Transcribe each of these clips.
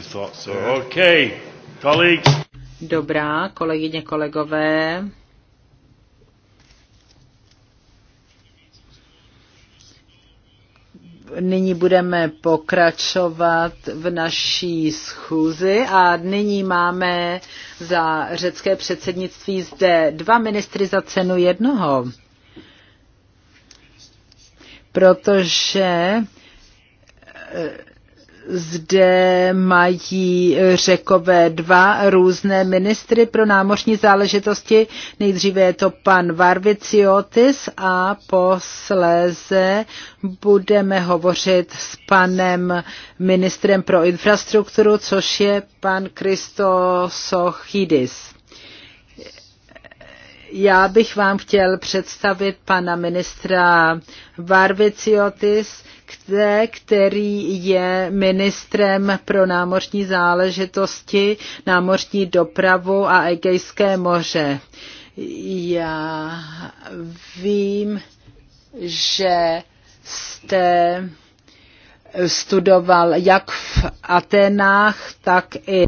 thought so. Okay, colleagues. Dobrá, kolegyně, kolegové. Nyní budeme pokračovat v naší schůzi a nyní máme za řecké předsednictví zde dva ministry za cenu jednoho. Protože eh, zde mají řekové dva různé ministry pro námořní záležitosti. Nejdříve je to pan Varviciotis a posléze budeme hovořit s panem ministrem pro infrastrukturu, což je pan Kristo já bych vám chtěl představit pana ministra Varviciotis, který je ministrem pro námořní záležitosti, námořní dopravu a Egejské moře. Já vím, že jste studoval jak v Atenách, tak i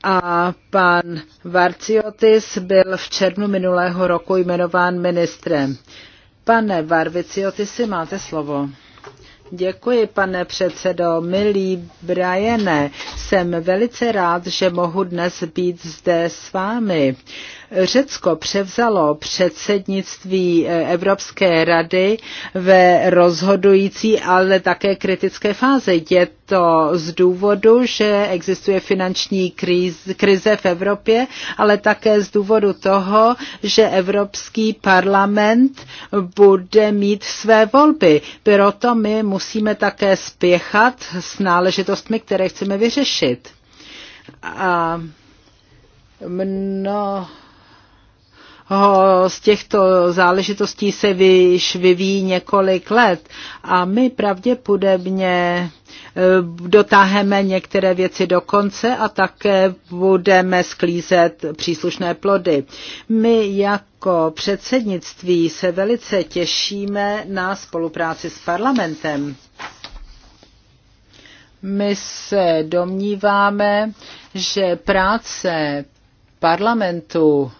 a pan Varciotis byl v červnu minulého roku jmenován ministrem. Pane Varviciotisi, máte slovo. Děkuji, pane předsedo. Milý Briane, jsem velice rád, že mohu dnes být zde s vámi. Uh, Řecko převzalo předsednictví eh, Evropské rady ve rozhodující, ale také kritické fázi. Je to z důvodu, že existuje finanční krize v Evropě, ale také z důvodu toho, že Evropský parlament bude mít své volby. Proto my musíme také spěchat s náležitostmi, které chceme vyřešit. A mnoho z těchto záležitostí se vyš vyvíjí několik let a my pravděpodobně eh, dotáhneme některé věci do konce a také budeme sklízet příslušné plody. My jako předsednictví se velice těšíme na spolupráci s parlamentem. My se domníváme, že práce parlamentu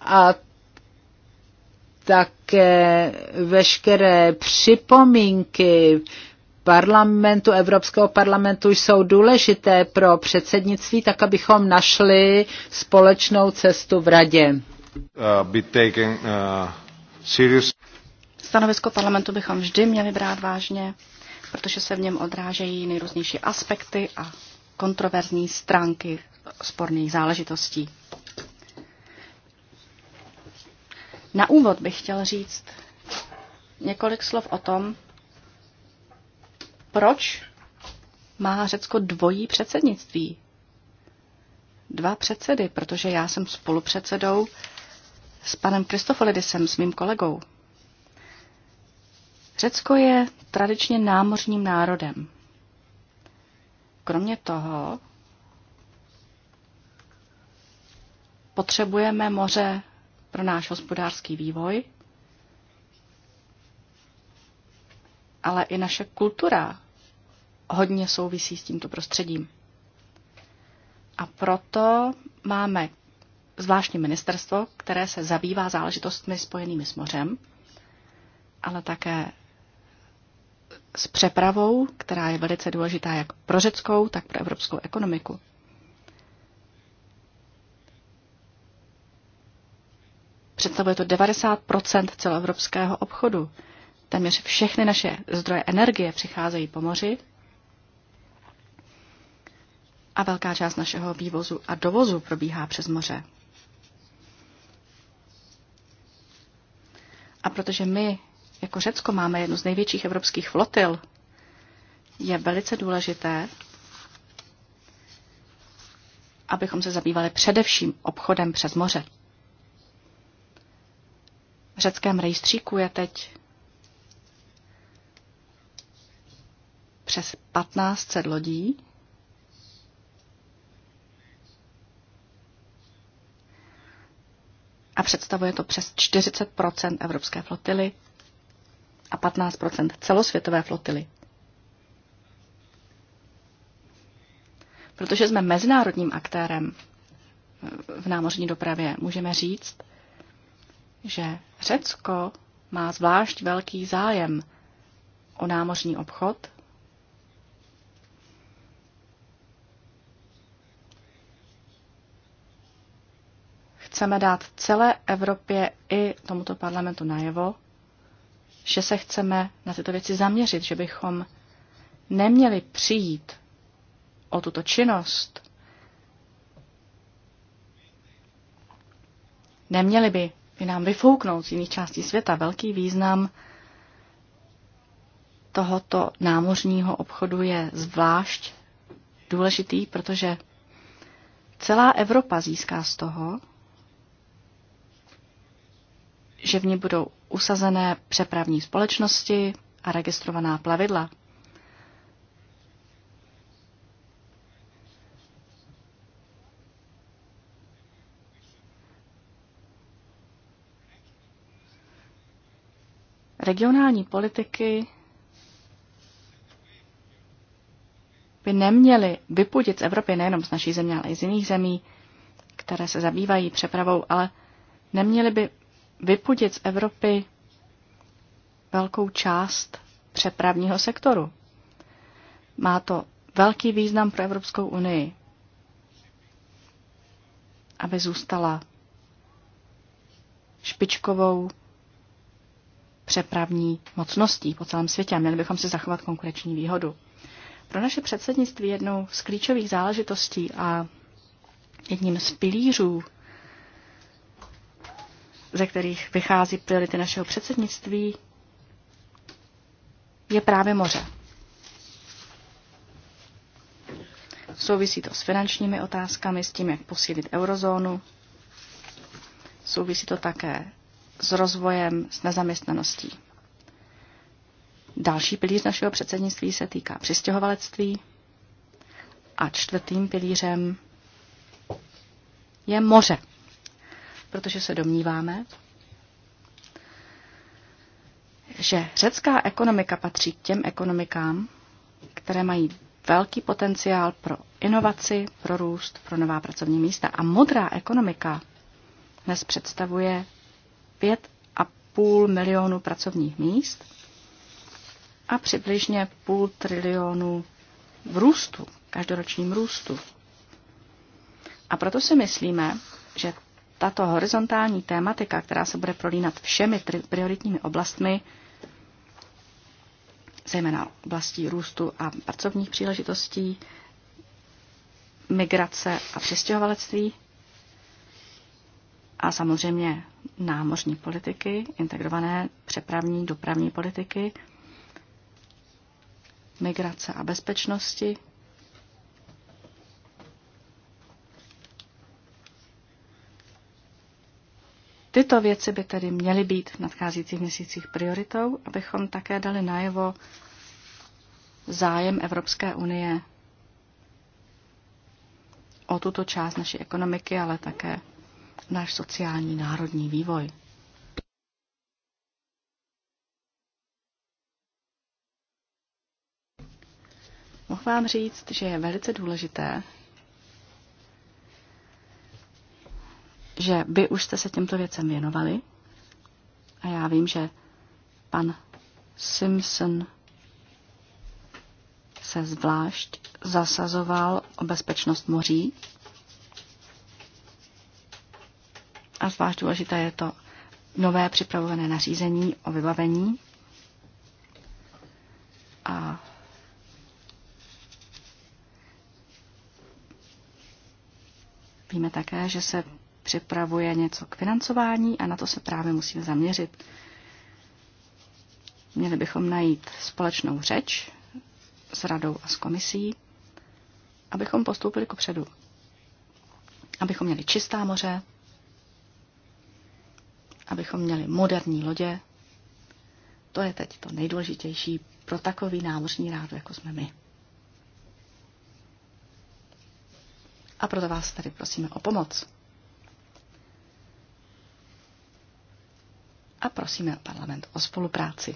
a také veškeré připomínky parlamentu, Evropského parlamentu jsou důležité pro předsednictví, tak abychom našli společnou cestu v radě. Uh, taken, uh, Stanovisko parlamentu bychom vždy měli brát vážně, protože se v něm odrážejí nejrůznější aspekty a kontroverzní stránky sporných záležitostí. Na úvod bych chtěl říct několik slov o tom, proč má Řecko dvojí předsednictví. Dva předsedy, protože já jsem spolupředsedou s panem Kristofolidisem, s mým kolegou. Řecko je tradičně námořním národem. Kromě toho potřebujeme moře pro náš hospodářský vývoj, ale i naše kultura hodně souvisí s tímto prostředím. A proto máme zvláštní ministerstvo, které se zabývá záležitostmi spojenými s mořem, ale také s přepravou, která je velice důležitá jak pro řeckou, tak pro evropskou ekonomiku. Představuje to 90 celoevropského obchodu. Téměř všechny naše zdroje energie přicházejí po moři a velká část našeho vývozu a dovozu probíhá přes moře. A protože my jako Řecko máme jednu z největších evropských flotil, je velice důležité, abychom se zabývali především obchodem přes moře řeckém rejstříku je teď přes 1500 lodí. A představuje to přes 40 evropské flotily a 15 celosvětové flotily. Protože jsme mezinárodním aktérem v námořní dopravě, můžeme říct, že Řecko má zvlášť velký zájem o námořní obchod. Chceme dát celé Evropě i tomuto parlamentu najevo, že se chceme na tyto věci zaměřit, že bychom neměli přijít o tuto činnost. Neměli by je nám vyfouknout z jiných částí světa. Velký význam tohoto námořního obchodu je zvlášť důležitý, protože celá Evropa získá z toho, že v ní budou usazené přepravní společnosti a registrovaná plavidla. regionální politiky by neměly vypudit z Evropy nejenom z naší země, ale i z jiných zemí, které se zabývají přepravou, ale neměly by vypudit z Evropy velkou část přepravního sektoru. Má to velký význam pro Evropskou unii, aby zůstala špičkovou přepravní mocností po celém světě a měli bychom si zachovat konkurenční výhodu. Pro naše předsednictví jednou z klíčových záležitostí a jedním z pilířů, ze kterých vychází priority našeho předsednictví, je právě moře. Souvisí to s finančními otázkami, s tím, jak posílit eurozónu. Souvisí to také s rozvojem, s nezaměstnaností. Další pilíř našeho předsednictví se týká přistěhovalectví a čtvrtým pilířem je moře, protože se domníváme, že řecká ekonomika patří k těm ekonomikám, které mají velký potenciál pro inovaci, pro růst, pro nová pracovní místa. A modrá ekonomika dnes představuje 5,5 milionu pracovních míst a přibližně půl trilionu v růstu, každoročním růstu. A proto si myslíme, že tato horizontální tématika, která se bude prolínat všemi prioritními oblastmi, zejména oblastí růstu a pracovních příležitostí, migrace a přestěhovalectví, a samozřejmě námořní politiky, integrované přepravní, dopravní politiky, migrace a bezpečnosti, Tyto věci by tedy měly být v nadcházících měsících prioritou, abychom také dali najevo zájem Evropské unie o tuto část naší ekonomiky, ale také náš sociální národní vývoj. Mohu vám říct, že je velice důležité, že vy už jste se těmto věcem věnovali a já vím, že pan Simpson se zvlášť zasazoval o bezpečnost moří zvlášť důležité je to nové připravované nařízení o vybavení. A víme také, že se připravuje něco k financování a na to se právě musíme zaměřit. Měli bychom najít společnou řeč s radou a s komisí, abychom postoupili kupředu, Abychom měli čistá moře, abychom měli moderní lodě. To je teď to nejdůležitější pro takový námořní rádu, jako jsme my. A proto vás tady prosíme o pomoc. A prosíme parlament o spolupráci.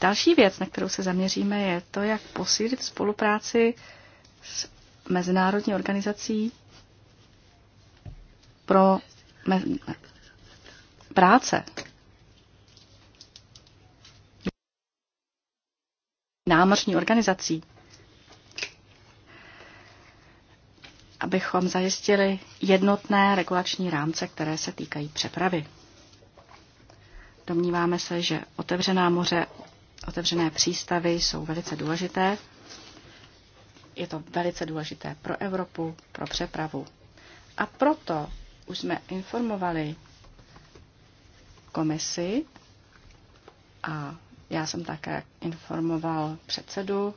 Další věc, na kterou se zaměříme, je to, jak posílit spolupráci s mezinárodní organizací pro me- práce. Námořní organizací. Abychom zajistili jednotné regulační rámce, které se týkají přepravy. Domníváme se, že otevřená moře Otevřené přístavy jsou velice důležité. Je to velice důležité pro Evropu, pro přepravu. A proto už jsme informovali komisi a já jsem také informoval předsedu,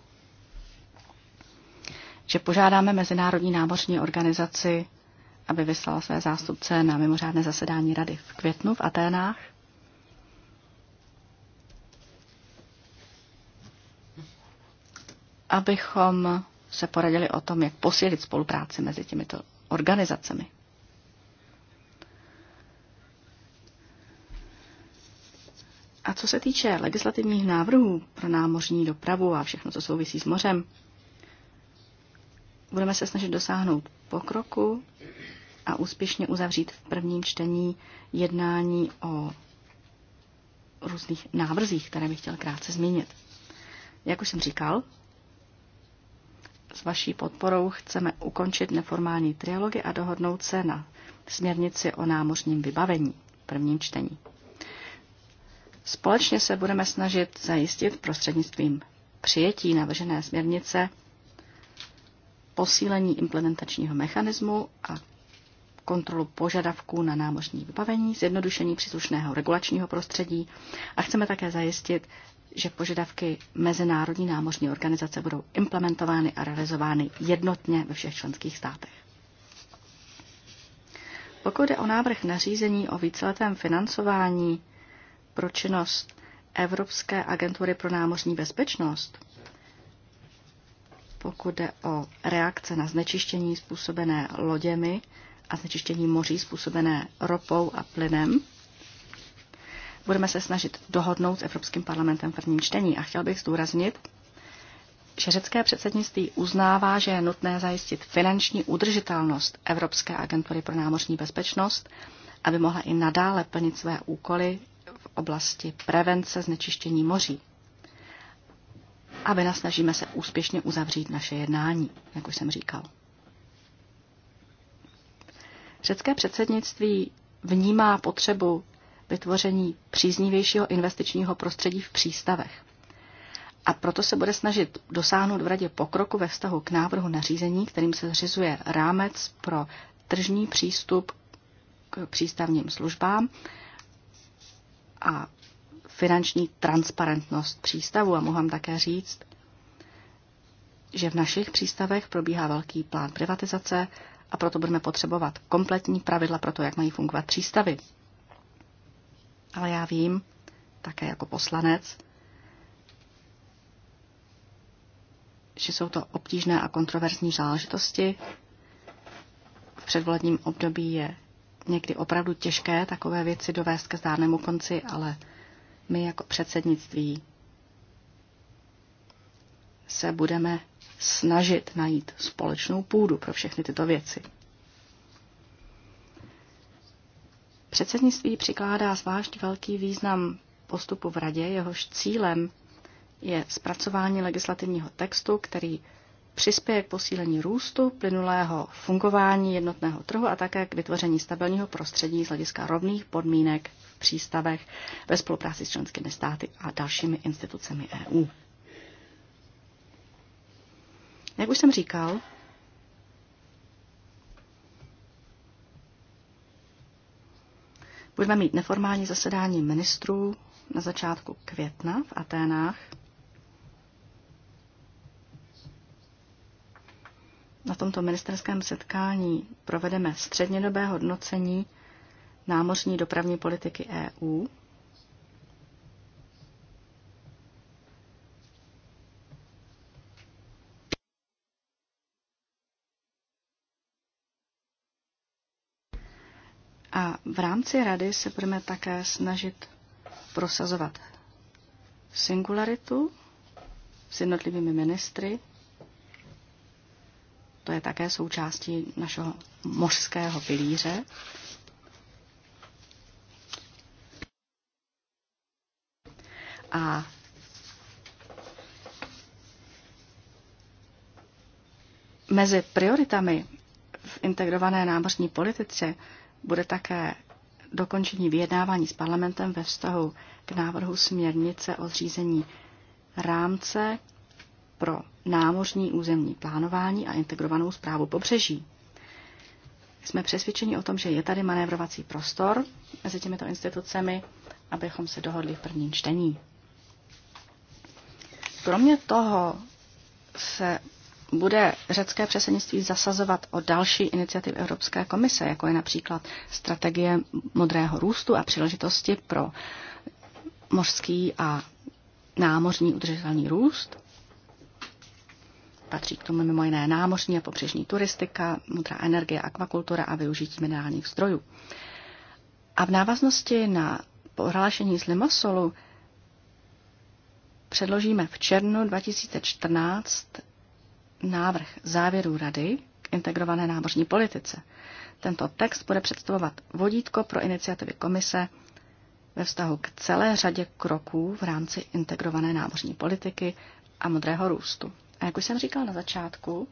že požádáme Mezinárodní námořní organizaci, aby vyslala své zástupce na mimořádné zasedání rady v květnu v Aténách abychom se poradili o tom, jak posílit spolupráci mezi těmito organizacemi. A co se týče legislativních návrhů pro námořní dopravu a všechno, co souvisí s mořem, budeme se snažit dosáhnout pokroku a úspěšně uzavřít v prvním čtení jednání o různých návrzích, které bych chtěl krátce zmínit. Jak už jsem říkal, s vaší podporou chceme ukončit neformální trialogy a dohodnout se na směrnici o námořním vybavení v prvním čtení. Společně se budeme snažit zajistit prostřednictvím přijetí navržené směrnice posílení implementačního mechanismu a kontrolu požadavků na námořní vybavení, zjednodušení příslušného regulačního prostředí a chceme také zajistit, že požadavky Mezinárodní námořní organizace budou implementovány a realizovány jednotně ve všech členských státech. Pokud je o návrh nařízení o víceletém financování pro činnost Evropské agentury pro námořní bezpečnost, pokud jde o reakce na znečištění způsobené loděmi a znečištění moří způsobené ropou a plynem, budeme se snažit dohodnout s Evropským parlamentem v prvním čtení. A chtěl bych zdůraznit, že řecké předsednictví uznává, že je nutné zajistit finanční udržitelnost Evropské agentury pro námořní bezpečnost, aby mohla i nadále plnit své úkoly v oblasti prevence znečištění moří. A snažíme se úspěšně uzavřít naše jednání, jak už jsem říkal. Řecké předsednictví vnímá potřebu vytvoření příznivějšího investičního prostředí v přístavech. A proto se bude snažit dosáhnout v radě pokroku ve vztahu k návrhu nařízení, kterým se zřizuje rámec pro tržní přístup k přístavním službám a finanční transparentnost přístavu. A mohu vám také říct, že v našich přístavech probíhá velký plán privatizace a proto budeme potřebovat kompletní pravidla pro to, jak mají fungovat přístavy. Ale já vím, také jako poslanec, že jsou to obtížné a kontroverzní záležitosti. V předvolebním období je někdy opravdu těžké takové věci dovést ke zdárnému konci, ale my jako předsednictví se budeme snažit najít společnou půdu pro všechny tyto věci. Předsednictví přikládá zvlášť velký význam postupu v radě, jehož cílem je zpracování legislativního textu, který přispěje k posílení růstu, plynulého fungování jednotného trhu a také k vytvoření stabilního prostředí z hlediska rovných podmínek v přístavech ve spolupráci s členskými státy a dalšími institucemi EU. Jak už jsem říkal, Budeme mít neformální zasedání ministrů na začátku května v Aténách. Na tomto ministerském setkání provedeme střednědobé hodnocení námořní dopravní politiky EU A v rámci rady se budeme také snažit prosazovat singularitu s jednotlivými ministry. To je také součástí našeho mořského pilíře. A mezi prioritami v integrované námořní politice bude také dokončení vyjednávání s parlamentem ve vztahu k návrhu směrnice o zřízení rámce pro námořní územní plánování a integrovanou zprávu pobřeží. Jsme přesvědčeni o tom, že je tady manévrovací prostor mezi těmito institucemi, abychom se dohodli v prvním čtení. Kromě toho se bude řecké přesednictví zasazovat o další iniciativy Evropské komise, jako je například strategie modrého růstu a příležitosti pro mořský a námořní udržitelný růst? Patří k tomu mimo jiné námořní a pobřežní turistika, modrá energie, akvakultura a využití minerálních zdrojů. A v návaznosti na prohlášení z Limassolu předložíme v červnu 2014 návrh závěrů Rady k integrované námořní politice. Tento text bude představovat vodítko pro iniciativy komise ve vztahu k celé řadě kroků v rámci integrované námořní politiky a modrého růstu. A jak už jsem říkal na začátku,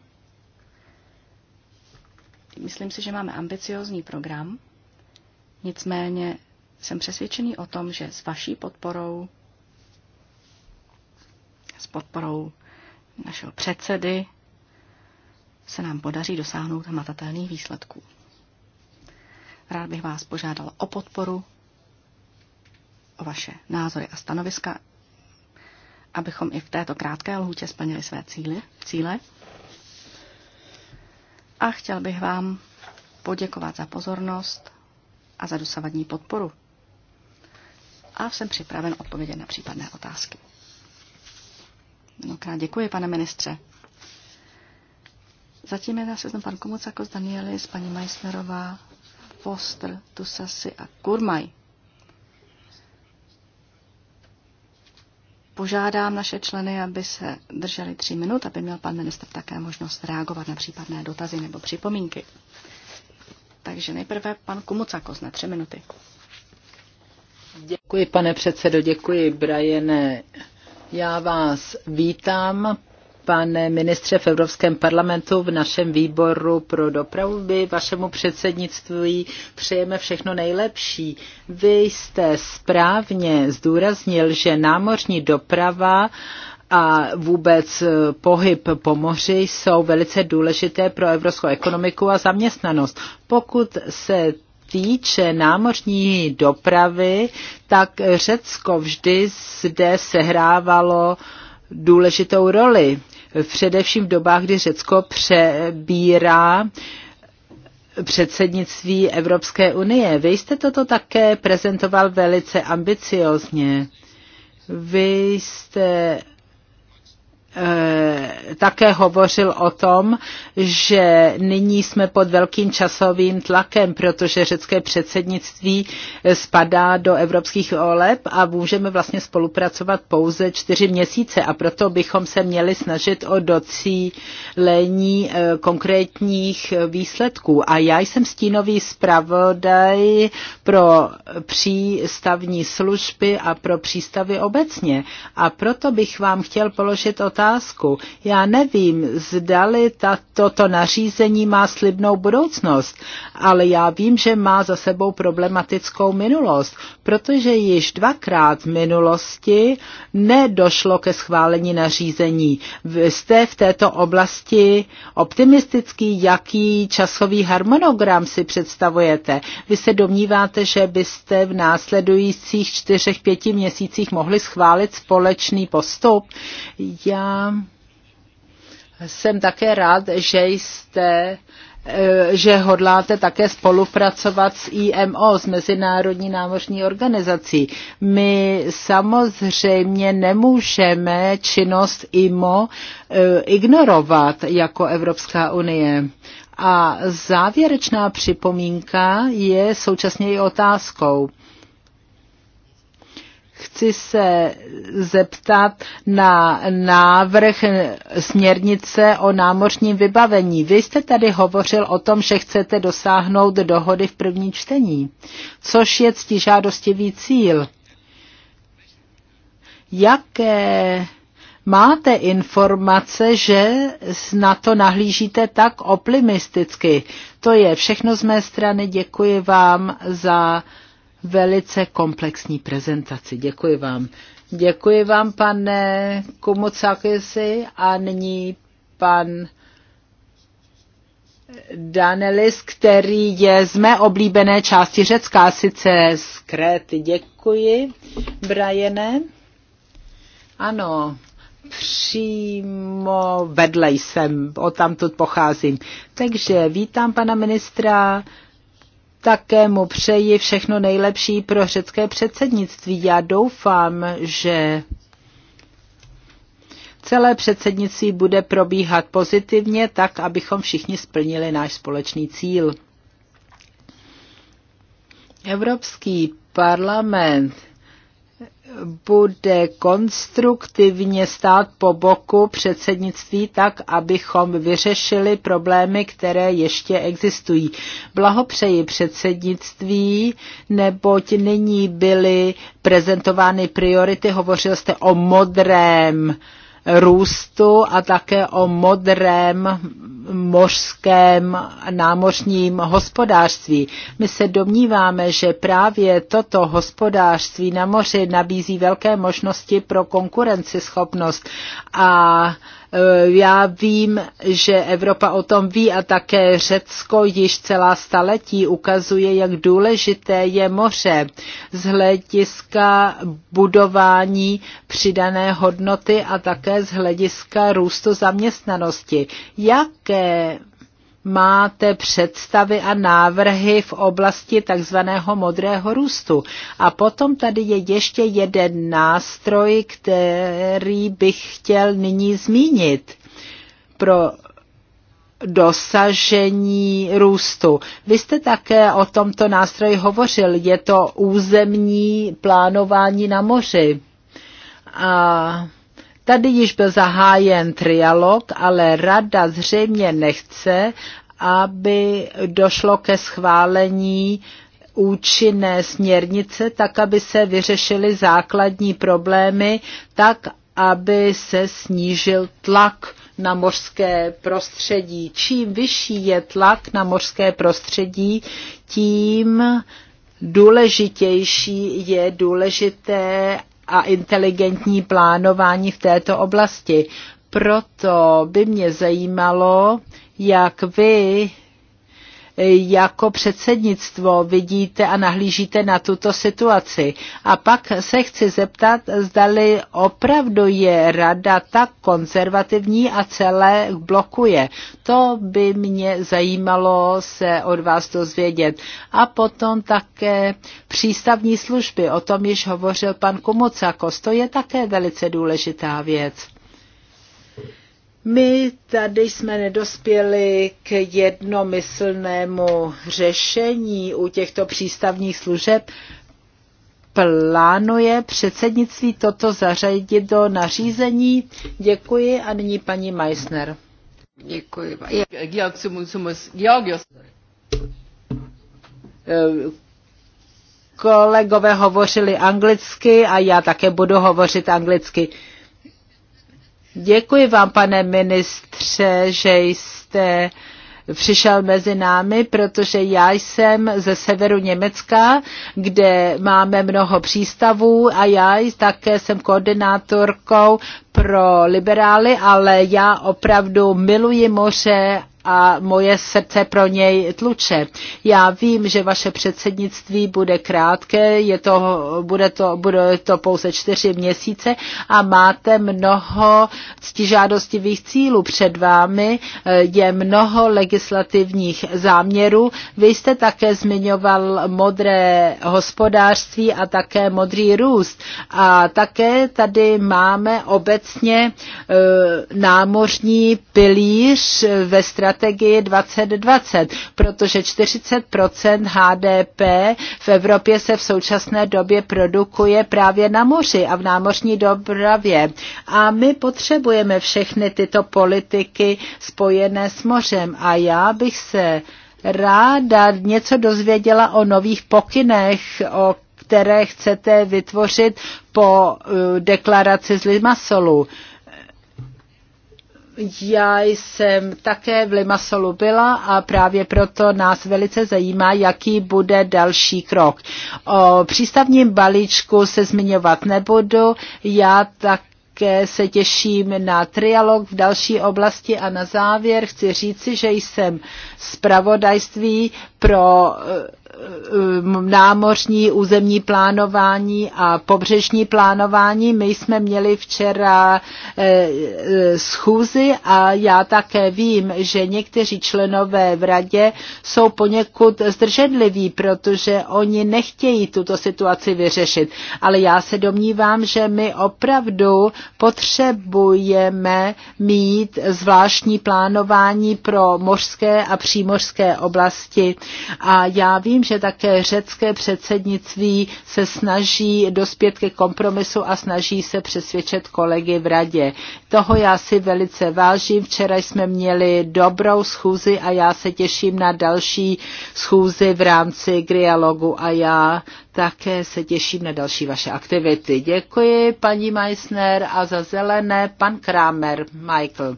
myslím si, že máme ambiciozní program, nicméně jsem přesvědčený o tom, že s vaší podporou, s podporou našeho předsedy se nám podaří dosáhnout hmatatelných výsledků. Rád bych vás požádal o podporu, o vaše názory a stanoviska, abychom i v této krátké lhůtě splnili své cíly, cíle. A chtěl bych vám poděkovat za pozornost a za dosavadní podporu. A jsem připraven odpovědět na případné otázky. Mnohokrát děkuji, pane ministře. Zatím je na seznam pan Komucakos, Danielis, paní Meissnerová, Foster, Tusasi a Kurmaj. Požádám naše členy, aby se drželi tři minut, aby měl pan minister také možnost reagovat na případné dotazy nebo připomínky. Takže nejprve pan Kumucakos na tři minuty. Děkuji, pane předsedo, děkuji, Brajene. Já vás vítám, pane ministře v Evropském parlamentu, v našem výboru pro dopravu. My vašemu předsednictví přejeme všechno nejlepší. Vy jste správně zdůraznil, že námořní doprava a vůbec pohyb po moři jsou velice důležité pro evropskou ekonomiku a zaměstnanost. Pokud se týče námořní dopravy, tak Řecko vždy zde sehrávalo důležitou roli především v dobách, kdy Řecko přebírá předsednictví Evropské unie. Vy jste toto také prezentoval velice ambiciozně. Vy jste Eh, také hovořil o tom, že nyní jsme pod velkým časovým tlakem, protože řecké předsednictví spadá do evropských oleb a můžeme vlastně spolupracovat pouze čtyři měsíce a proto bychom se měli snažit o docílení eh, konkrétních výsledků. A já jsem stínový zpravodaj pro přístavní služby a pro přístavy obecně. A proto bych vám chtěl položit otázku, otázku. Já nevím, zdali toto nařízení má slibnou budoucnost, ale já vím, že má za sebou problematickou minulost, protože již dvakrát v minulosti nedošlo ke schválení nařízení. Vy jste v této oblasti optimistický, jaký časový harmonogram si představujete? Vy se domníváte, že byste v následujících čtyřech, pěti měsících mohli schválit společný postup? Já jsem také rád, že jste eh, že hodláte také spolupracovat s IMO, s Mezinárodní námořní organizací. My samozřejmě nemůžeme činnost IMO eh, ignorovat jako Evropská unie. A závěrečná připomínka je současně i otázkou chci se zeptat na návrh směrnice o námořním vybavení. Vy jste tady hovořil o tom, že chcete dosáhnout dohody v první čtení, což je ctižádostivý cíl. Jaké máte informace, že na to nahlížíte tak optimisticky? To je všechno z mé strany. Děkuji vám za velice komplexní prezentaci. Děkuji vám. Děkuji vám, pane Kumocakisi, a nyní pan Danelis, který je z mé oblíbené části Řecka, sice z Kréty. Děkuji, Brajene. Ano, přímo vedle jsem, o tamtud pocházím. Takže vítám pana ministra také mu přeji všechno nejlepší pro řecké předsednictví. Já doufám, že celé předsednictví bude probíhat pozitivně, tak abychom všichni splnili náš společný cíl. Evropský parlament bude konstruktivně stát po boku předsednictví tak, abychom vyřešili problémy, které ještě existují. Blahopřeji předsednictví, neboť nyní byly prezentovány priority. Hovořil jste o modrém uh, růstu a také o modrém mořském námořním hospodářství. My se domníváme, že právě toto hospodářství na moři nabízí velké možnosti pro konkurenceschopnost a Eh, já vím, že Evropa o tom ví a také Řecko již celá staletí ukazuje, jak důležité je moře z hlediska budování přidané hodnoty a také z hlediska růstu zaměstnanosti. Jaké máte představy a návrhy v oblasti takzvaného modrého růstu. A potom tady je ještě jeden nástroj, který bych chtěl nyní zmínit pro dosažení růstu. Vy jste také o tomto nástroji hovořil. Je to územní plánování na moři. A Tady již byl zahájen trialog, ale rada zřejmě nechce, aby došlo ke schválení účinné směrnice, tak aby se vyřešily základní problémy, tak aby se snížil tlak na mořské prostředí. Čím vyšší je tlak na mořské prostředí, tím důležitější je důležité, a inteligentní plánování v této oblasti. Proto by mě zajímalo, jak vy jako předsednictvo vidíte a nahlížíte na tuto situaci. A pak se chci zeptat, zdali opravdu je rada tak konzervativní a celé blokuje. To by mě zajímalo se od vás dozvědět. A potom také přístavní služby, o tom již hovořil pan Kumucakos, to je také velice důležitá věc my tady jsme nedospěli k jednomyslnému řešení u těchto přístavních služeb. Plánuje předsednictví toto zařadit do nařízení? Děkuji a nyní paní Meissner. Děkuji. Kolegové hovořili anglicky a já také budu hovořit anglicky. Děkuji vám, pane ministře, že jste přišel mezi námi, protože já jsem ze severu Německa, kde máme mnoho přístavů a já také jsem koordinátorkou pro liberály, ale já opravdu miluji moře a moje srdce pro něj tluče. Já vím, že vaše předsednictví bude krátké, je to, bude, to, bude to pouze čtyři měsíce a máte mnoho ctižádostivých cílů před vámi, je mnoho legislativních záměrů. Vy jste také zmiňoval modré hospodářství a také modrý růst. A také tady máme obecně e, námořní pilíř ve strategii strategii 2020, protože 40 HDP v Evropě se v současné době produkuje právě na moři a v námořní dopravě. A my potřebujeme všechny tyto politiky spojené s mořem. A já bych se ráda něco dozvěděla o nových pokynech, o které chcete vytvořit po eh, deklaraci z Limasolu já jsem také v Limasolu byla a právě proto nás velice zajímá, jaký bude další krok. O přístavním balíčku se zmiňovat nebudu, já tak také se těším na trialog v další oblasti a na závěr chci říci, že jsem zpravodajství pro Eh, námořní územní plánování a pobřežní plánování. My jsme měli včera eh, schůzy a já také vím, že někteří členové v radě jsou poněkud zdrženliví, protože oni nechtějí tuto situaci vyřešit. Ale já se domnívám, že my opravdu potřebujeme mít zvláštní plánování pro mořské a přímořské oblasti. A já vím, že také řecké předsednictví se snaží dospět ke kompromisu a snaží se přesvědčit kolegy v radě. Toho já si velice vážím. Včera jsme měli dobrou schůzi a já se těším na další schůzi v rámci dialogu a já také se těším na další vaše aktivity. Děkuji paní Meissner a za zelené pan Kramer Michael.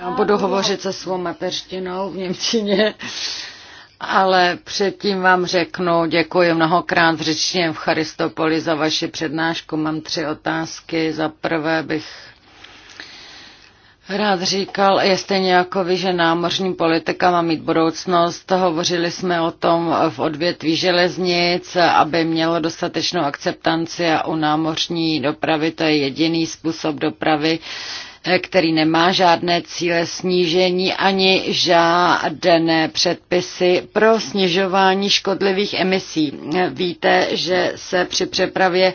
Já budu hovořit se svou mateřštinou v Němčině. Ale předtím vám řeknu, děkuji mnohokrát v řečně v Charistopoli za vaši přednášku. Mám tři otázky. Za prvé bych Rád říkal, je stejně jako vy, že námořní politika má mít budoucnost. Hovořili jsme o tom v odvětví železnic, aby mělo dostatečnou akceptanci a u námořní dopravy to je jediný způsob dopravy, který nemá žádné cíle snížení ani žádné předpisy pro snižování škodlivých emisí. Víte, že se při přepravě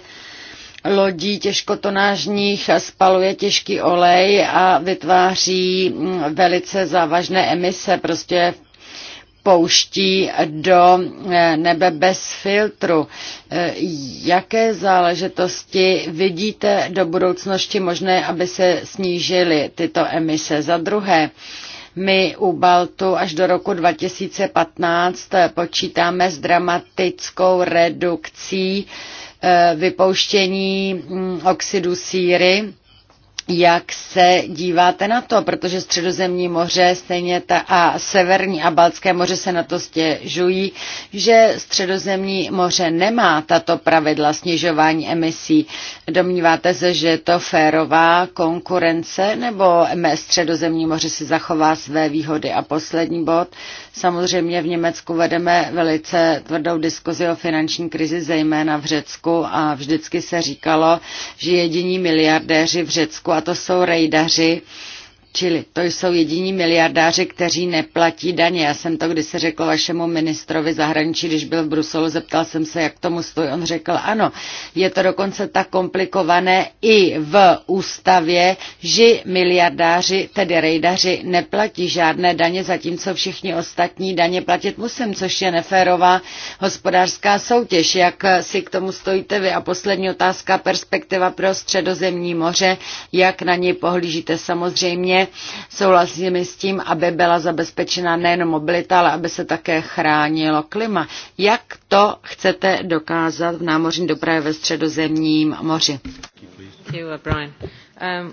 lodí těžkotonážních spaluje těžký olej a vytváří mm, velice závažné emise. Prostě pouští do eh, nebe bez filtru. Eh, jaké záležitosti vidíte do budoucnosti možné, aby se snížily tyto emise? Za druhé, my u Baltu až do roku 2015 počítáme s dramatickou redukcí eh, vypouštění mm, oxidu síry jak se díváte na to, protože středozemní moře stejně ta, a severní a baltské moře se na to stěžují, že středozemní moře nemá tato pravidla snižování emisí. Domníváte se, že je to férová konkurence nebo středozemní moře si zachová své výhody? A poslední bod, Samozřejmě v Německu vedeme velice tvrdou diskuzi o finanční krizi, zejména v Řecku a vždycky se říkalo, že jediní miliardéři v Řecku, a to jsou rejdaři, Čili to jsou jediní miliardáři, kteří neplatí daně. Já jsem to kdysi řekl vašemu ministrovi zahraničí, když byl v Bruselu, zeptal jsem se, jak tomu stojí. On řekl, ano, je to dokonce tak komplikované i v ústavě, že miliardáři, tedy rejdaři, neplatí žádné daně, zatímco všichni ostatní daně platit musím, což je neférová hospodářská soutěž. Jak si k tomu stojíte vy? A poslední otázka, perspektiva pro středozemní moře, jak na něj pohlížíte samozřejmě souhlasíme s tím, aby byla zabezpečena nejen mobilita, ale aby se také chránilo klima. Jak to chcete dokázat v námořní dopravě ve středozemním moři?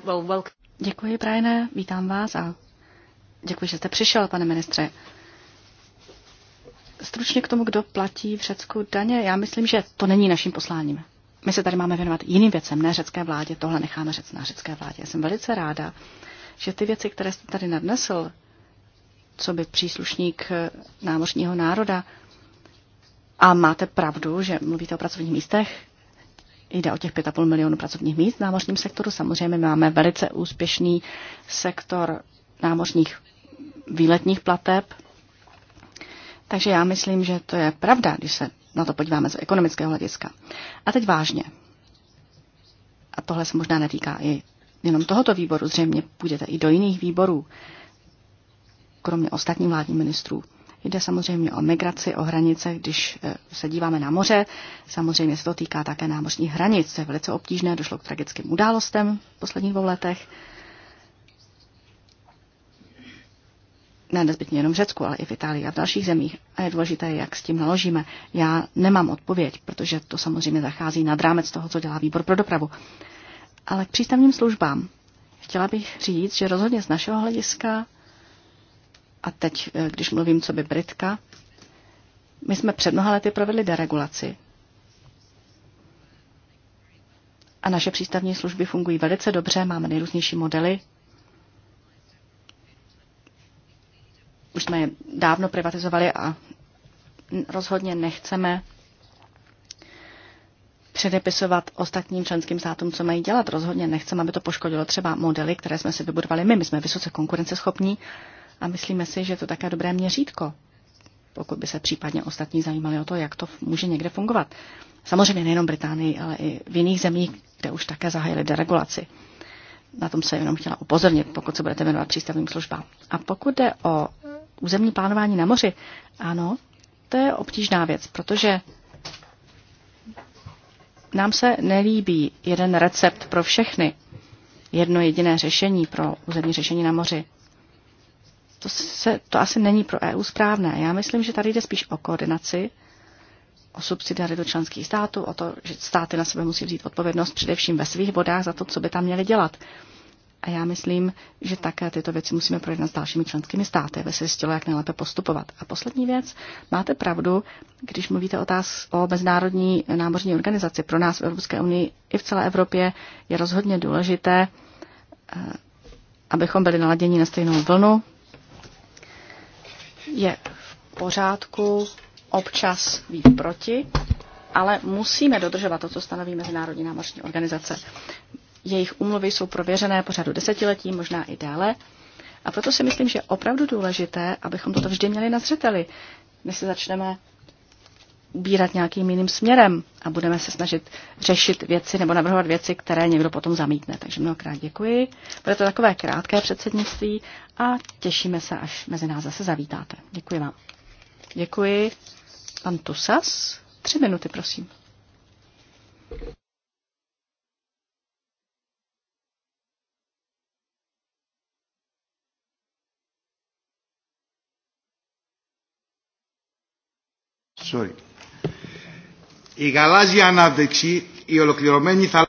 Uh, um, děkuji, Brian. Vítám vás a děkuji, že jste přišel, pane ministře. Stručně k tomu, kdo platí v Řecku daně, já myslím, že to není naším posláním. My se tady máme věnovat jiným věcem, ne řecké vládě, tohle necháme řec na řecké vládě. Já jsem velice ráda, že ty věci, které jste tady nadnesl, co by příslušník námořního národa, a máte pravdu, že mluvíte o pracovních místech, jde o těch 5,5 milionů pracovních míst v námořním sektoru. Samozřejmě máme velice úspěšný sektor námořních výletních plateb. Takže já myslím, že to je pravda, když se na to podíváme z ekonomického hlediska. A teď vážně. A tohle se možná netýká i jenom tohoto výboru, zřejmě půjdete i do jiných výborů, kromě ostatních vládních ministrů. Jde samozřejmě o migraci, o hranice, když eh, se díváme na moře. Samozřejmě se to týká také námořních hranic, to je velice obtížné, došlo k tragickým událostem v posledních dvou letech. ne nezbytně jenom v Řecku, ale i v Itálii a v dalších zemích. A je důležité, jak s tím naložíme. Já nemám odpověď, protože to samozřejmě zachází nad rámec toho, co dělá výbor pro dopravu. Ale k přístavním službám. Chtěla bych říct, že rozhodně z našeho hlediska, a teď, eh, když mluvím co by Britka, my jsme před mnoha lety provedli deregulaci. A naše přístavní služby fungují velice dobře, máme nejrůznější modely. Už jsme je dávno privatizovali a rozhodně nechceme předepisovat ostatním členským státům, co mají dělat. Rozhodně nechceme, aby to poškodilo třeba modely, které jsme si vybudovali my. My jsme vysoce konkurenceschopní a myslíme si, že je to také dobré měřítko, pokud by se případně ostatní zajímali o to, jak to může někde fungovat. Samozřejmě nejenom Británii, ale i v jiných zemích, kde už také zahájili deregulaci. Na tom se jenom chtěla upozornit, pokud se budete věnovat přístavním službám. A pokud jde o územní plánování na moři, ano, to je obtížná věc, protože nám se nelíbí jeden recept pro všechny, jedno jediné řešení pro územní řešení na moři. To, se, to asi není pro EU správné. Já myslím, že tady jde spíš o koordinaci, o subsidiaritu členských států, o to, že státy na sebe musí vzít odpovědnost především ve svých vodách za to, co by tam měly dělat. A já myslím, že také tyto věci musíme projednat s dalšími členskými státy, aby se zjistilo, jak nejlépe postupovat. A poslední věc, máte pravdu, když mluvíte tás, o mezinárodní námořní organizaci. Pro nás v Evropské unii i v celé Evropě je rozhodně důležité, eh, abychom byli naladěni na stejnou vlnu. Je v pořádku občas být proti, ale musíme dodržovat to, co stanoví Mezinárodní námořní organizace. Jejich úmluvy jsou prověřené po řadu desetiletí, možná i déle. A proto si myslím, že je opravdu důležité, abychom toto vždy měli na zřeteli, než se začneme ubírat nějakým jiným směrem a budeme se snažit řešit věci nebo navrhovat věci, které někdo potom zamítne. Takže mnohokrát děkuji. Bude to takové krátké předsednictví a těšíme se, až mezi nás zase zavítáte. Děkuji vám. Děkuji. Pan Tusas, tři minuty, prosím. Sorry. Η γαλάζια ανάδειξη, η ολοκληρωμένη θα...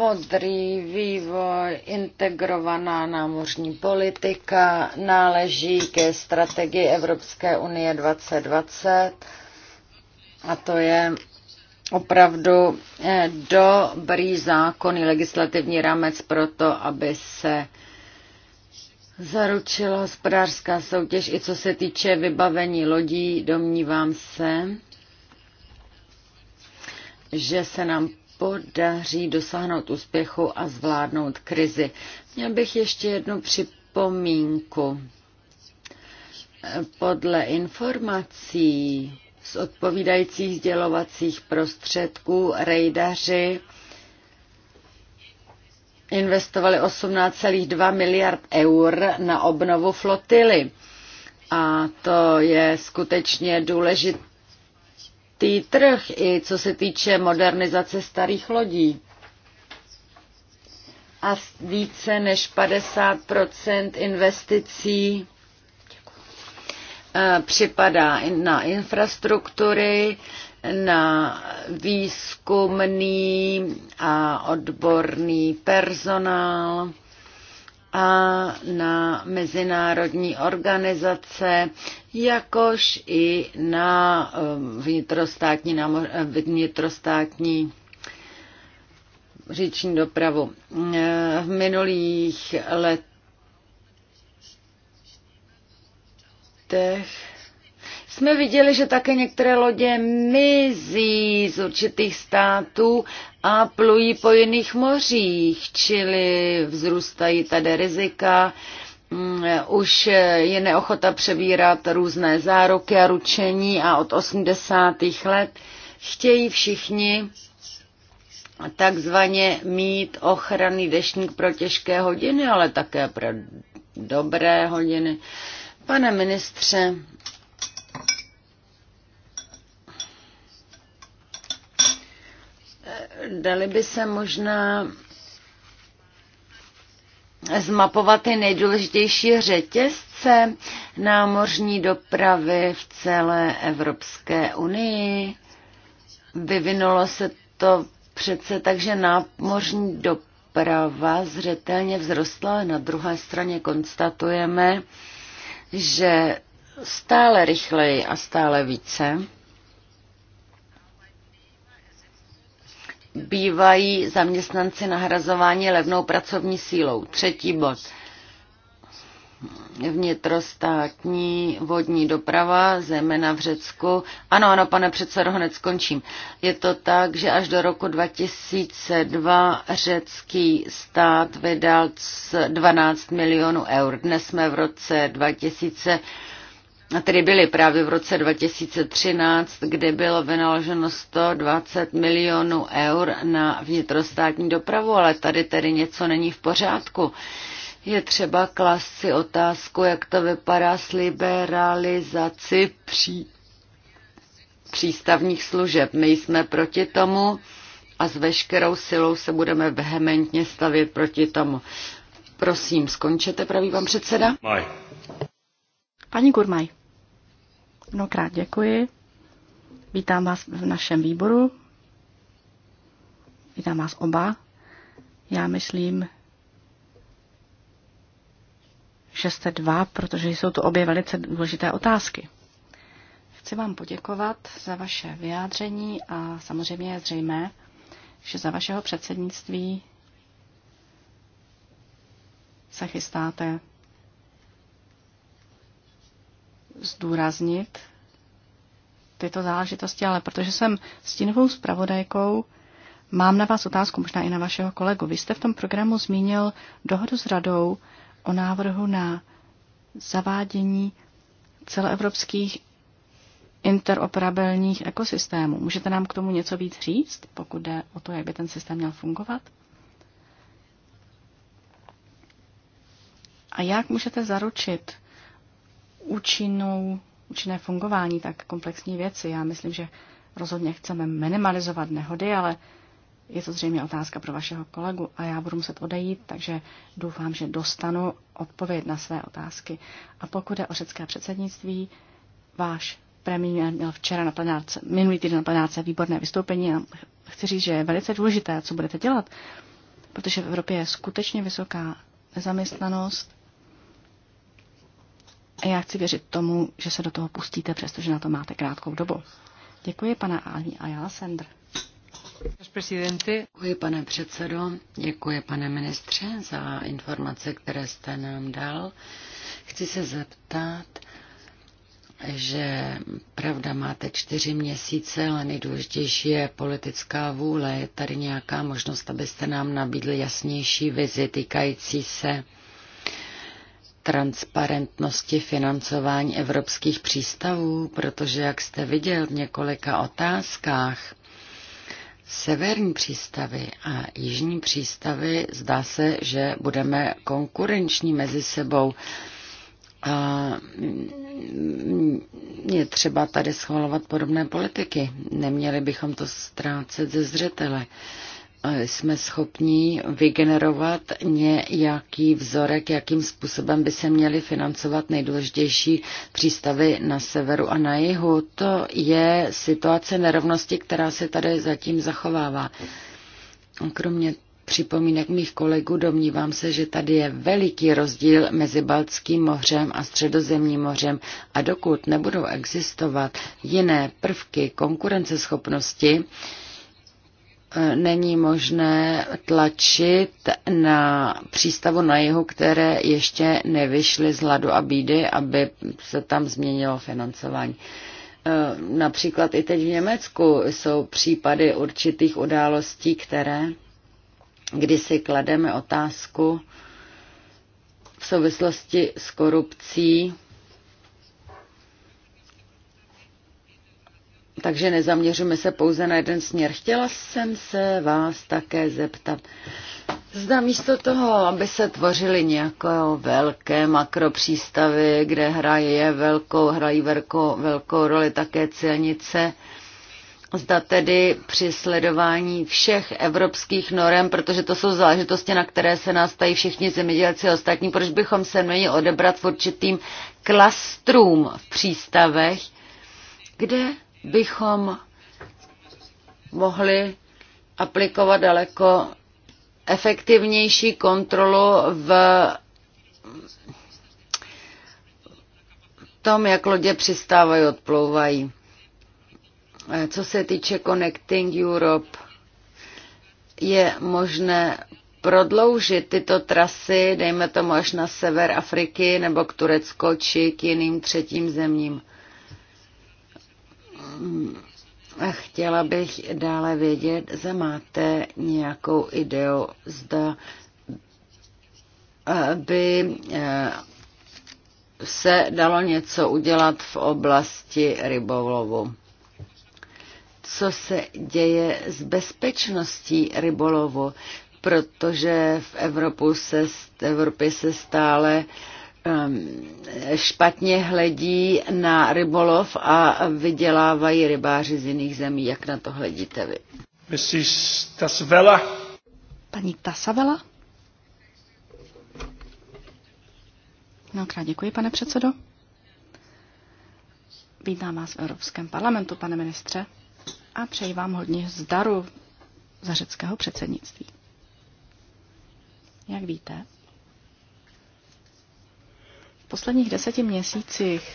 modrý vývoj, integrovaná námořní politika náleží ke strategii Evropské unie 2020 a to je opravdu eh, dobrý zákonný legislativní rámec pro to, aby se zaručila hospodářská soutěž i co se týče vybavení lodí, domnívám se, že se nám podaří dosáhnout úspěchu a zvládnout krizi. Měl bych ještě jednu připomínku. Podle informací z odpovídajících sdělovacích prostředků rejdaři investovali 18,2 miliard eur na obnovu flotily. A to je skutečně důležitý trh i co se týče modernizace starých lodí. A více než 50 investicí eh, připadá na infrastruktury, na výzkumný a odborný personál a na mezinárodní organizace, jakož i na um, vnitrostátní, na vnitrostátní říční dopravu. V minulých letech jsme viděli, že také některé lodě mizí z určitých států a plují po jiných mořích, čili vzrůstají tady rizika, mm, už je neochota přebírat různé zároky a ručení a od 80. let chtějí všichni takzvaně mít ochranný dešník pro těžké hodiny, ale také pro dobré hodiny. Pane ministře, Dali by se možná zmapovat ty nejdůležitější řetězce námořní dopravy v celé Evropské unii. Vyvinulo se to přece tak, že námořní doprava zřetelně vzrostla. Na druhé straně konstatujeme, že stále rychleji a stále více bývají zaměstnanci nahrazováni levnou pracovní sílou. Třetí bod. Vnitrostátní vodní doprava, zejména v Řecku. Ano, ano, pane předsedo, hned skončím. Je to tak, že až do roku 2002 řecký stát vydal 12 milionů eur. Dnes jsme v roce 2000 které byly právě v roce 2013, kde bylo vynaloženo 120 milionů eur na vnitrostátní dopravu, ale tady tedy něco není v pořádku. Je třeba klást si otázku, jak to vypadá s liberalizací pří... přístavních služeb. My jsme proti tomu a s veškerou silou se budeme vehementně stavět proti tomu. Prosím, skončete, pravý vám předseda. Maj. Pani Gurmaj. Mnohokrát děkuji. Vítám vás v našem výboru. Vítám vás oba. Já myslím, že jste dva, protože jsou to obě velice důležité otázky. Chci vám poděkovat za vaše vyjádření a samozřejmě je zřejmé, že za vašeho předsednictví se chystáte zdůraznit tyto záležitosti, ale protože jsem stínovou zpravodajkou, mám na vás otázku, možná i na vašeho kolegu. Vy jste v tom programu zmínil dohodu s radou o návrhu na zavádění celoevropských interoperabilních ekosystémů. Můžete nám k tomu něco víc říct, pokud jde o to, jak by ten systém měl fungovat? A jak můžete zaručit, účinnou, účinné fungování tak komplexní věci. Já myslím, že rozhodně chceme minimalizovat nehody, ale je to zřejmě otázka pro vašeho kolegu a já budu muset odejít, takže doufám, že dostanu odpověď na své otázky. A pokud je o řecké předsednictví, váš premiér měl včera na plenárce, minulý týden na plenárce výborné vystoupení a chci říct, že je velice důležité, co budete dělat, protože v Evropě je skutečně vysoká nezaměstnanost a já chci věřit tomu, že se do toho pustíte, přestože na to máte krátkou dobu. Děkuji, pana Ani Ayala Sender. Děkuji, pane předsedo, děkuji, pane ministře, za informace, které jste nám dal. Chci se zeptat, že pravda máte čtyři měsíce, ale nejdůležitější je politická vůle. Je tady nějaká možnost, abyste nám nabídli jasnější vizi týkající se transparentnosti financování evropských přístavů, protože jak jste viděl v několika otázkách, severní přístavy a jižní přístavy zdá se, že budeme konkurenční mezi sebou. A je třeba tady schvalovat podobné politiky. Neměli bychom to ztrácet ze zřetele jsme schopni vygenerovat nějaký vzorek, jakým způsobem by se měly financovat nejdůležitější přístavy na severu a na jihu. To je situace nerovnosti, která se tady zatím zachovává. Kromě připomínek mých kolegů domnívám se, že tady je veliký rozdíl mezi Baltským mořem a Středozemním mořem a dokud nebudou existovat jiné prvky konkurenceschopnosti, není možné tlačit na přístavu na jihu, které ještě nevyšly z hladu a bídy, aby se tam změnilo financování. E, například i teď v Německu jsou případy určitých událostí, které, kdy si klademe otázku v souvislosti s korupcí, takže nezaměříme se pouze na jeden směr. Chtěla jsem se vás také zeptat. Zda místo toho, aby se tvořily nějaké velké makropřístavy, kde hraje velkou, hrají velkou, velkou roli také celnice, zda tedy při sledování všech evropských norem, protože to jsou záležitosti, na které se nás tají všichni zemědělci a ostatní, proč bychom se měli odebrat v určitým klastrům v přístavech, kde bychom mohli aplikovat daleko efektivnější kontrolu v tom, jak lodě přistávají, odplouvají. Co se týče Connecting Europe, je možné prodloužit tyto trasy, dejme tomu až na sever Afriky nebo k Turecko či k jiným třetím zemím. Chtěla bych dále vědět, zda máte nějakou ideu, zda by eh, se dalo něco udělat v oblasti rybolovu. Co se děje s bezpečností rybolovu? Protože v, Evropu se, v Evropě se stále uh, Um, špatně hledí na rybolov a vydělávají rybáři z jiných zemí. Jak na to hledíte vy? Mrs. Tasvela. Paní Tasavela? Mnohokrát děkuji, pane předsedo. Vítám vás v Evropském parlamentu, pane ministře, a přeji vám hodně zdaru za řeckého předsednictví. Jak víte, posledních deseti měsících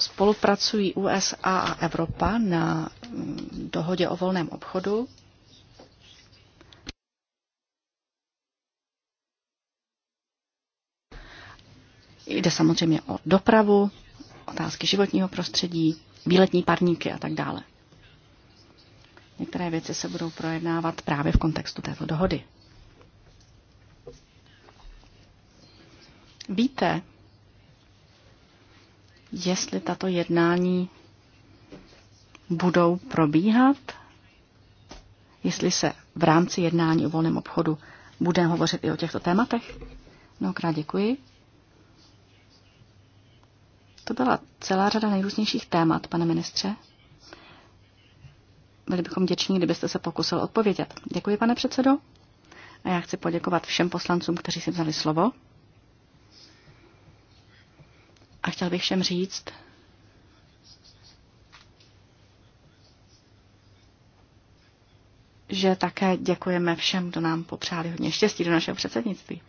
spolupracují USA a Evropa na mm, dohodě o volném obchodu. Jde samozřejmě o dopravu, otázky životního prostředí, výletní parníky a tak dále. Některé věci se budou projednávat právě v kontextu této dohody. Víte, jestli tato jednání budou probíhat, jestli se v rámci jednání o volném obchodu budeme hovořit i o těchto tématech. Mnohokrát děkuji. To byla celá řada nejrůznějších témat, pane ministře. Byli bychom děční, kdybyste se pokusil odpovědět. Děkuji, pane předsedo. A já chci poděkovat všem poslancům, kteří si vzali slovo. A chtěl bych všem říct, že také děkujeme všem, kdo nám popřáli hodně štěstí do našeho předsednictví.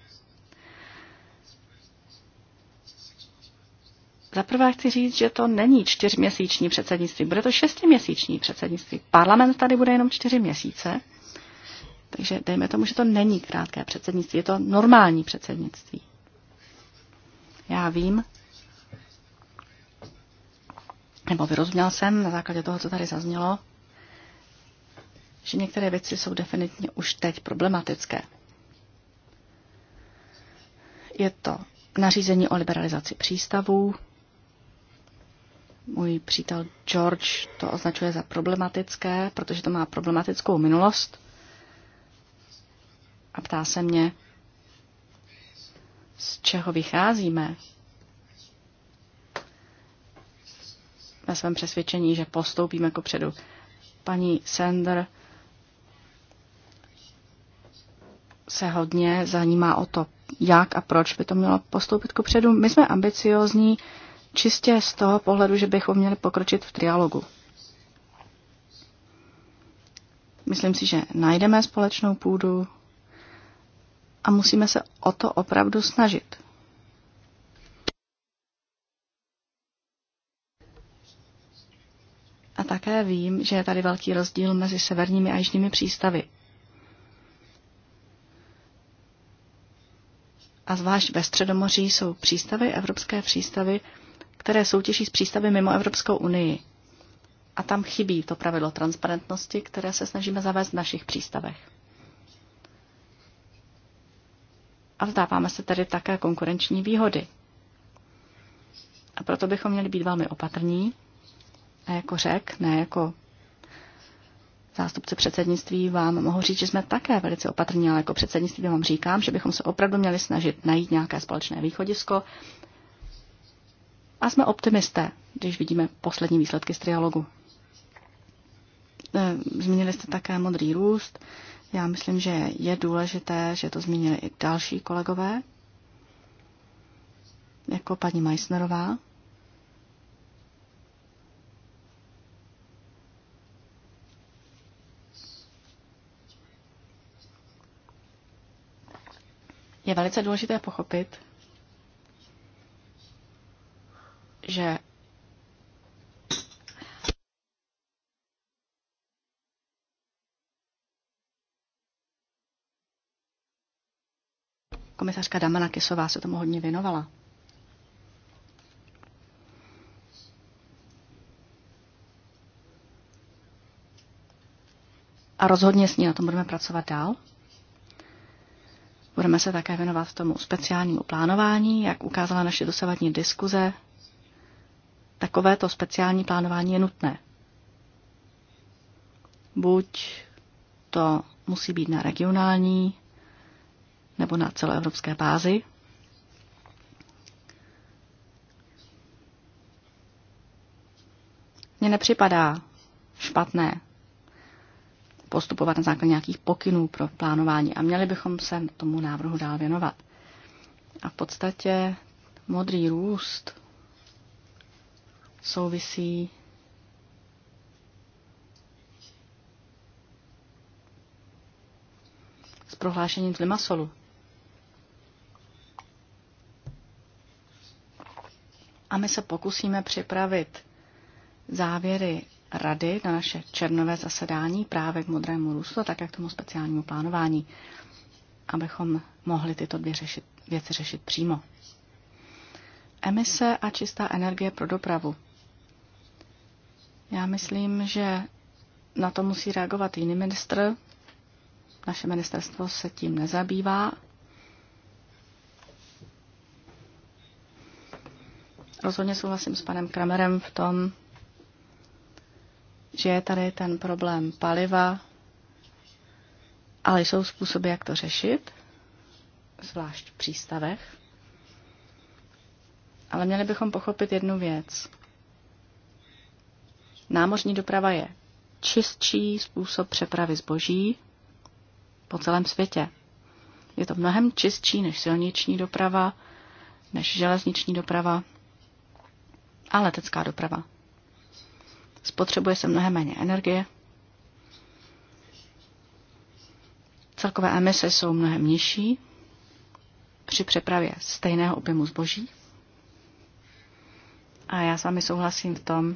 Za prvé chci říct, že to není čtyřměsíční předsednictví, bude to šestiměsíční předsednictví. Parlament tady bude jenom čtyři měsíce, takže dejme tomu, že to není krátké předsednictví, je to normální předsednictví. Já vím, nebo vyrozuměl jsem na základě toho, co tady zaznělo, že některé věci jsou definitně už teď problematické. Je to nařízení o liberalizaci přístavů. Můj přítel George to označuje za problematické, protože to má problematickou minulost. A ptá se mě, z čeho vycházíme, ve svém přesvědčení, že postoupíme ku předu. Paní Sender se hodně zajímá o to, jak a proč by to mělo postoupit ku předu. My jsme ambiciozní čistě z toho pohledu, že bychom měli pokročit v trialogu. Myslím si, že najdeme společnou půdu a musíme se o to opravdu snažit. také vím, že je tady velký rozdíl mezi severními a jižními přístavy. A zvlášť ve Středomoří jsou přístavy, evropské přístavy, které soutěží s přístavy mimo Evropskou unii. A tam chybí to pravidlo transparentnosti, které se snažíme zavést v našich přístavech. A vzdáváme se tedy také konkurenční výhody. A proto bychom měli být velmi opatrní ne jako řek, ne jako zástupce předsednictví vám mohu říct, že jsme také velice opatrní, ale jako předsednictví vám říkám, že bychom se opravdu měli snažit najít nějaké společné východisko. A jsme optimisté, když vidíme poslední výsledky z trialogu. Eh, zmínili jste také modrý růst. Já myslím, že je důležité, že to zmínili i další kolegové, jako paní Meissnerová. je velice důležité pochopit, že komisařka Damana Kisová se tomu hodně věnovala. A rozhodně s ní na tom budeme pracovat dál. Budeme se také věnovat tomu speciálnímu plánování, jak ukázala naše dosavadní diskuze. Takovéto speciální plánování je nutné. Buď to musí být na regionální nebo na celoevropské bázi. Mně nepřipadá špatné postupovat na základě nějakých pokynů pro plánování a měli bychom se tomu návrhu dál věnovat. A v podstatě modrý růst souvisí s prohlášením z Limasolu. A my se pokusíme připravit závěry rady na naše černové zasedání právě k modrému růstu a také k tomu speciálnímu plánování, abychom mohli tyto dvě řešit, věci řešit přímo. Emise a čistá energie pro dopravu. Já myslím, že na to musí reagovat jiný ministr. Naše ministerstvo se tím nezabývá. Rozhodně souhlasím s panem Kramerem v tom, že je tady ten problém paliva, ale jsou způsoby, jak to řešit, zvlášť v přístavech. Ale měli bychom pochopit jednu věc. Námořní doprava je čistší způsob přepravy zboží po celém světě. Je to mnohem čistší než silniční doprava, než železniční doprava a letecká doprava spotřebuje se mnohem méně energie, celkové emise jsou mnohem nižší při přepravě stejného objemu zboží. A já s vámi souhlasím v tom,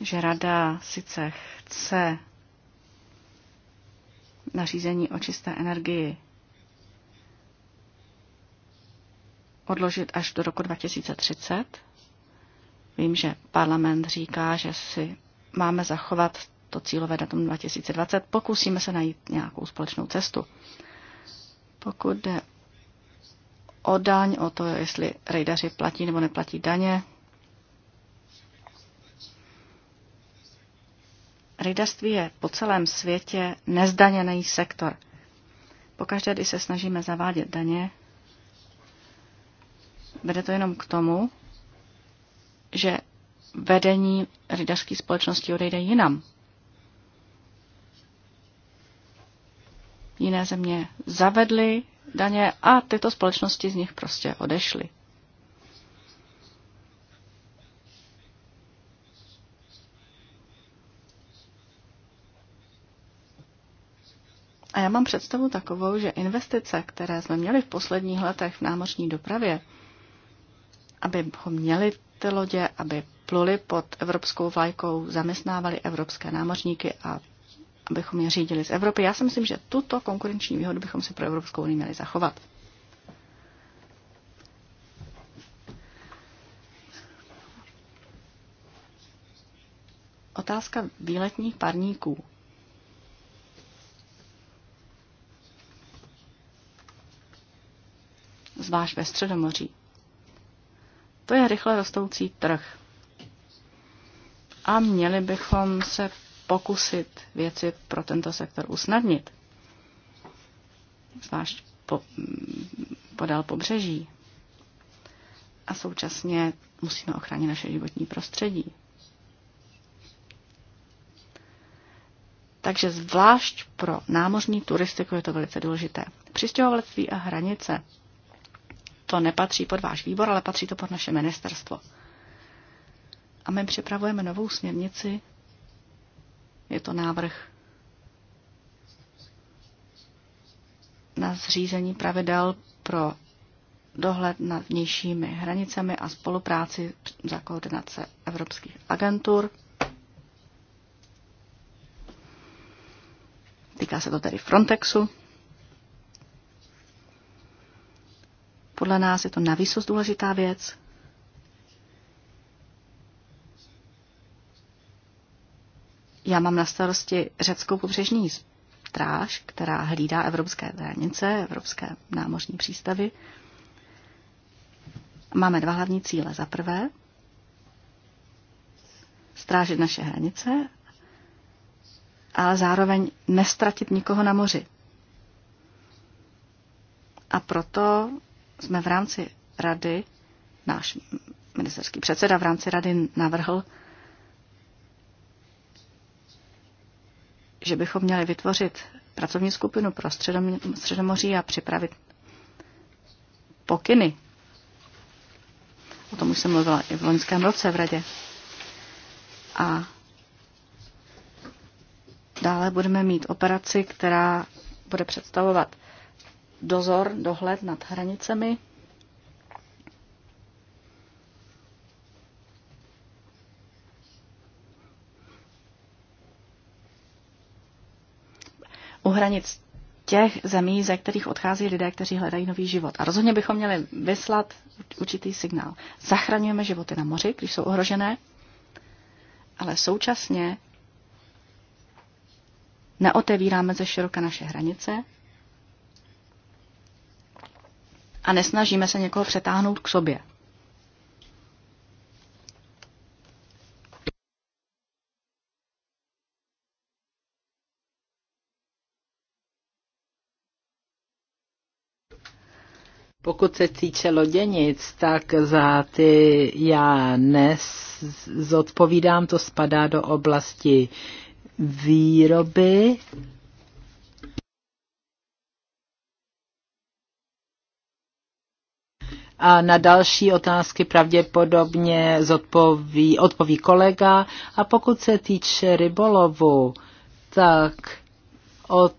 že rada sice chce nařízení o čisté energii odložit až do roku 2030, Vím, že parlament říká, že si máme zachovat to cílové datum 2020. Pokusíme se najít nějakou společnou cestu. Pokud jde o daň, o to, jestli rejdaři platí nebo neplatí daně, Rejdařství je po celém světě nezdaněný sektor. Pokaždé, když se snažíme zavádět daně, vede to jenom k tomu, že vedení rydařské společnosti odejde jinam. Jiné země zavedly daně a tyto společnosti z nich prostě odešly. A já mám představu takovou, že investice, které jsme měli v posledních letech v námořní dopravě, abychom měli ty lodě, aby pluli pod evropskou vlajkou, zaměstnávali evropské námořníky a abychom je řídili z Evropy. Já si myslím, že tuto konkurenční výhodu bychom si pro Evropskou unii měli zachovat. Otázka výletních parníků. Zvlášť ve Středomoří. To je rychle rostoucí trh. A měli bychom se pokusit věci pro tento sektor usnadnit. Zvlášť po, podal pobřeží. A současně musíme ochránit naše životní prostředí. Takže zvlášť pro námořní turistiku je to velice důležité. Přistěhovalectví a hranice to nepatří pod váš výbor, ale patří to pod naše ministerstvo. A my připravujeme novou směrnici. Je to návrh na zřízení pravidel pro dohled nad vnějšími hranicemi a spolupráci za koordinace evropských agentur. Týká se to tedy Frontexu. Podle nás je to navýsost důležitá věc. Já mám na starosti řeckou pobřežní stráž, která hlídá evropské hranice, evropské námořní přístavy. Máme dva hlavní cíle. Za prvé, strážit naše hranice, ale zároveň nestratit nikoho na moři. A proto jsme v rámci rady, náš ministerský předseda v rámci rady navrhl, že bychom měli vytvořit pracovní skupinu pro Středomoří a připravit pokyny. O tom už jsem mluvila i v loňském roce v radě. A dále budeme mít operaci, která bude představovat dozor, dohled nad hranicemi. U hranic těch zemí, ze kterých odchází lidé, kteří hledají nový život. A rozhodně bychom měli vyslat určitý signál. Zachraňujeme životy na moři, když jsou ohrožené, ale současně neotevíráme ze široka naše hranice a nesnažíme se někoho přetáhnout k sobě. Pokud se týče loděnic, tak za ty já nezodpovídám, to spadá do oblasti výroby a na další otázky pravděpodobně zodpoví, odpoví kolega. A pokud se týče rybolovu, tak o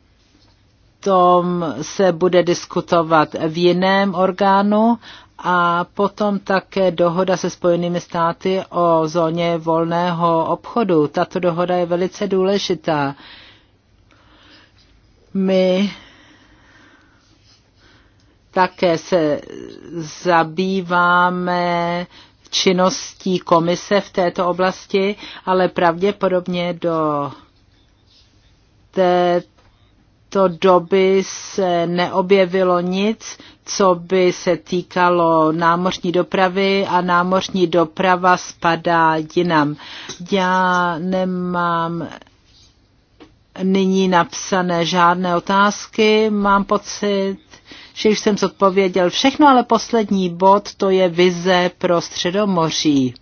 tom se bude diskutovat v jiném orgánu a potom také dohoda se Spojenými státy o zóně volného obchodu. Tato dohoda je velice důležitá. My také se zabýváme činností komise v této oblasti, ale pravděpodobně do této doby se neobjevilo nic, co by se týkalo námořní dopravy a námořní doprava spadá jinam. Já nemám nyní napsané žádné otázky, mám pocit, že jsem zodpověděl všechno, ale poslední bod to je vize pro Středomoří.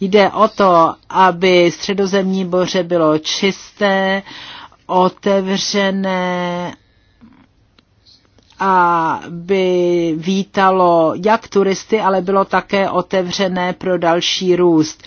Jde o to, aby středozemní moře bylo čisté, otevřené, a by vítalo jak turisty, ale bylo také otevřené pro další růst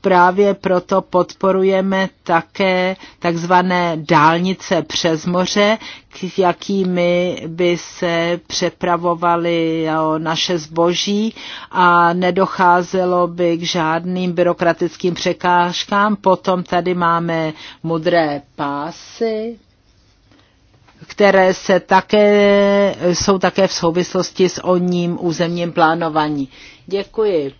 právě proto podporujeme také takzvané dálnice přes moře, k jakými by se přepravovaly naše zboží a nedocházelo by k žádným byrokratickým překážkám. Potom tady máme modré pásy, které se také, jsou také v souvislosti s oním územním plánování. Děkuji.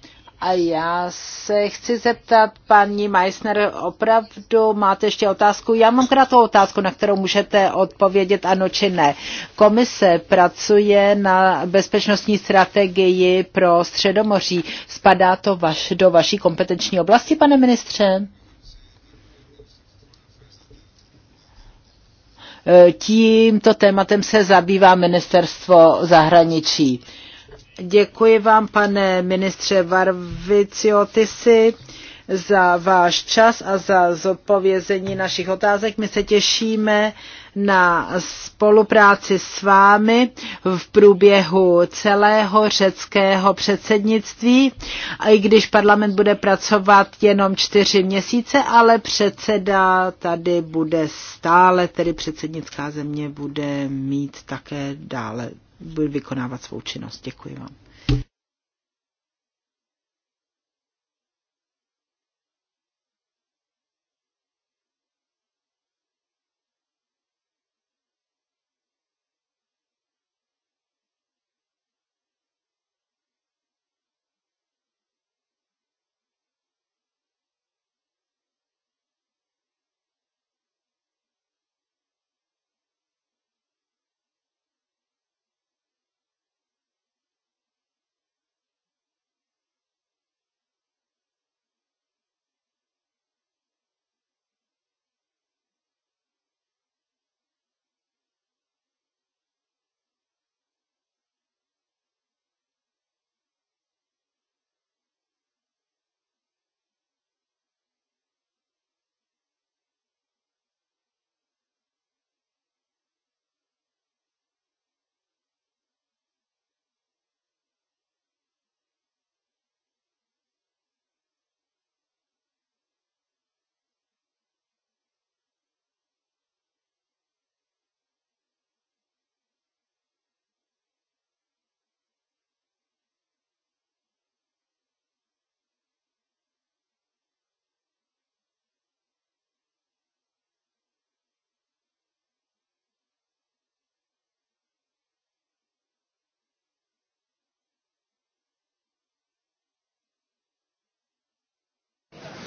A já se chci zeptat, paní Meissner, opravdu máte ještě otázku? Já mám krátkou otázku, na kterou můžete odpovědět ano či ne. Komise pracuje na bezpečnostní strategii pro Středomoří. Spadá to vaš, do vaší kompetenční oblasti, pane ministře? Tímto tématem se zabývá ministerstvo zahraničí. Děkuji vám, pane ministře Varviciotisi, za váš čas a za zodpovězení našich otázek. My se těšíme na spolupráci s vámi v průběhu celého řeckého předsednictví, i když parlament bude pracovat jenom čtyři měsíce, ale předseda tady bude stále, tedy předsednická země bude mít také dále vykonávat svou činnost. Děkuji vám.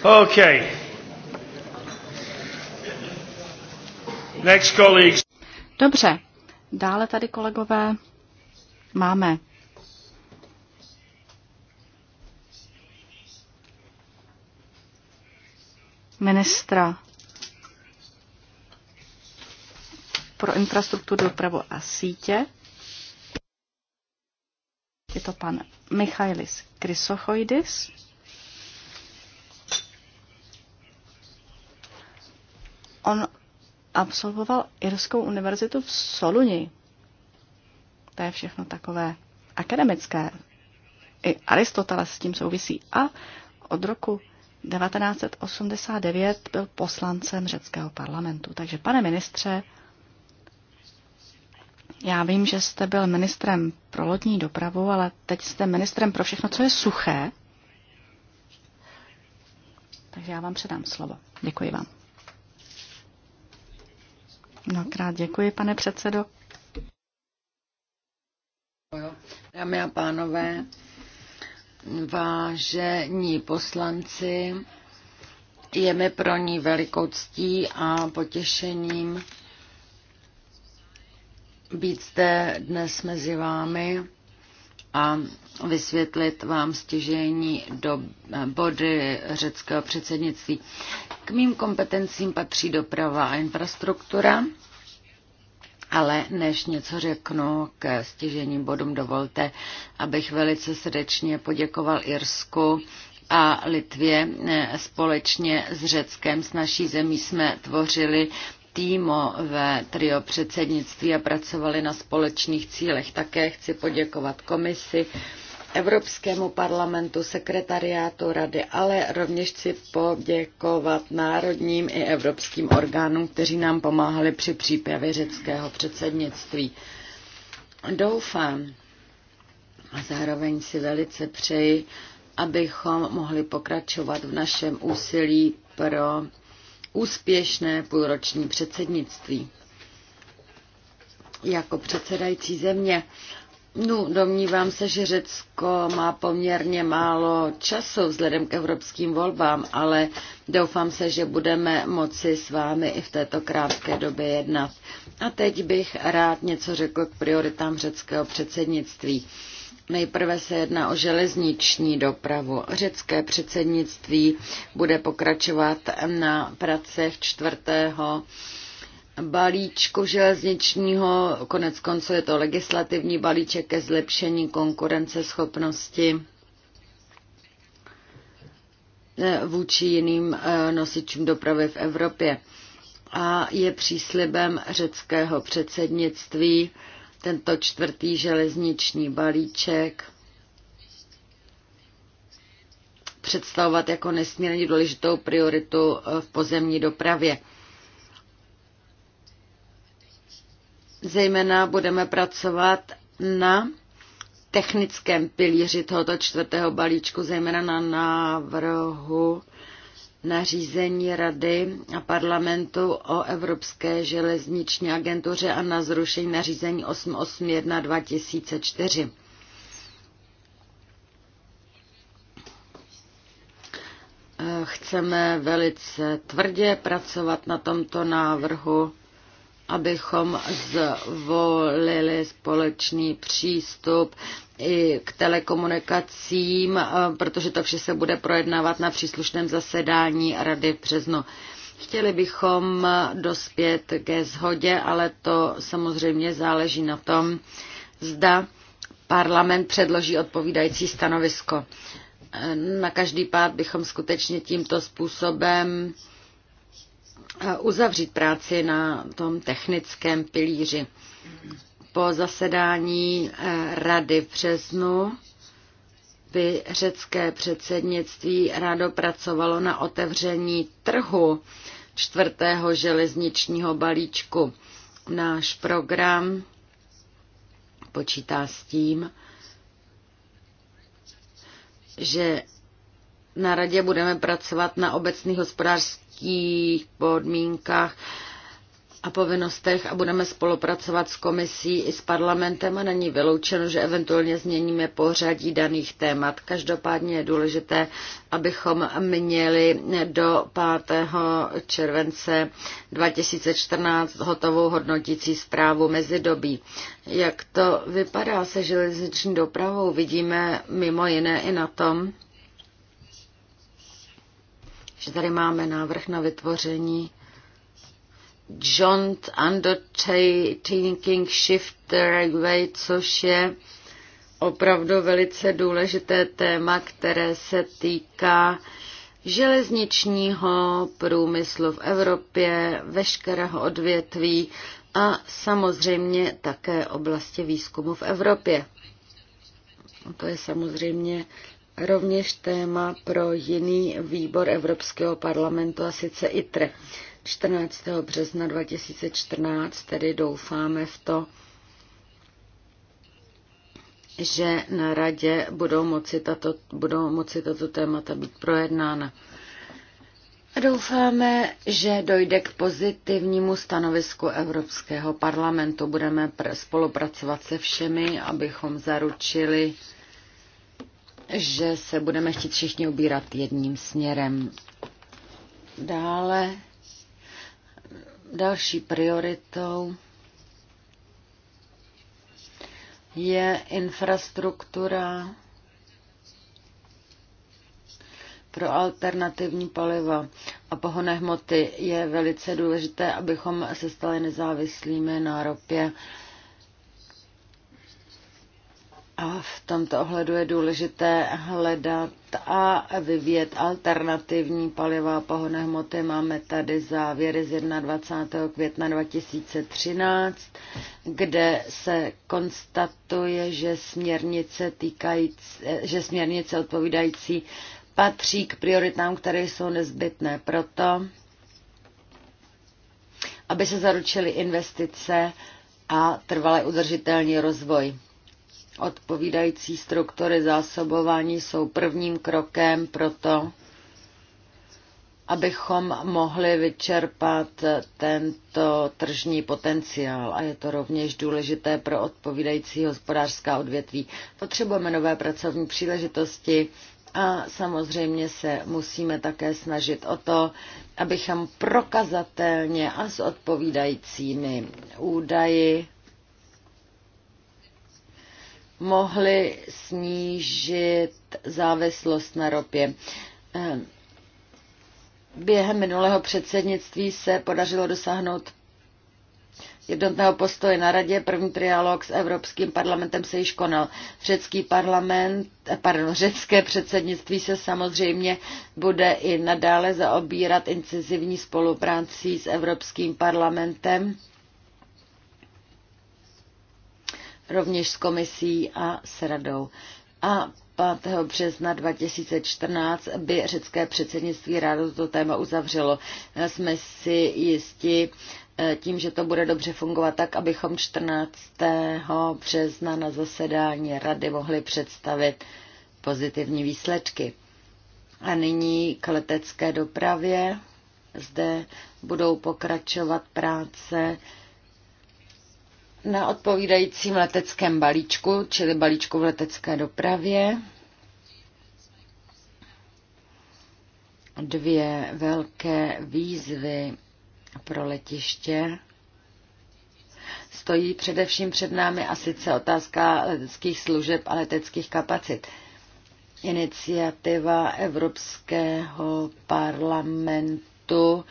Okay. Next colleagues. Dobře, dále tady kolegové máme ministra pro infrastrukturu, dopravu a sítě. Je to pan Michailis Krysochoidis. On absolvoval Irskou univerzitu v Soluni. To je všechno takové akademické. I Aristoteles s tím souvisí. A od roku 1989 byl poslancem řeckého parlamentu. Takže, pane ministře, já vím, že jste byl ministrem pro lodní dopravu, ale teď jste ministrem pro všechno, co je suché. Takže já vám předám slovo. Děkuji vám. Mnohokrát děkuji, pane předsedo. Dámy a pánové, vážení poslanci, je mi pro ní velikou ctí a potěšením být zde dnes mezi vámi a vysvětlit vám stěžení do body řeckého předsednictví. K mým kompetencím patří doprava a infrastruktura, ale než něco řeknu k stěžením bodům, dovolte, abych velice srdečně poděkoval Irsku a Litvě. Eh, společně s Řeckem, s naší zemí jsme tvořili ve trio předsednictví a pracovali na společných cílech. Také chci poděkovat komisi, Evropskému parlamentu, sekretariátu rady, ale rovněž chci poděkovat národním i evropským orgánům, kteří nám pomáhali při přípravě řeckého předsednictví. Doufám a zároveň si velice přeji, abychom mohli pokračovat v našem úsilí pro úspěšné půlroční předsednictví. Jako předsedající země, no, domnívám se, že Řecko má poměrně málo času vzhledem k evropským volbám, ale doufám se, že budeme moci s vámi i v této krátké době jednat. A teď bych rád něco řekl k prioritám řeckého předsednictví. Nejprve se jedná o železniční dopravu. Řecké předsednictví bude pokračovat na pracech čtvrtého balíčku železničního, konec konců je to legislativní balíček ke zlepšení konkurenceschopnosti vůči jiným eh, nosičům dopravy v Evropě. A je příslibem řeckého předsednictví, tento čtvrtý železniční balíček představovat jako nesmírně důležitou prioritu eh, v pozemní dopravě. Zejména budeme pracovat na technickém pilíři tohoto čtvrtého balíčku, zejména na návrhu nařízení Rady a parlamentu o Evropské železniční agentuře a na zrušení nařízení 881 2004. Eh, chceme velice tvrdě pracovat na tomto návrhu abychom zvolili společný přístup i k telekomunikacím, eh, protože to vše se bude projednávat na příslušném zasedání Rady v březnu. Chtěli bychom dospět ke shodě, ale to samozřejmě záleží na tom, zda parlament předloží odpovídající stanovisko. Eh, na každý pád bychom skutečně tímto způsobem Eh, uzavřít práci na tom technickém pilíři. Po zasedání eh, rady v březnu by řecké předsednictví rádo pracovalo na otevření trhu čtvrtého železničního balíčku. Náš program počítá s tím, že na radě budeme pracovat na obecných hospodářských technických podmínkách a povinnostech a budeme spolupracovat s komisí i s parlamentem a není vyloučeno, že eventuálně změníme pořadí daných témat. Každopádně je důležité, abychom měli do 5. července 2014 hotovou hodnotící zprávu mezidobí. Jak to vypadá se železniční dopravou, vidíme mimo jiné i na tom, že tady máme návrh na vytvoření Joint Undertaking Shift Railway, což je opravdu velice důležité téma, které se týká železničního průmyslu v Evropě, veškerého odvětví a samozřejmě také oblasti výzkumu v Evropě. To je samozřejmě rovněž téma pro jiný výbor Evropského parlamentu, a sice ITRE. 14. března 2014 tedy doufáme v to, že na radě budou moci tato, budou moci tato témata být projednána. Doufáme, že dojde k pozitivnímu stanovisku Evropského parlamentu. Budeme spolupracovat se všemi, abychom zaručili že se budeme chtít všichni ubírat jedním směrem. Dále další prioritou je infrastruktura pro alternativní paliva a pohonné hmoty. Je velice důležité, abychom se stali nezávislými na ropě a v tomto ohledu je důležité hledat a vyvíjet alternativní paliva a pohonné hmoty. Máme tady závěry z 21. května 2013, kde se konstatuje, že směrnice, týkající, že směrnice odpovídající patří k prioritám, které jsou nezbytné proto, aby se zaručily investice a trvalý udržitelný rozvoj. Odpovídající struktury zásobování jsou prvním krokem pro to, abychom mohli vyčerpat tento tržní potenciál a je to rovněž důležité pro odpovídající hospodářská odvětví. Potřebujeme nové pracovní příležitosti a samozřejmě se musíme také snažit o to, abychom prokazatelně a s odpovídajícími údaji mohli snížit závislost na ropě. Ehm, během minulého předsednictví se podařilo dosáhnout jednotného postoje na radě. První trialog s Evropským parlamentem se již konal. Řecký parlament, eh, pardon, řecké předsednictví se samozřejmě bude i nadále zaobírat incizivní spoluprácí s Evropským parlamentem rovněž s komisí a s radou. A 5. března 2014 by řecké předsednictví rádo to téma uzavřelo. Jsme si jisti eh, tím, že to bude dobře fungovat tak, abychom 14. března na zasedání rady mohli představit pozitivní výsledky. A nyní k letecké dopravě. Zde budou pokračovat práce na odpovídajícím leteckém balíčku, čili balíčku v letecké dopravě. Dvě velké výzvy pro letiště stojí především před námi a sice otázka leteckých služeb a leteckých kapacit. Iniciativa Evropského parlamentu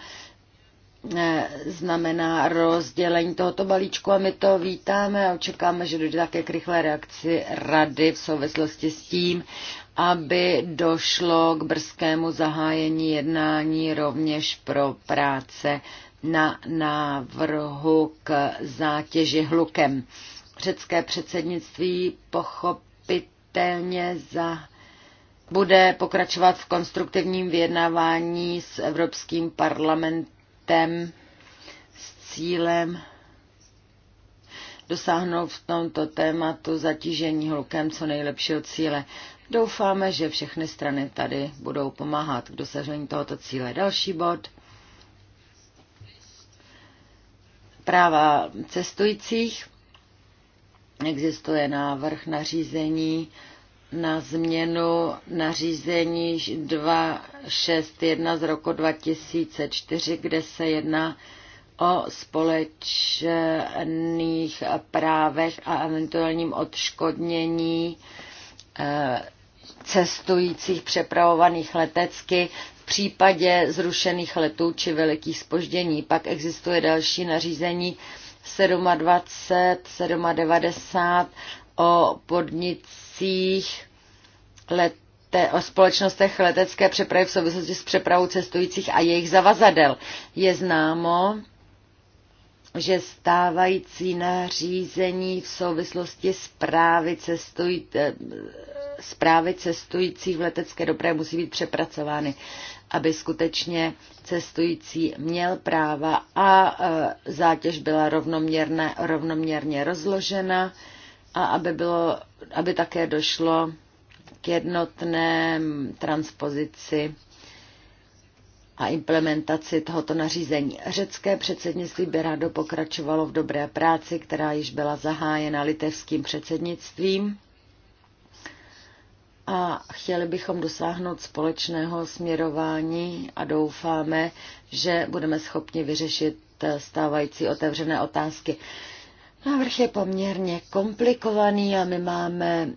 Eh, znamená rozdělení tohoto balíčku a my to vítáme a očekáváme, že dojde také k rychlé reakci rady v souvislosti s tím, aby došlo k brzkému zahájení jednání rovněž pro práce na návrhu k zátěži hlukem. Řecké předsednictví pochopitelně za bude pokračovat v konstruktivním vyjednávání s Evropským parlamentem tem s cílem dosáhnout v tomto tématu zatížení hlukem co nejlepšího cíle. Doufáme, že všechny strany tady budou pomáhat k dosažení tohoto cíle. Další bod. Práva cestujících. Existuje návrh nařízení na změnu nařízení 261 z roku 2004, kde se jedná o společných právech a eventuálním odškodnění eh, cestujících přepravovaných letecky v případě zrušených letů či velikých spoždění. Pak existuje další nařízení 27, 97 o podnic letecích lete, o společnostech letecké přepravy v souvislosti s přepravou cestujících a jejich zavazadel. Je známo, že stávající nařízení v souvislosti s právy, cestuj, eh, zprávy cestujících v letecké dopravě musí být přepracovány, aby skutečně cestující měl práva a eh, zátěž byla rovnoměrně rozložena a aby, bylo, aby také došlo k jednotné transpozici a implementaci tohoto nařízení. Řecké předsednictví by rádo pokračovalo v dobré práci, která již byla zahájena litevským předsednictvím a chtěli bychom dosáhnout společného směrování a doufáme, že budeme schopni vyřešit stávající otevřené otázky. Návrh je poměrně komplikovaný a my máme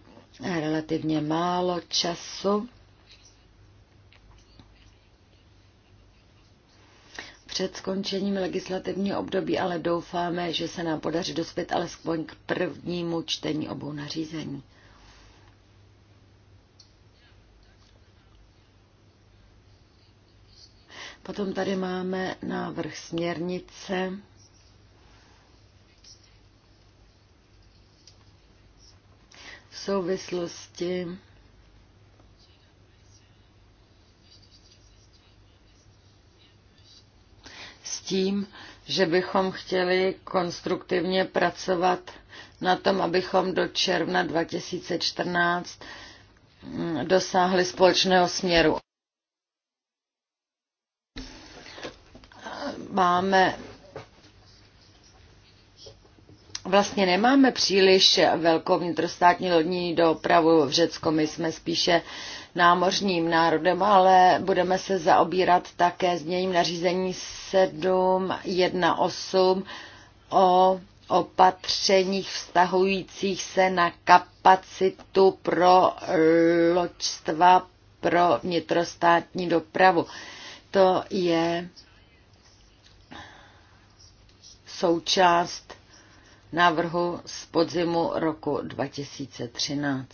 relativně málo času. před skončením legislativního období, ale doufáme, že se nám podaří dospět alespoň k prvnímu čtení obou nařízení. Potom tady máme návrh směrnice. souvislosti s tím, že bychom chtěli konstruktivně pracovat na tom, abychom do června 2014 mm, dosáhli společného směru. Máme vlastně nemáme příliš velkou vnitrostátní lodní dopravu v Řecku. My jsme spíše námořním národem, ale budeme se zaobírat také změním nařízení 718 o opatřeních vztahujících se na kapacitu pro loďstva pro vnitrostátní dopravu. To je součást návrhu z podzimu roku 2013.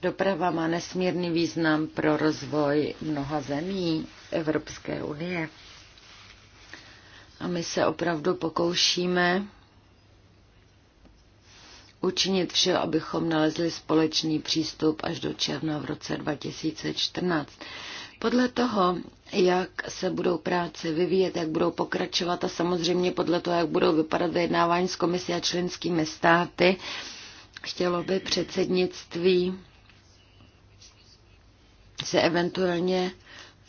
Doprava má nesmírný význam pro rozvoj mnoha zemí Evropské unie. A my se opravdu pokoušíme učinit vše, abychom nalezli společný přístup až do června v roce 2014. Podle toho, jak se budou práce vyvíjet, jak budou pokračovat a samozřejmě podle toho, jak budou vypadat vyjednávání s komisí a členskými státy, chtělo by předsednictví se eventuálně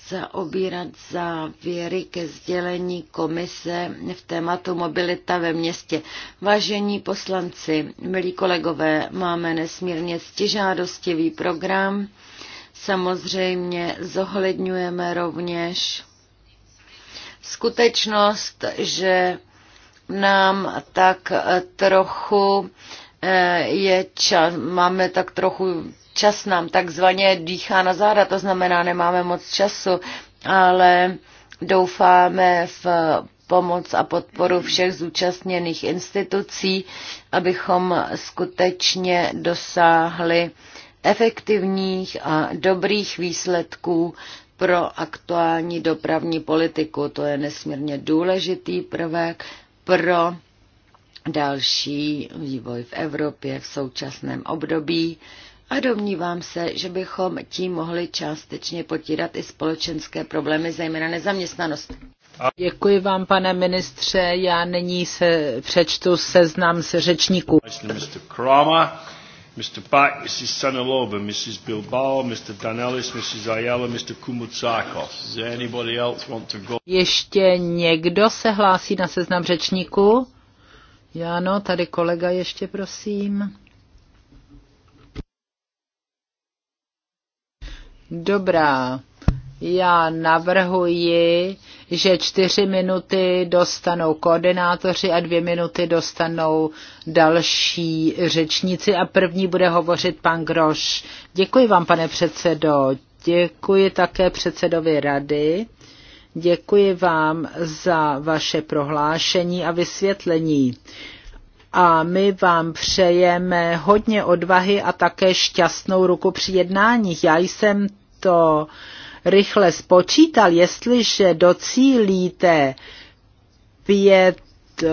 zaobírat závěry ke sdělení komise v tématu mobilita ve městě. Vážení poslanci, milí kolegové, máme nesmírně stižádostivý program. Samozřejmě zohledňujeme rovněž skutečnost, že nám tak trochu eh, je čas, máme tak trochu čas nám takzvaně dýchá na záda, to znamená, nemáme moc času, ale doufáme v pomoc a podporu všech zúčastněných institucí, abychom skutečně dosáhli efektivních a dobrých výsledků pro aktuální dopravní politiku. To je nesmírně důležitý prvek pro další vývoj v Evropě v současném období a domnívám se, že bychom tím mohli částečně potírat i společenské problémy, zejména nezaměstnanost. Děkuji vám, pane ministře. Já nyní se přečtu seznam se řečníků. Mr. Mrs. Sanilova, Mrs. Bilbao, Mr. Danelis, Mrs. Ayala, Mr. Does anybody else want to go? Ještě někdo se hlásí na seznam řečníků? Já no, tady kolega ještě, prosím. Dobrá. Já navrhuji, že čtyři minuty dostanou koordinátoři a dvě minuty dostanou další řečníci a první bude hovořit pan Groš. Děkuji vám, pane předsedo. Děkuji také předsedovi rady. Děkuji vám za vaše prohlášení a vysvětlení. A my vám přejeme hodně odvahy a také šťastnou ruku při jednáních. Já jsem to rychle spočítal, jestliže docílíte pět eh,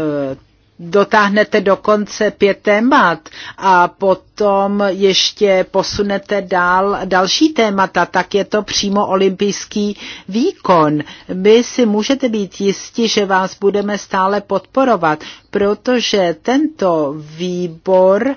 dotáhnete do konce pět témat a potom ještě posunete dál další témata, tak je to přímo olympijský výkon. Vy si můžete být jisti, že vás budeme stále podporovat, protože tento výbor uh,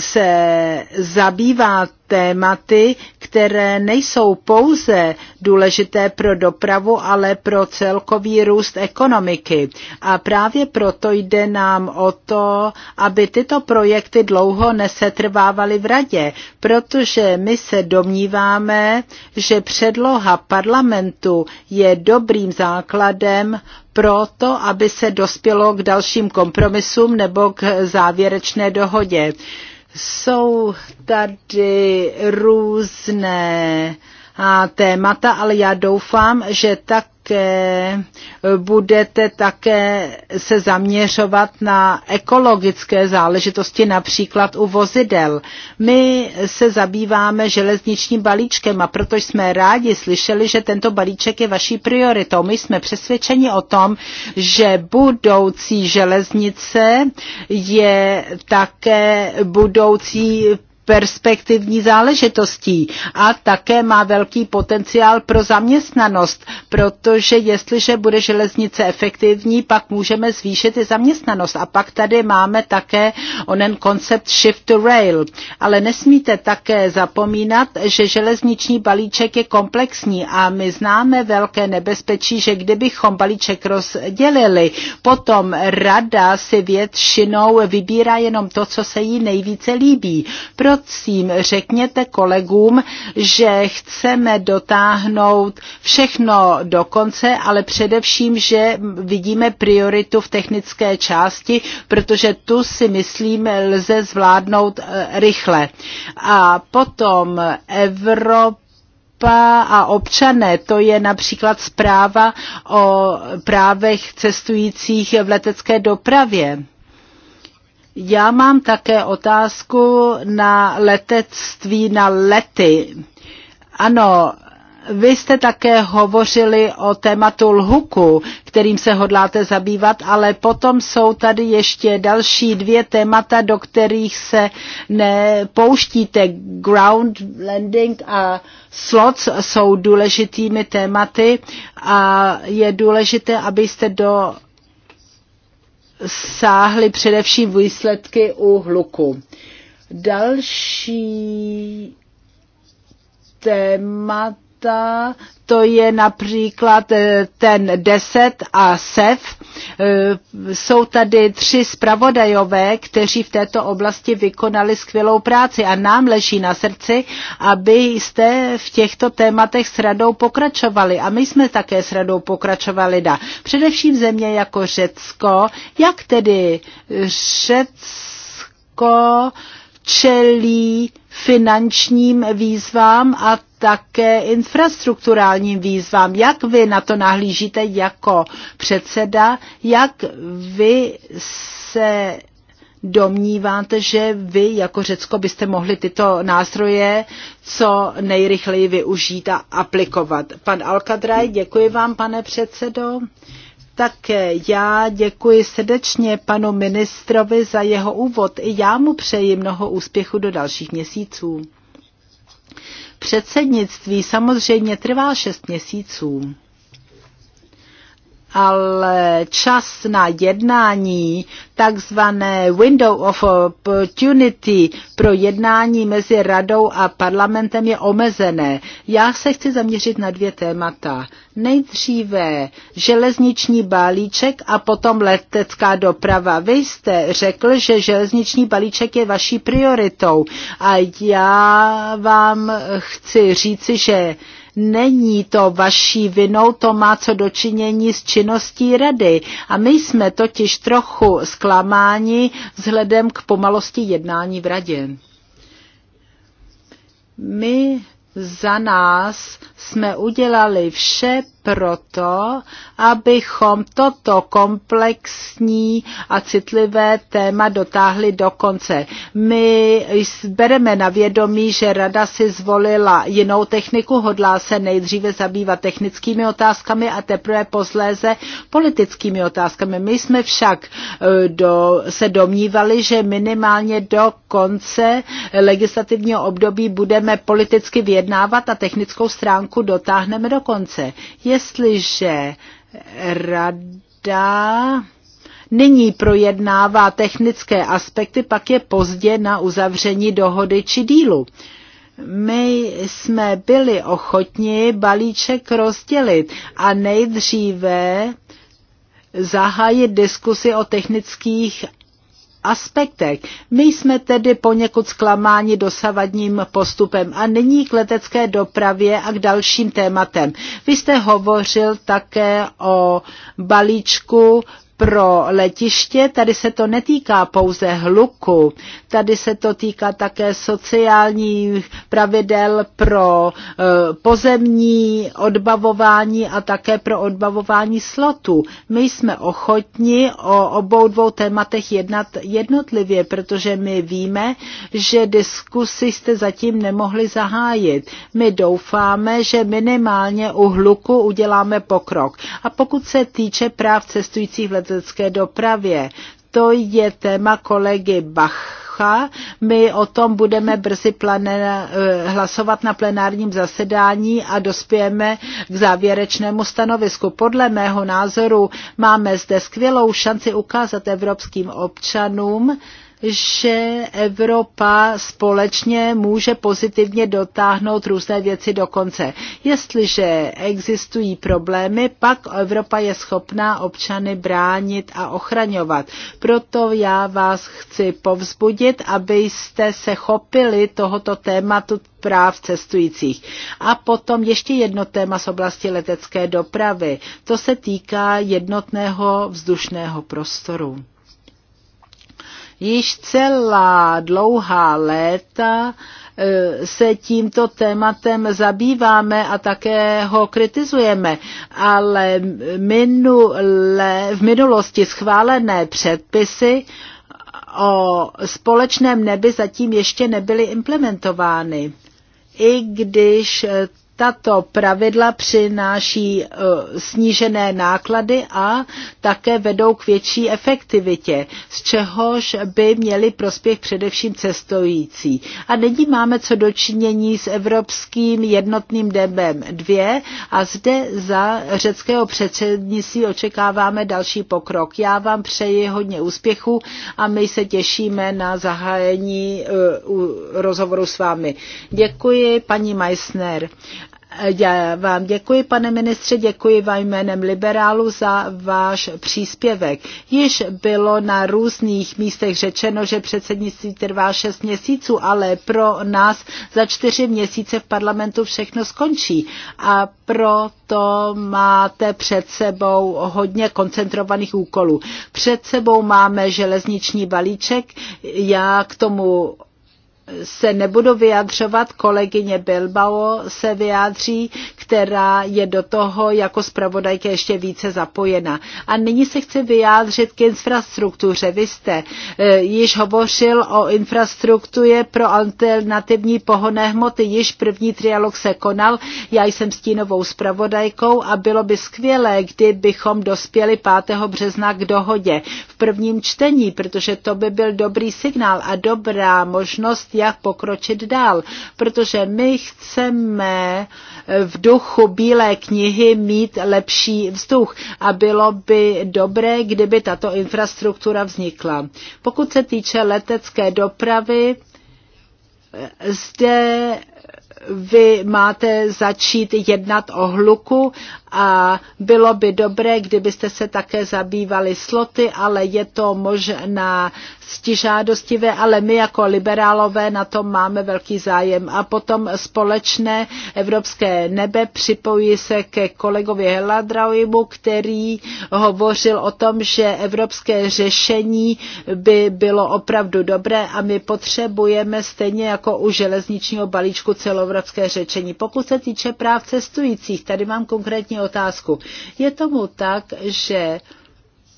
se zabývá tématy, které nejsou pouze důležité pro dopravu, ale pro celkový růst ekonomiky. A právě proto jde nám o to, aby tyto projekty dlouho nesetrvávaly v radě, protože my se domníváme, že předloha parlamentu je dobrým základem pro to, aby se dospělo k dalším kompromisům nebo k závěrečné dohodě. Jsou tady různé témata, ale já doufám, že tak také budete také se zaměřovat na ekologické záležitosti, například u vozidel. My se zabýváme železničním balíčkem a proto jsme rádi slyšeli, že tento balíček je vaší prioritou. My jsme přesvědčeni o tom, že budoucí železnice je také budoucí perspektivní záležitostí a také má velký potenciál pro zaměstnanost, protože jestliže bude železnice efektivní, pak můžeme zvýšit i zaměstnanost. A pak tady máme také onen koncept shift to rail. Ale nesmíte také zapomínat, že železniční balíček je komplexní a my známe velké nebezpečí, že kdybychom balíček rozdělili, potom rada si většinou vybírá jenom to, co se jí nejvíce líbí. Proto prosím, řekněte kolegům, že chceme dotáhnout všechno do konce, ale především, že vidíme prioritu v technické části, protože tu si myslím lze zvládnout eh, rychle. A potom Evropa Evropa a občané, to je například zpráva o právech cestujících v letecké dopravě. Já mám také otázku na letectví, na lety. Ano, vy jste také hovořili o tématu lhuku, kterým se hodláte zabývat, ale potom jsou tady ještě další dvě témata, do kterých se nepouštíte. Ground landing a slots jsou důležitými tématy a je důležité, abyste do sáhly především výsledky u hluku. Další téma data, to je například eh, ten 10 a SEF. Eh, jsou tady tři zpravodajové, kteří v této oblasti vykonali skvělou práci a nám leží na srdci, aby jste v těchto tématech s radou pokračovali. A my jsme také s radou pokračovali. Da. Především země jako Řecko, jak tedy Řecko čelí finančním výzvám a také infrastrukturálním výzvám. Jak vy na to nahlížíte jako předseda? Jak vy se domníváte, že vy jako Řecko byste mohli tyto nástroje co nejrychleji využít a aplikovat? Pan Alkadraj, děkuji vám, pane předsedo. Také já děkuji srdečně panu ministrovi za jeho úvod. I já mu přeji mnoho úspěchu do dalších měsíců. Předsednictví samozřejmě trvá šest měsíců ale čas na jednání, takzvané window of opportunity pro jednání mezi radou a parlamentem je omezené. Já se chci zaměřit na dvě témata. Nejdříve železniční balíček a potom letecká doprava. Vy jste řekl, že železniční balíček je vaší prioritou a já vám chci říci, že Není to vaší vinou, to má co dočinění s činností rady. A my jsme totiž trochu zklamáni vzhledem k pomalosti jednání v radě. My za nás jsme udělali vše proto, abychom toto komplexní a citlivé téma dotáhli do konce. My bereme na vědomí, že rada si zvolila jinou techniku, hodlá se nejdříve zabývat technickými otázkami a teprve posléze politickými otázkami. My jsme však e, do, se domnívali, že minimálně do konce legislativního období budeme politicky vyjednávat a technickou stránku myšlenku dotáhneme do konce. Jestliže rada nyní projednává technické aspekty, pak je pozdě na uzavření dohody či dílu. My jsme byli ochotni balíček rozdělit a nejdříve zahájit diskusy o technických aspektech. My jsme tedy poněkud zklamáni dosavadním postupem a nyní k letecké dopravě a k dalším tématem. Vy jste hovořil také o balíčku pro letiště. Tady se to netýká pouze hluku, tady se to týká také sociálních pravidel pro eh, pozemní odbavování a také pro odbavování slotu. My jsme ochotni o obou dvou tématech jednat jednotlivě, protože my víme, že diskusy jste zatím nemohli zahájit. My doufáme, že minimálně u hluku uděláme pokrok. A pokud se týče práv cestujících v letu, letecké dopravě. To je téma kolegy Bacha. My o tom budeme brzy planen, eh, hlasovat na plenárním zasedání a dospějeme k závěrečnému stanovisku. Podle mého názoru máme zde skvělou šanci ukázat evropským občanům, že Evropa společně může pozitivně dotáhnout různé věci do konce. Jestliže existují problémy, pak Evropa je schopná občany bránit a ochraňovat. Proto já vás chci povzbudit, abyste se chopili tohoto tématu práv cestujících. A potom ještě jedno téma z oblasti letecké dopravy. To se týká jednotného vzdušného prostoru. Již celá dlouhá léta e, se tímto tématem zabýváme a také ho kritizujeme, ale minule, v minulosti schválené předpisy o společném nebi zatím ještě nebyly implementovány. I když tato pravidla přináší e, snížené náklady a také vedou k větší efektivitě, z čehož by měli prospěch především cestující. A nyní máme co dočinění s evropským jednotným debem 2 a zde za řeckého předsednictví očekáváme další pokrok. Já vám přeji hodně úspěchu a my se těšíme na zahájení e, rozhovoru s vámi. Děkuji, paní Meissner. Já vám děkuji, pane ministře, děkuji vám jménem liberálu za váš příspěvek. Již bylo na různých místech řečeno, že předsednictví trvá šest měsíců, ale pro nás za čtyři měsíce v parlamentu všechno skončí. A proto máte před sebou hodně koncentrovaných úkolů. Před sebou máme železniční balíček, já k tomu se nebudu vyjadřovat, kolegyně Bilbao se vyjádří, která je do toho jako zpravodajka ještě více zapojena. A nyní se chci vyjádřit k infrastruktuře. Vy jste e, již hovořil o infrastruktuře pro alternativní pohonné hmoty. Již první trialog se konal, já jsem stínovou zpravodajkou a bylo by skvělé, kdybychom dospěli 5. března k dohodě v prvním čtení, protože to by byl dobrý signál a dobrá možnost, jak pokročit dál, protože my chceme v duchu Bílé knihy mít lepší vzduch a bylo by dobré, kdyby tato infrastruktura vznikla. Pokud se týče letecké dopravy, zde vy máte začít jednat o hluku a bylo by dobré, kdybyste se také zabývali sloty, ale je to možná stižádostivé, ale my jako liberálové na tom máme velký zájem. A potom společné evropské nebe připojí se ke kolegovi Heladraujmu, který hovořil o tom, že evropské řešení by bylo opravdu dobré a my potřebujeme stejně jako u železničního balíčku celoevropské řešení. Pokud se týče práv cestujících, tady mám konkrétní otázku. Je tomu tak, že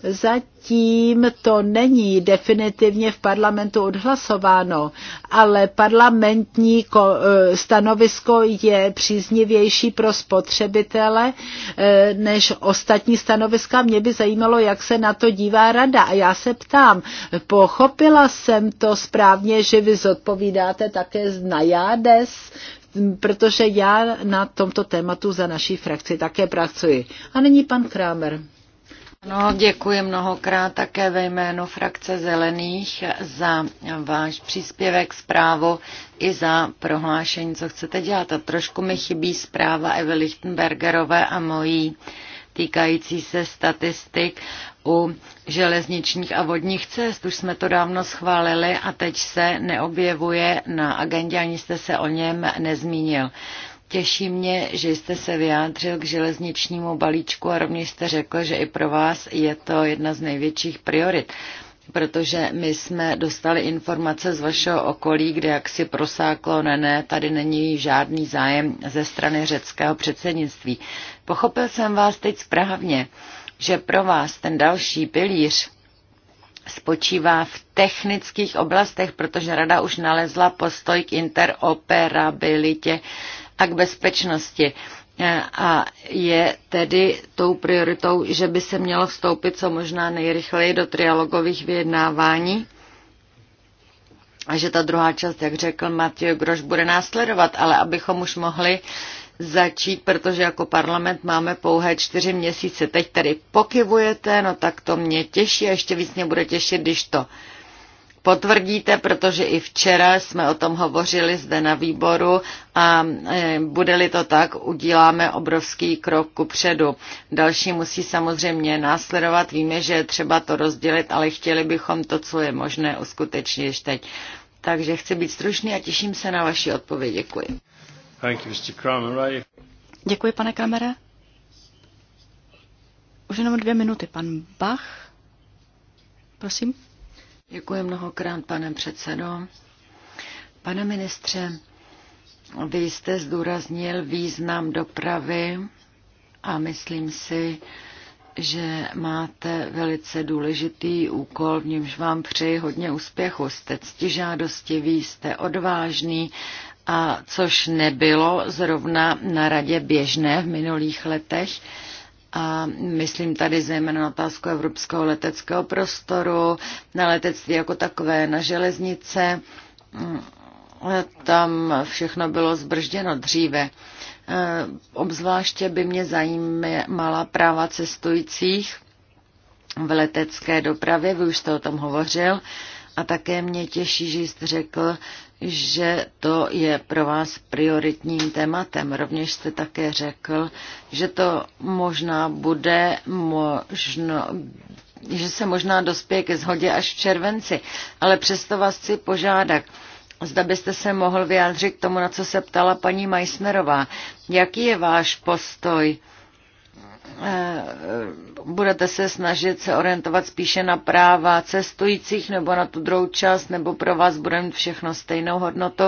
zatím to není definitivně v parlamentu odhlasováno, ale parlamentní eh, stanovisko je příznivější pro spotřebitele eh, než ostatní stanoviska. Mě by zajímalo, jak se na to dívá rada. A já se ptám, pochopila jsem to správně, že vy zodpovídáte také z JADES protože já na tomto tématu za naší frakci také pracuji. A nyní pan Kramer. No, děkuji mnohokrát také ve jménu frakce Zelených za váš příspěvek, zprávu i za prohlášení, co chcete dělat. A trošku mi chybí zpráva Evy Lichtenbergerové a mojí týkající se statistik u železničních a vodních cest. Už jsme to dávno schválili a teď se neobjevuje na agendě, ani jste se o něm nezmínil. Těší mě, že jste se vyjádřil k železničnímu balíčku a rovněž jste řekl, že i pro vás je to jedna z největších priorit protože my jsme dostali informace z vašeho okolí, kde jak si prosáklo, ne, ne, tady není žádný zájem ze strany řeckého předsednictví. Pochopil jsem vás teď správně že pro vás ten další pilíř spočívá v technických oblastech, protože Rada už nalezla postoj k interoperabilitě a k bezpečnosti. A je tedy tou prioritou, že by se mělo vstoupit co možná nejrychleji do trialogových vyjednávání a že ta druhá část, jak řekl Matěj Groš, bude následovat, ale abychom už mohli začít, protože jako parlament máme pouhé čtyři měsíce. Teď tady pokyvujete, no tak to mě těší a ještě víc mě bude těšit, když to potvrdíte, protože i včera jsme o tom hovořili zde na výboru a e, bude-li to tak, uděláme obrovský krok ku předu. Další musí samozřejmě následovat. Víme, že je třeba to rozdělit, ale chtěli bychom to, co je možné, uskutečnit ještě teď. Takže chci být stručný a těším se na vaši odpověď. Děkuji. Děkuji, pane Kramere. Už jenom dvě minuty. Pan Bach, prosím. Děkuji mnohokrát, pane předsedo. Pane ministře, vy jste zdůraznil význam dopravy a myslím si, že máte velice důležitý úkol, v němž vám přeji hodně úspěchu. Jste ctižádostivý, jste odvážný a což nebylo zrovna na radě běžné v minulých letech. A myslím tady zejména na otázku evropského leteckého prostoru, na letectví jako takové, na železnice. Tam všechno bylo zbržděno dříve. E, obzvláště by mě zajímala práva cestujících v letecké dopravě, vy už jste o tom hovořil, a také mě těší, že jste řekl, že to je pro vás prioritním tématem. Rovněž jste také řekl, že to možná bude možno že se možná dospěje ke shodě až v červenci, ale přesto vás chci požádat, zda byste se mohl vyjádřit k tomu, na co se ptala paní Majsnerová. Jaký je váš postoj Eh, budete se snažit se orientovat spíše na práva cestujících nebo na tu druhou část, nebo pro vás bude mít všechno stejnou hodnotu.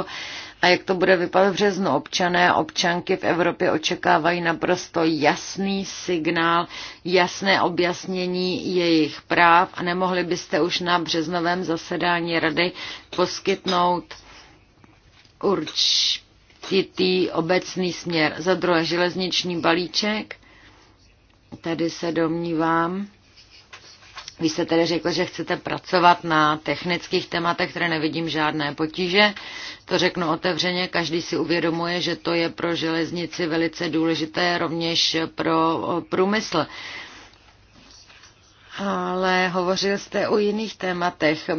A jak to bude vypadat v březnu? Občané a občanky v Evropě očekávají naprosto jasný signál, jasné objasnění jejich práv a nemohli byste už na březnovém zasedání rady poskytnout určitý obecný směr. Za druhé železniční balíček Tady se domnívám, vy jste tedy řekl, že chcete pracovat na technických tématech, které nevidím žádné potíže. To řeknu otevřeně, každý si uvědomuje, že to je pro železnici velice důležité, rovněž pro průmysl. Ale hovořil jste o jiných tématech.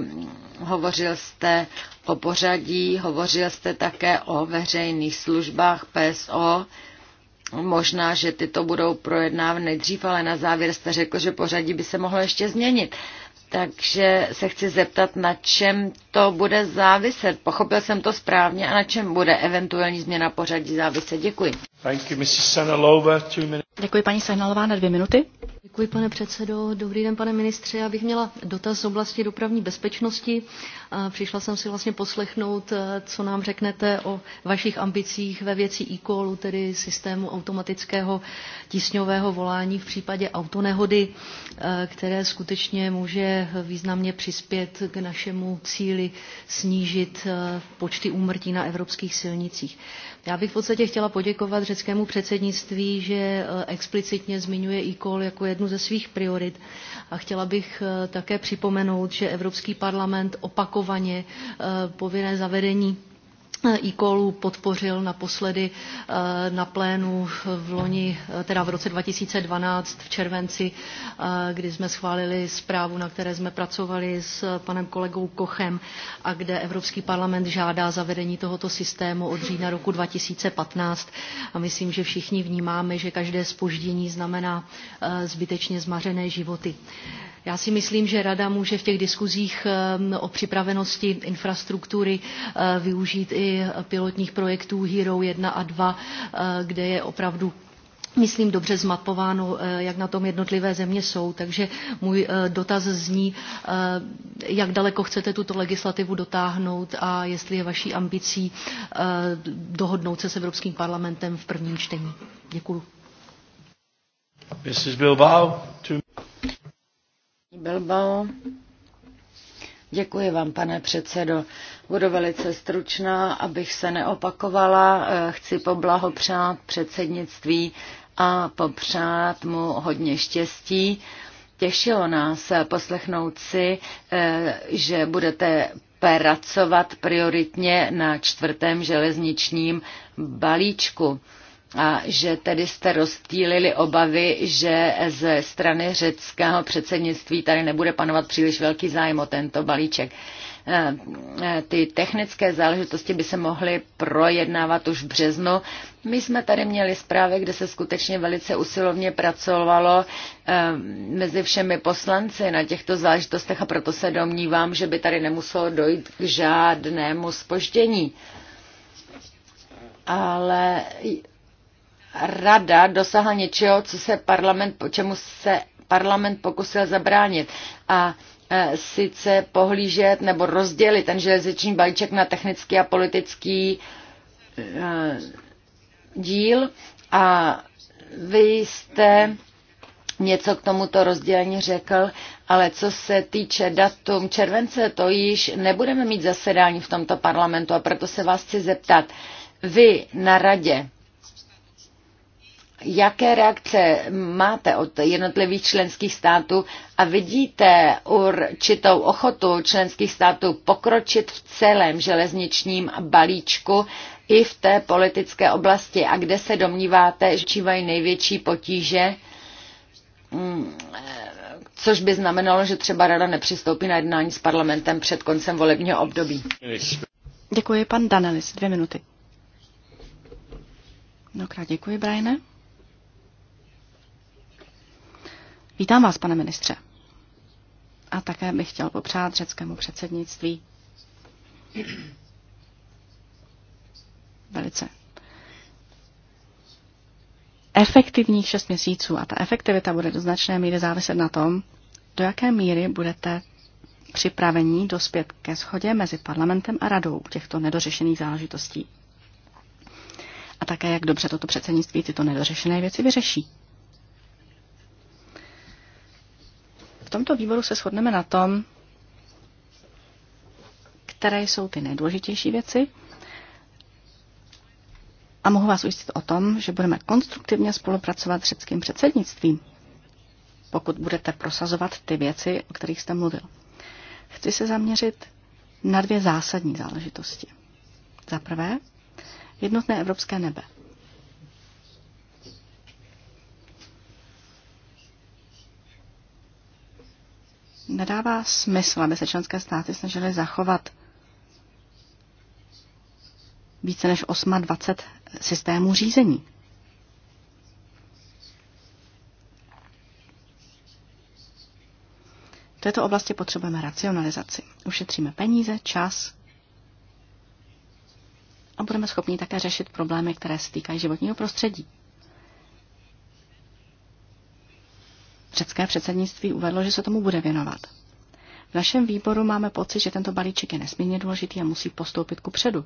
Hovořil jste o pořadí, hovořil jste také o veřejných službách PSO. Možná, že tyto budou projednávány nejdřív, ale na závěr jste řekl, že pořadí by se mohlo ještě změnit. Takže se chci zeptat, na čem to bude záviset. Pochopil jsem to správně a na čem bude eventuální změna pořadí záviset. Děkuji. Děkuji paní Sehnalová na dvě minuty. Děkuji, pane předsedo. Dobrý den, pane ministře. Já bych měla dotaz z oblasti dopravní bezpečnosti. Přišla jsem si vlastně poslechnout, eh, co nám řeknete o vašich ambicích ve věci e tedy systému automatického tisňového volání v případě autonehody, eh, které skutečně může významně přispět k našemu cíli snížit eh, počty úmrtí na evropských silnicích. Já bych v podstatě chtěla poděkovat řeckému předsednictví, že eh, explicitně zmiňuje e jako jednu ze svých priorit. A chtěla bych eh, také připomenout, že Evropský parlament opakovaně eh, povinné zavedení e-callu podpořil naposledy e, na plénu v loni, e, teda v roce 2012 v červenci, e, kdy jsme schválili zprávu, na které jsme pracovali s panem kolegou Kochem a kde Evropský parlament žádá zavedení tohoto systému od října roku 2015. A myslím, že všichni vnímáme, že každé spoždění znamená zbytečně zmařené životy. Já si myslím, že Rada může v těch diskuzích ehm, o připravenosti infrastruktury eh, využít i pilotních projektů Hero 1 a 2, eh, kde je opravdu myslím, dobře zmapováno, eh, jak na tom jednotlivé země jsou. Takže můj dotaz zní, jak daleko chcete tuto legislativu dotáhnout a jestli je vaší ambicí dohodnout se s Evropským parlamentem v prvním čtení. Děkuji. Mrs. Bilbao, Bilbao. Děkuji vám, pane předsedo. Budu velice stručná, abych se neopakovala. Eh, chci poblahopřát předsednictví a popřát mu hodně štěstí. Těšilo nás eh, poslechnout si, eh, že budete pracovat prioritně na čtvrtém železničním balíčku a že tedy jste rozptýlili obavy, že ze strany řeckého předsednictví tady nebude panovat příliš velký zájem o tento balíček. Eh, eh, ty technické záležitosti by se mohly projednávat už v březnu. My jsme tady měli zprávy, kde se skutečně velice usilovně pracovalo eh, mezi všemi poslanci na těchto záležitostech a proto se domnívám, že by tady nemuselo dojít k žádnému spoždění. Ale rada dosáhla něčeho, co se parlament, čemu se parlament pokusil zabránit. A e, sice pohlížet nebo rozdělit ten železniční balíček na technický a politický e, díl. A vy jste něco k tomuto rozdělení řekl, ale co se týče datum července, to již nebudeme mít zasedání v tomto parlamentu a proto se vás chci zeptat. Vy na radě Jaké reakce máte od jednotlivých členských států a vidíte určitou ochotu členských států pokročit v celém železničním balíčku i v té politické oblasti a kde se domníváte, že čívají největší potíže, hmm, což by znamenalo, že třeba rada nepřistoupí na jednání s parlamentem před koncem volebního období. Děkuji, pan Danelis. Dvě minuty. Mnohokrát děkuji, Brajne. Vítám vás, pane ministře. A také bych chtěl popřát řeckému předsednictví velice efektivních šest měsíců. A ta efektivita bude do značné míry záviset na tom, do jaké míry budete připravení dospět ke shodě mezi parlamentem a radou těchto nedořešených záležitostí. A také, jak dobře toto předsednictví tyto nedořešené věci vyřeší. V tomto výboru se shodneme na tom, které jsou ty nejdůležitější věci. A mohu vás ujistit o tom, že budeme konstruktivně spolupracovat s řeckým předsednictvím, pokud budete prosazovat ty věci, o kterých jste mluvil. Chci se zaměřit na dvě zásadní záležitosti. Za prvé, jednotné evropské nebe. nedává smysl, aby se členské státy snažily zachovat více než 28 systémů řízení. V této oblasti potřebujeme racionalizaci. Ušetříme peníze, čas a budeme schopni také řešit problémy, které se týkají životního prostředí. Řecké předsednictví uvedlo, že se tomu bude věnovat. V našem výboru máme pocit, že tento balíček je nesmírně důležitý a musí postoupit ku předu.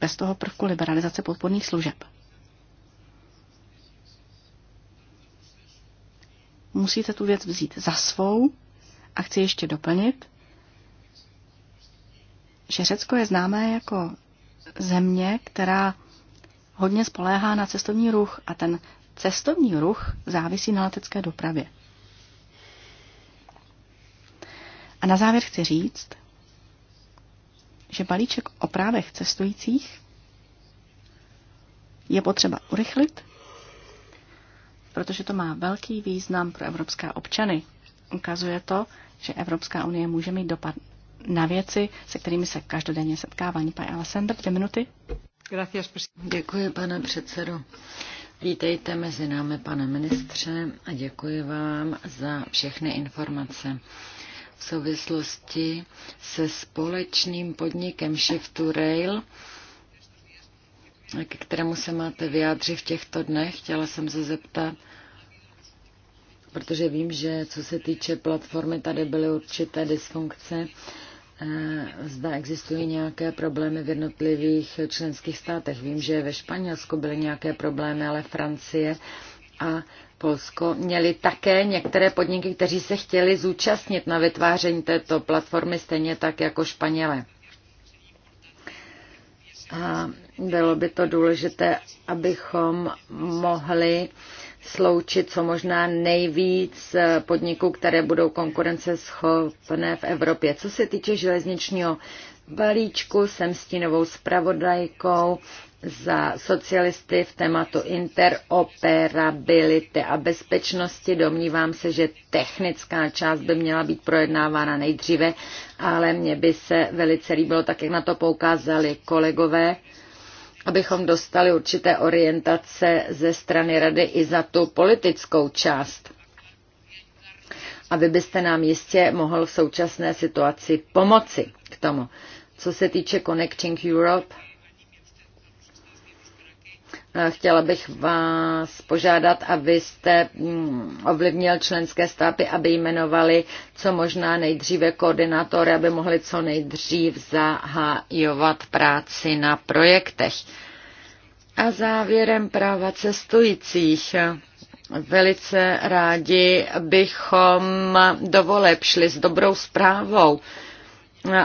Bez toho prvku liberalizace podporných služeb. Musíte tu věc vzít za svou a chci ještě doplnit, že Řecko je známé jako země, která hodně spoléhá na cestovní ruch a ten cestovní ruch závisí na letecké dopravě. A na závěr chci říct, že balíček o právech cestujících je potřeba urychlit, protože to má velký význam pro evropské občany. Ukazuje to, že Evropská unie může mít dopad na věci, se kterými se každodenně setkává. Pani Alessandra, dvě minuty. Děkuji, pane předsedo. Vítejte mezi námi, pane ministře, a děkuji vám za všechny informace. V souvislosti se společným podnikem Shift to Rail, ke kterému se máte vyjádřit v těchto dnech, chtěla jsem se zeptat, protože vím, že co se týče platformy, tady byly určité dysfunkce zda existují nějaké problémy v jednotlivých členských státech. Vím, že ve Španělsku byly nějaké problémy, ale Francie a Polsko měli také některé podniky, kteří se chtěli zúčastnit na vytváření této platformy, stejně tak jako Španěle. A bylo by to důležité, abychom mohli uh, sloučit co možná nejvíc eh, podniků, které budou konkurenceschopné v Evropě. Co se týče železničního balíčku, jsem stínovou spravodajkou za socialisty v tématu interoperability a bezpečnosti. Domnívám se, že technická část by měla být projednávána nejdříve, ale mně by se velice líbilo, tak jak na to poukázali kolegové, abychom dostali určité orientace ze strany rady i za tu politickou část. A vy byste nám jistě mohl v současné situaci pomoci k tomu. Co se týče Connecting Europe, Chtěla bych vás požádat, abyste mm, ovlivnil členské státy, aby jmenovali co možná nejdříve koordinátory, aby mohli co nejdřív zahajovat práci na projektech. A závěrem práva cestujících. Velice rádi bychom do šli s dobrou zprávou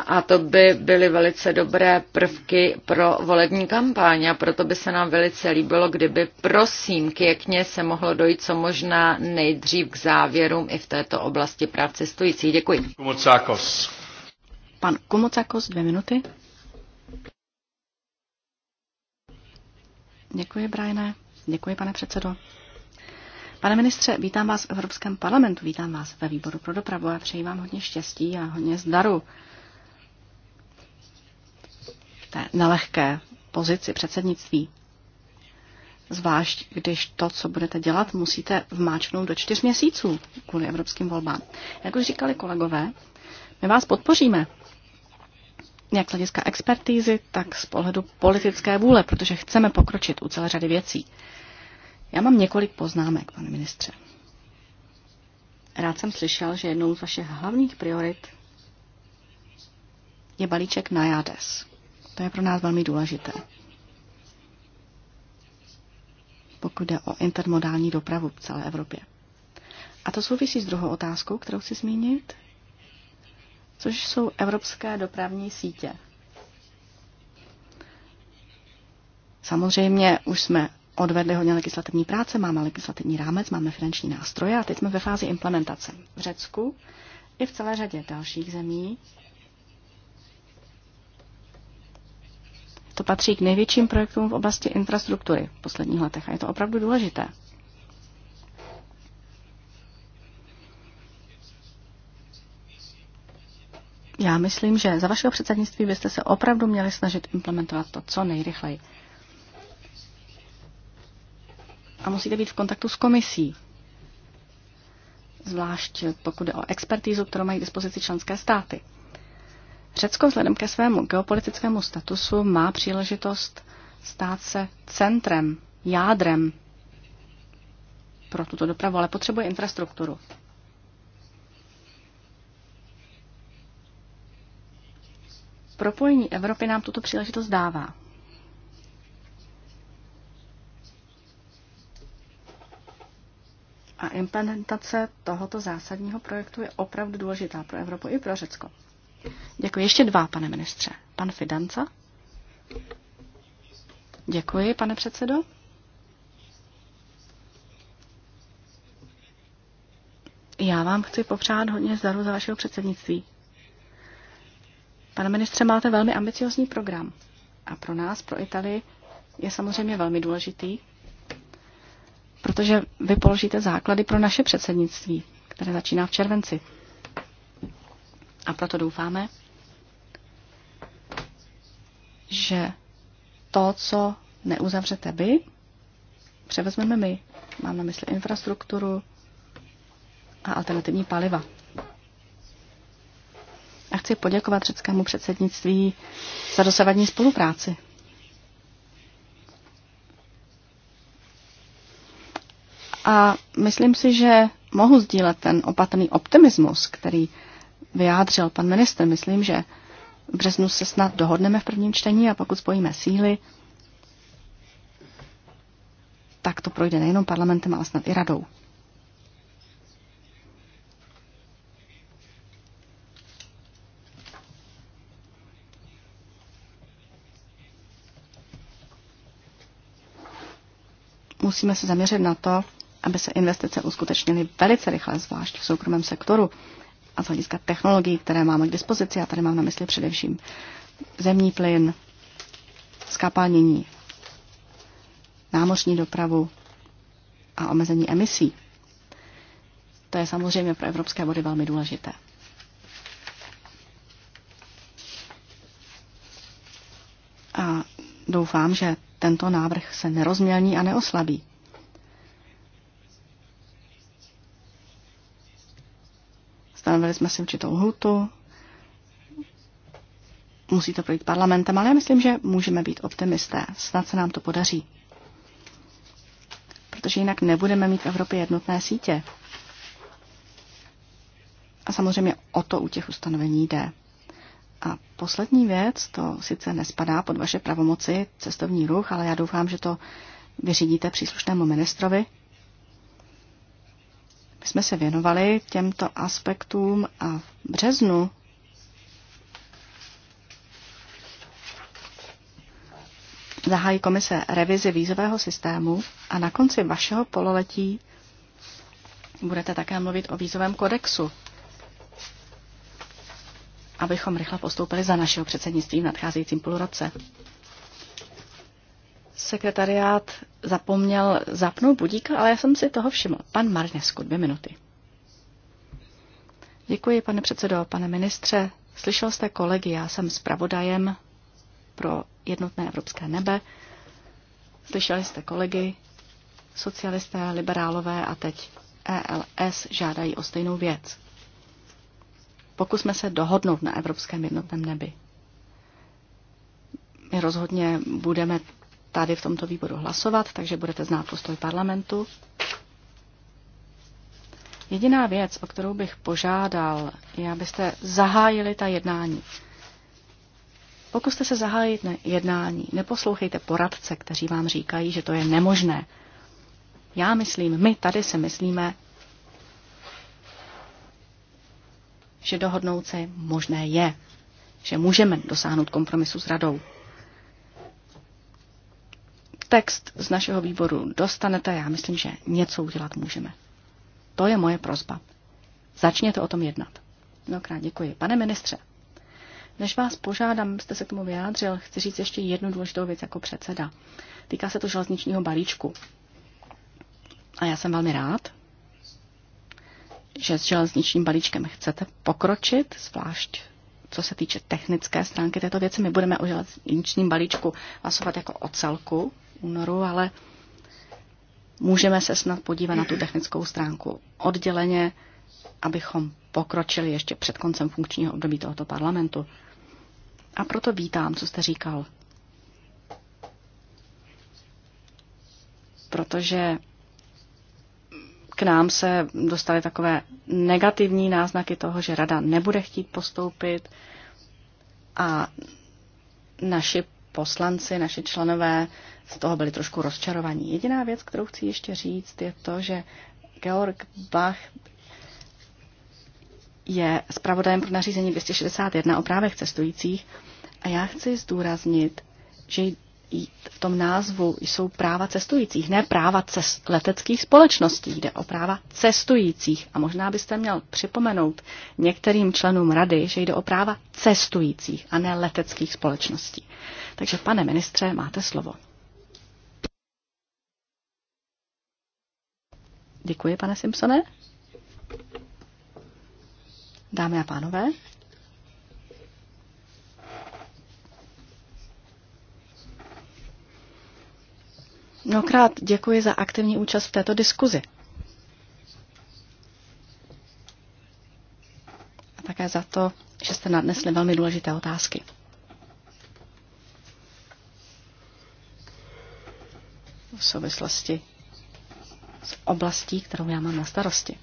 a to by byly velice dobré prvky pro volební kampaň a proto by se nám velice líbilo, kdyby prosím k se mohlo dojít co možná nejdřív k závěrům i v této oblasti práv cestujících. Děkuji. Kumocákos. Pan Kumocákos, dvě minuty. Děkuji, Brajne. Děkuji, pane předsedo. Pane ministře, vítám vás v Evropském parlamentu, vítám vás ve výboru pro dopravu a přeji vám hodně štěstí a hodně zdaru té nelehké pozici předsednictví. Zvlášť, když to, co budete dělat, musíte vmáčknout do čtyř měsíců kvůli evropským volbám. Jak už říkali kolegové, my vás podpoříme. Jak z hlediska expertízy, tak z pohledu politické vůle, protože chceme pokročit u celé řady věcí. Já mám několik poznámek, pane ministře. Rád jsem slyšel, že jednou z vašich hlavních priorit je balíček na JADES. To je pro nás velmi důležité. Pokud jde o intermodální dopravu v celé Evropě. A to souvisí s druhou otázkou, kterou chci zmínit, což jsou evropské dopravní sítě. Samozřejmě už jsme odvedli hodně legislativní práce, máme legislativní rámec, máme finanční nástroje a teď jsme ve fázi implementace. V Řecku i v celé řadě dalších zemí To patří k největším projektům v oblasti infrastruktury v posledních letech a je to opravdu důležité. Já myslím, že za vašeho předsednictví byste se opravdu měli snažit implementovat to co nejrychleji. A musíte být v kontaktu s komisí, zvlášť pokud je o expertízu, kterou mají k dispozici členské státy. Řecko vzhledem ke svému geopolitickému statusu má příležitost stát se centrem, jádrem pro tuto dopravu, ale potřebuje infrastrukturu. Propojení Evropy nám tuto příležitost dává. A implementace tohoto zásadního projektu je opravdu důležitá pro Evropu i pro Řecko. Děkuji. Ještě dva, pane ministře. Pan Fidanca. Děkuji, pane předsedo. Já vám chci popřát hodně zdaru za vašeho předsednictví. Pane ministře, máte velmi ambiciozní program a pro nás, pro Italii, je samozřejmě velmi důležitý, protože vy položíte základy pro naše předsednictví, které začíná v červenci. A proto doufáme, že to, co neuzavřete vy, převezmeme my. Mám na mysli infrastrukturu a alternativní paliva. A chci poděkovat řeckému předsednictví za dosavadní spolupráci. A myslím si, že mohu sdílet ten opatrný optimismus, který vyjádřil pan ministr. Myslím, že v březnu se snad dohodneme v prvním čtení a pokud spojíme síly, tak to projde nejenom parlamentem, ale snad i radou. Musíme se zaměřit na to, aby se investice uskutečnily velice rychle, zvlášť v soukromém sektoru a z hlediska technologií, které máme k dispozici. A tady mám na mysli především zemní plyn, skapánění, námořní dopravu a omezení emisí. To je samozřejmě pro evropské vody velmi důležité. A doufám, že tento návrh se nerozmělní a neoslabí. stanovili jsme si určitou hlutu. musí to projít parlamentem, ale já myslím, že můžeme být optimisté. Snad se nám to podaří. Protože jinak nebudeme mít v Evropě jednotné sítě. A samozřejmě o to u těch ustanovení jde. A poslední věc, to sice nespadá pod vaše pravomoci cestovní ruch, ale já doufám, že to vyřídíte příslušnému ministrovi. My jsme se věnovali těmto aspektům a v březnu zahájí komise revizi vízového systému a na konci vašeho pololetí budete také mluvit o vízovém kodexu, abychom rychle postoupili za našeho předsednictví v nadcházejícím půlroce sekretariát zapomněl zapnout budíka, ale já jsem si toho všiml. Pan Marnesku, dvě minuty. Děkuji, pane předsedo, pane ministře. Slyšel jste kolegy, já jsem zpravodajem pro jednotné evropské nebe. Slyšeli jste kolegy, socialisté, liberálové a teď ELS žádají o stejnou věc. Pokusme se dohodnout na evropském jednotném nebi. My rozhodně budeme tady v tomto výboru hlasovat, takže budete znát postoj parlamentu. Jediná věc, o kterou bych požádal, je, abyste zahájili ta jednání. Pokuste se zahájit ne, jednání. Neposlouchejte poradce, kteří vám říkají, že to je nemožné. Já myslím, my tady se myslíme, že dohodnout se možné je, že můžeme dosáhnout kompromisu s radou text z našeho výboru dostanete, já myslím, že něco udělat můžeme. To je moje prozba. Začněte o tom jednat. Mnohokrát děkuji. Pane ministře, než vás požádám, jste se k tomu vyjádřil, chci říct ještě jednu důležitou věc jako předseda. Týká se to železničního balíčku. A já jsem velmi rád, že s železničním balíčkem chcete pokročit, zvlášť co se týče technické stránky této věci. My budeme o železničním balíčku hlasovat jako o celku únoru, ale můžeme se snad podívat na tu technickou stránku odděleně, abychom pokročili ještě před koncem funkčního období tohoto parlamentu. A proto vítám, co jste říkal. Protože k nám se dostaly takové negativní náznaky toho, že rada nebude chtít postoupit a naši poslanci, naši členové z toho byli trošku rozčarovaní. Jediná věc, kterou chci ještě říct, je to, že Georg Bach je zpravodajem pro nařízení 261 o právech cestujících a já chci zdůraznit, že v tom názvu jsou práva cestujících, ne práva cest, leteckých společností, jde o práva cestujících. A možná byste měl připomenout některým členům rady, že jde o práva cestujících a ne leteckých společností. Takže pane ministře, máte slovo. Děkuji, pane Simpsone. Dámy a pánové, Mnohokrát děkuji za aktivní účast v této diskuzi. A také za to, že jste nadnesli velmi důležité otázky. V souvislosti s oblastí, kterou já mám na starosti.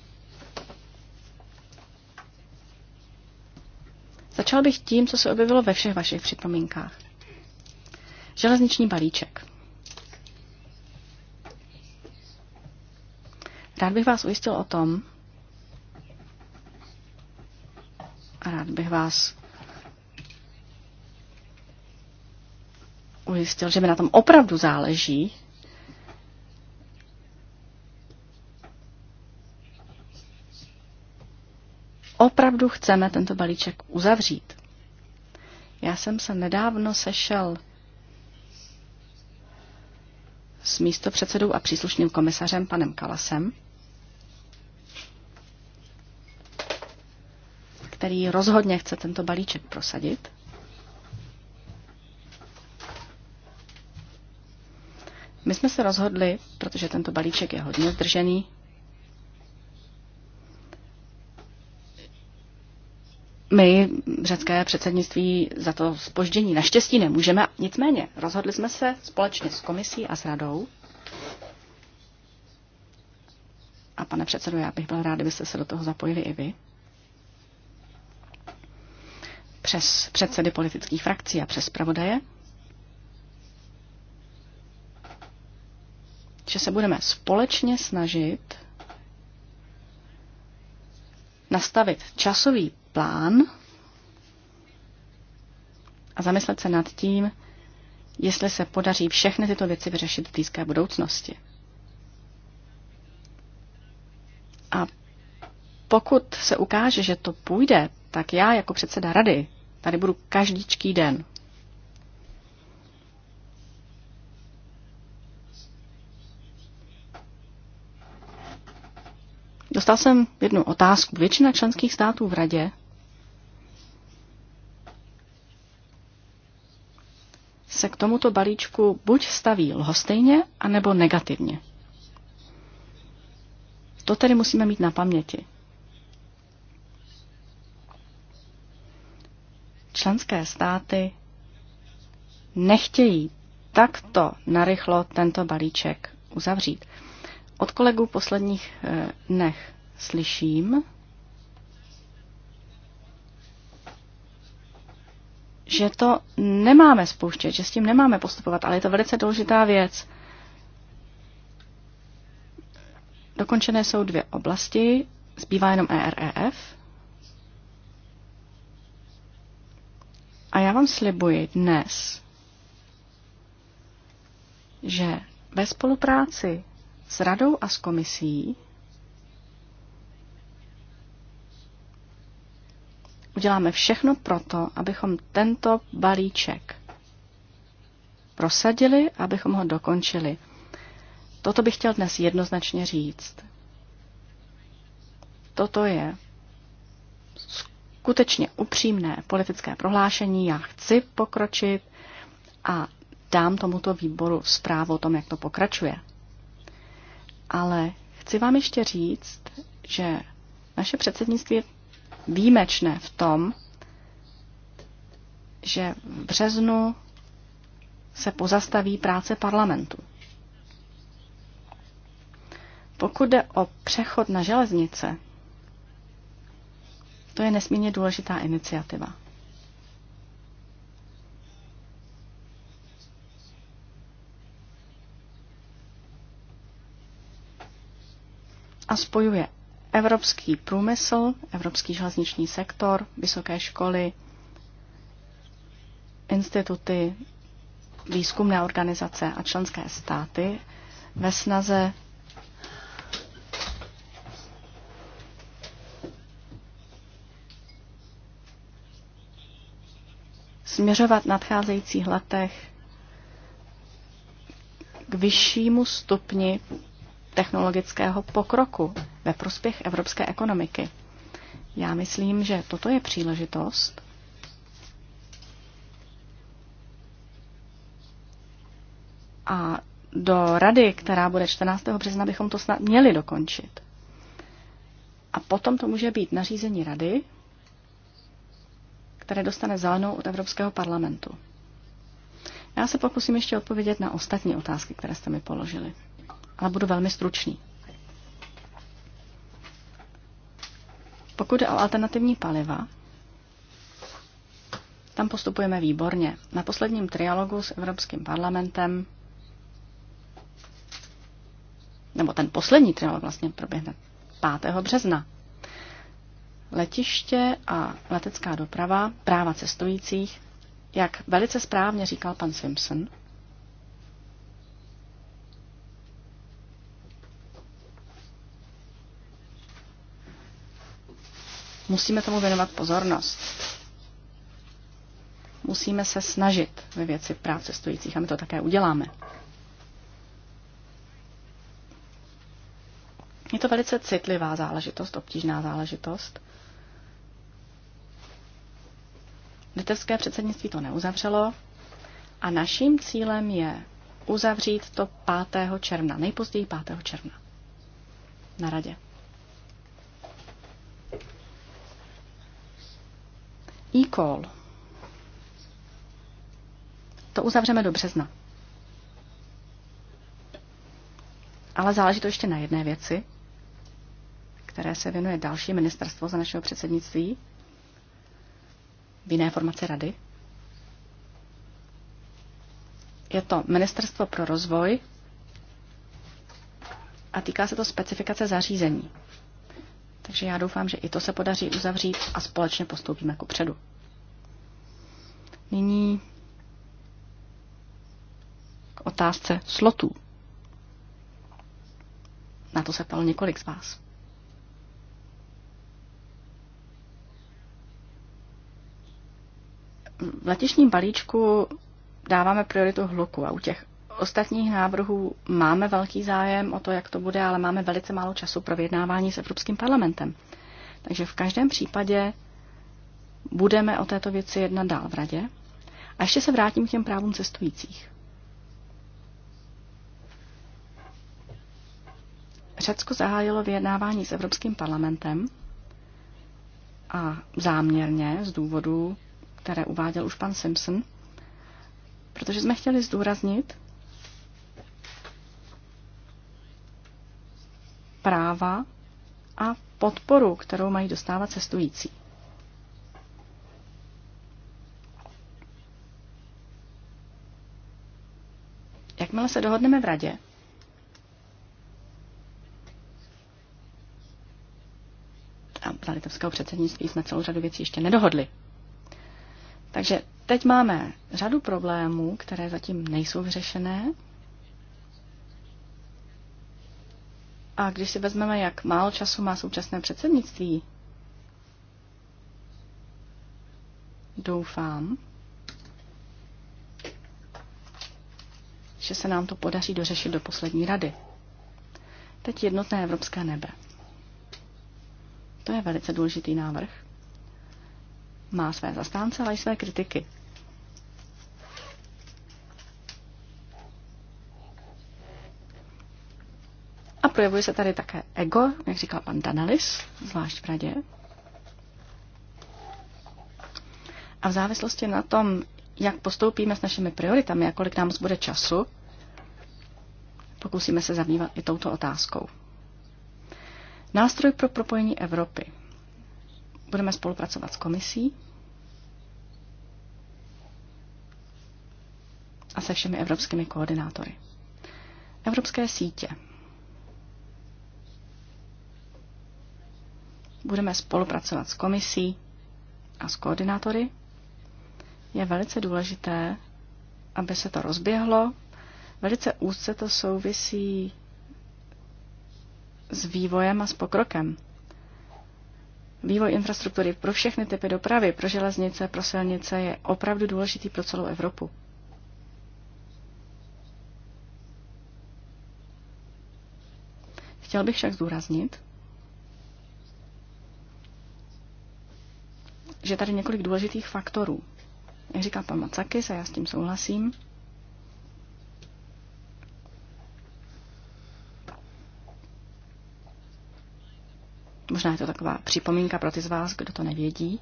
Začal bych tím, co se objevilo ve všech vašich připomínkách. Železniční balíček. Rád bych vás ujistil o tom, a rád bych vás ujistil, že mi na tom opravdu záleží. Opravdu chceme tento balíček uzavřít. Já jsem se nedávno sešel s místopředsedou a příslušným komisařem panem Kalasem který rozhodně chce tento balíček prosadit. My jsme se rozhodli, protože tento balíček je hodně zdržený, my, řecké předsednictví, za to spoždění naštěstí nemůžeme. Nicméně rozhodli jsme se společně s komisí a s radou. A pane předsedo, já bych byl rád, kdybyste se do toho zapojili i vy přes předsedy politických frakcí a přes pravodaje, že se budeme společně snažit nastavit časový plán a zamyslet se nad tím, jestli se podaří všechny tyto věci vyřešit v blízké budoucnosti. A pokud se ukáže, že to půjde, tak já jako předseda rady Tady budu každičký den. Dostal jsem jednu otázku. Většina členských států v radě se k tomuto balíčku buď staví lhostejně, anebo negativně. To tedy musíme mít na paměti. členské státy nechtějí takto narychlo tento balíček uzavřít. Od kolegů posledních eh, dnech slyším, že to nemáme spouštět, že s tím nemáme postupovat, ale je to velice důležitá věc. Dokončené jsou dvě oblasti, zbývá jenom EREF, A já vám slibuji dnes, že ve spolupráci s radou a s komisí uděláme všechno proto, abychom tento balíček prosadili, abychom ho dokončili. Toto bych chtěl dnes jednoznačně říct. Toto je skutečně upřímné politické prohlášení. Já chci pokročit a dám tomuto výboru zprávu o tom, jak to pokračuje. Ale chci vám ještě říct, že naše předsednictví je výjimečné v tom, že v březnu se pozastaví práce parlamentu. Pokud jde o přechod na železnice, to je nesmírně důležitá iniciativa. A spojuje evropský průmysl, evropský železniční sektor, vysoké školy, instituty, výzkumné organizace a členské státy ve snaze směřovat v nadcházejících letech k vyššímu stupni technologického pokroku ve prospěch evropské ekonomiky. Já myslím, že toto je příležitost, a do rady, která bude 14. března, bychom to snad měli dokončit. A potom to může být nařízení rady, které dostane zelenou od Evropského parlamentu. Já se pokusím ještě odpovědět na ostatní otázky, které jste mi položili, ale budu velmi stručný. Pokud jde o alternativní paliva, tam postupujeme výborně. Na posledním trialogu s Evropským parlamentem, nebo ten poslední trialog vlastně proběhne 5. března letiště a letecká doprava, práva cestujících, jak velice správně říkal pan Simpson, musíme tomu věnovat pozornost. Musíme se snažit ve věci práv cestujících a my to také uděláme. Je to velice citlivá záležitost, obtížná záležitost. Litevské předsednictví to neuzavřelo a naším cílem je uzavřít to 5. června, nejpozději 5. června na radě. E-call. To uzavřeme do března. Ale záleží to ještě na jedné věci, které se věnuje další ministerstvo za našeho předsednictví, v jiné formaci rady? Je to Ministerstvo pro rozvoj a týká se to specifikace zařízení. Takže já doufám, že i to se podaří uzavřít a společně postoupíme ku předu. Nyní k otázce slotů. Na to se ptalo několik z vás. V letišním balíčku dáváme prioritu hluku a u těch ostatních návrhů máme velký zájem o to, jak to bude, ale máme velice málo času pro vyjednávání s Evropským parlamentem. Takže v každém případě budeme o této věci jednat dál v radě. A ještě se vrátím k těm právům cestujících. Řecko zahájilo vyjednávání s Evropským parlamentem a záměrně z důvodu, které uváděl už pan Simpson, protože jsme chtěli zdůraznit práva a podporu, kterou mají dostávat cestující. Jakmile se dohodneme v radě, a za litevského předsednictví jsme celou řadu věcí ještě nedohodli, takže teď máme řadu problémů, které zatím nejsou vyřešené. A když si vezmeme, jak málo času má současné předsednictví, doufám, že se nám to podaří dořešit do poslední rady. Teď jednotné evropské nebe. To je velice důležitý návrh má své zastánce, ale i své kritiky. A projevuje se tady také ego, jak říkal pan Danalis, zvlášť v radě. A v závislosti na tom, jak postoupíme s našimi prioritami a kolik nám zbude času, pokusíme se zabývat i touto otázkou. Nástroj pro propojení Evropy. Budeme spolupracovat s komisí a se všemi evropskými koordinátory. Evropské sítě. Budeme spolupracovat s komisí a s koordinátory. Je velice důležité, aby se to rozběhlo. Velice úzce to souvisí s vývojem a s pokrokem. Vývoj infrastruktury pro všechny typy dopravy, pro železnice, pro silnice je opravdu důležitý pro celou Evropu. Chtěl bych však zdůraznit, že tady několik důležitých faktorů. Jak říká pan Macakis, a já s tím souhlasím, Možná je to taková připomínka pro ty z vás, kdo to nevědí.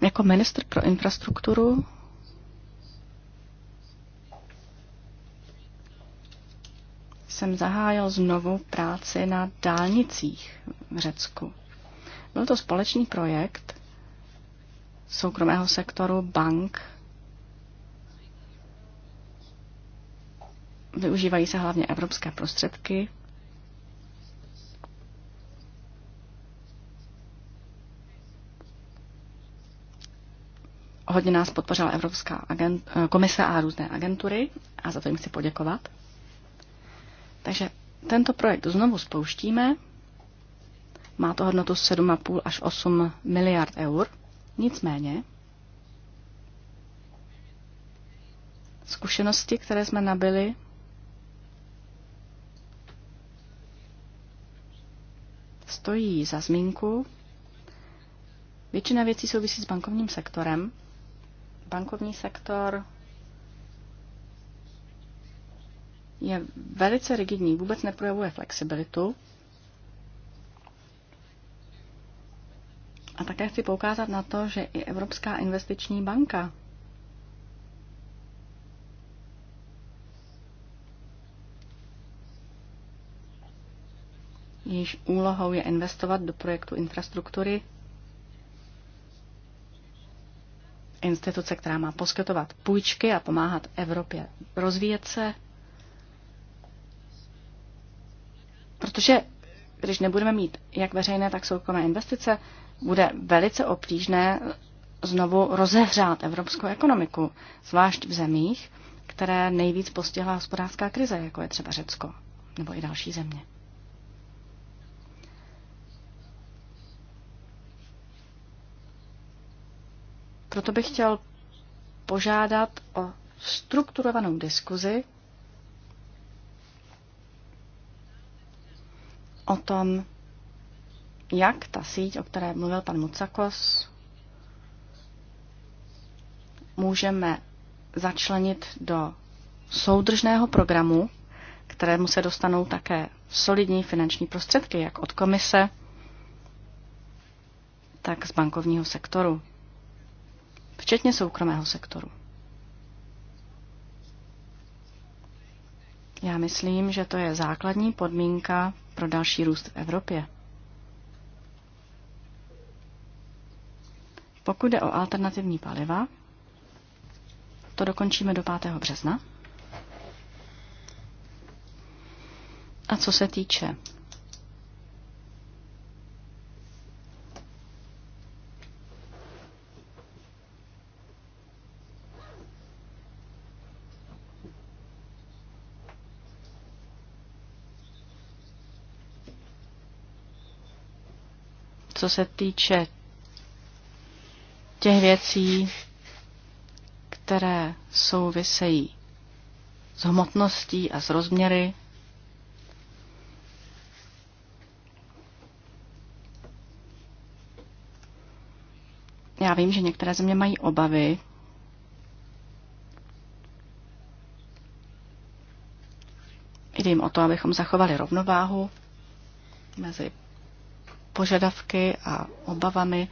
Jako ministr pro infrastrukturu jsem zahájil znovu práci na dálnicích v Řecku. Byl to společný projekt soukromého sektoru, bank. Využívají se hlavně evropské prostředky. Hodně nás podpořila Evropská agent, eh, komise a různé agentury a za to jim chci poděkovat. Takže tento projekt znovu spouštíme. Má to hodnotu 7,5 až 8 miliard eur. Nicméně, zkušenosti, které jsme nabili, stojí za zmínku. Většina věcí souvisí s bankovním sektorem. Bankovní sektor je velice rigidní, vůbec neprojevuje flexibilitu. A také chci poukázat na to, že i Evropská investiční banka jejíž úlohou je investovat do projektu infrastruktury, instituce, která má poskytovat půjčky a pomáhat Evropě rozvíjet se, Protože když nebudeme mít jak veřejné, tak soukromé investice, bude velice obtížné znovu rozehřát evropskou ekonomiku, zvlášť v zemích, které nejvíc postihla hospodářská krize, jako je třeba Řecko nebo i další země. Proto bych chtěl požádat o strukturovanou diskuzi o tom, jak ta síť, o které mluvil pan Mucakos, můžeme začlenit do soudržného programu, kterému se dostanou také solidní finanční prostředky, jak od komise, tak z bankovního sektoru, včetně soukromého sektoru. Já myslím, že to je základní podmínka pro další růst v Evropě. Pokud jde o alternativní paliva, to dokončíme do 5. března. A co se týče co se týče těch věcí, které souvisejí s hmotností a s rozměry. Já vím, že některé země mají obavy, jde jim o to, abychom zachovali rovnováhu mezi požadavky a obavami.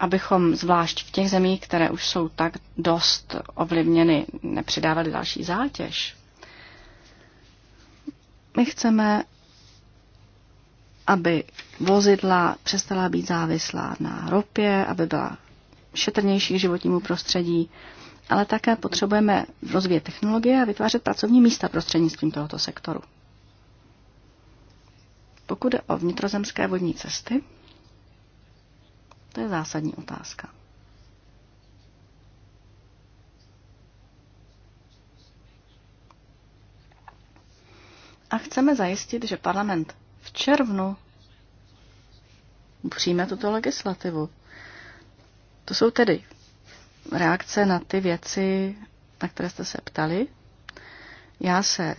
abychom zvlášť v těch zemích, které už jsou tak dost ovlivněny, nepřidávali další zátěž. My chceme, aby vozidla přestala být závislá na ropě, aby byla šetrnější k životnímu prostředí, ale také potřebujeme rozvíjet technologie a vytvářet pracovní místa prostřednictvím tohoto sektoru. Pokud jde o vnitrozemské vodní cesty, to je zásadní otázka. A chceme zajistit, že parlament v červnu přijme tuto legislativu. To jsou tedy reakce na ty věci, na které jste se ptali. Já se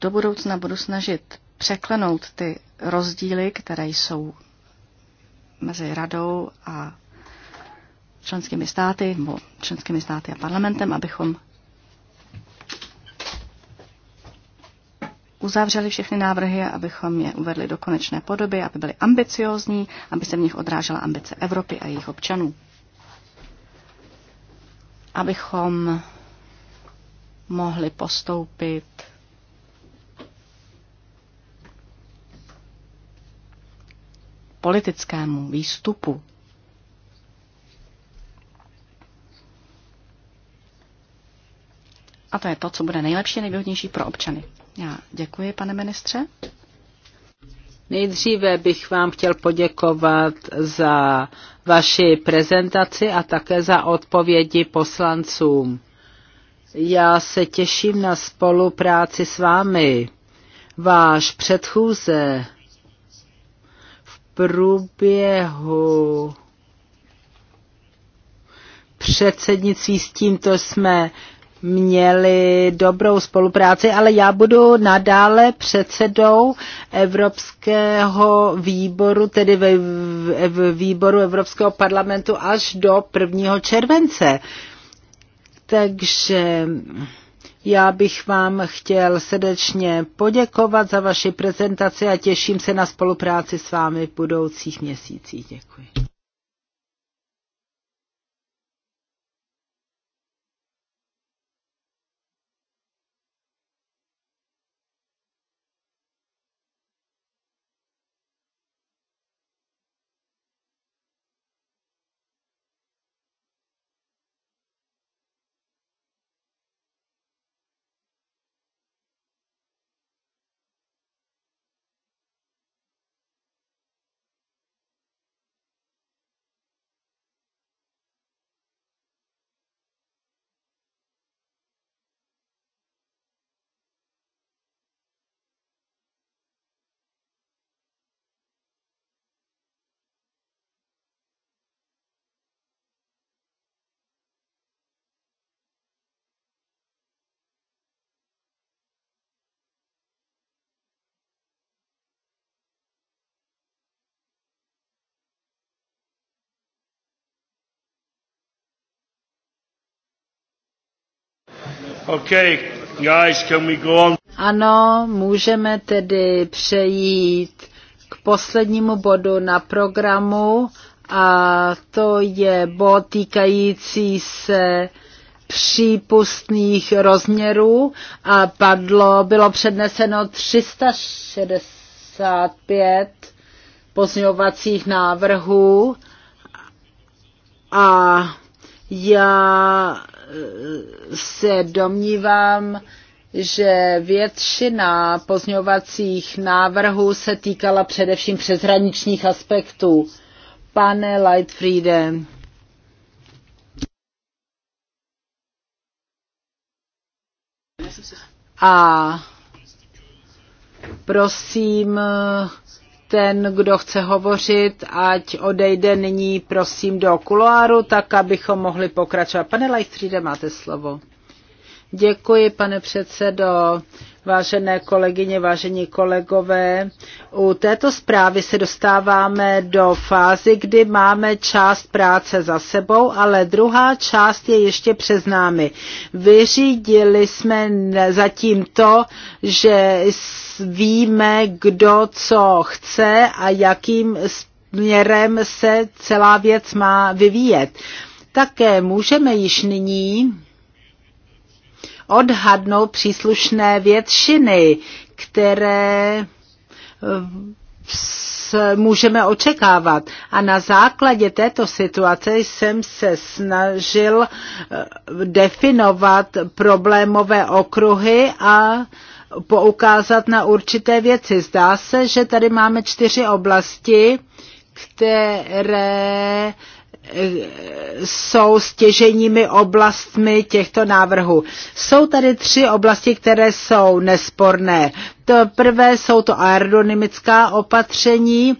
do budoucna budu snažit překlenout ty rozdíly, které jsou mezi radou a členskými státy, nebo členskými státy a parlamentem, abychom uzavřeli všechny návrhy, abychom je uvedli do konečné podoby, aby byly ambiciózní, aby se v nich odrážela ambice Evropy a jejich občanů abychom mohli postoupit politickému výstupu. A to je to, co bude nejlepší a nejvýhodnější pro občany. Já děkuji, pane ministře. Nejdříve bych vám chtěl poděkovat za vaši prezentaci a také za odpovědi poslancům. Já se těším na spolupráci s vámi. Váš předchůze v průběhu předsednictví s tímto jsme měli dobrou spolupráci, ale já budu nadále předsedou Evropského výboru, tedy ve výboru Evropského parlamentu až do 1. července. Takže já bych vám chtěl srdečně poděkovat za vaši prezentaci a těším se na spolupráci s vámi v budoucích měsících. Děkuji. Okay, guys, can we go on? Ano, můžeme tedy přejít k poslednímu bodu na programu a to je bod týkající se přípustných rozměrů a padlo, bylo předneseno 365 pozňovacích návrhů a já se domnívám, že většina pozňovacích návrhů se týkala především přeshraničních aspektů. Pane Lightfriede. A prosím, ten, kdo chce hovořit, ať odejde nyní prosím do kuloáru, tak abychom mohli pokračovat. Pane Lajstříde, máte slovo. Děkuji, pane předsedo. Vážené kolegyně, vážení kolegové, u této zprávy se dostáváme do fázy, kdy máme část práce za sebou, ale druhá část je ještě přes námi. Vyřídili jsme zatím to, že víme, kdo co chce a jakým směrem se celá věc má vyvíjet. Také můžeme již nyní odhadnou příslušné většiny, které eh, můžeme očekávat. A na základě této situace jsem se snažil eh, definovat problémové okruhy a poukázat na určité věci. Zdá se, že tady máme čtyři oblasti, které jsou stěženími oblastmi těchto návrhů. Jsou tady tři oblasti, které jsou nesporné. To prvé jsou to aerodynamická opatření,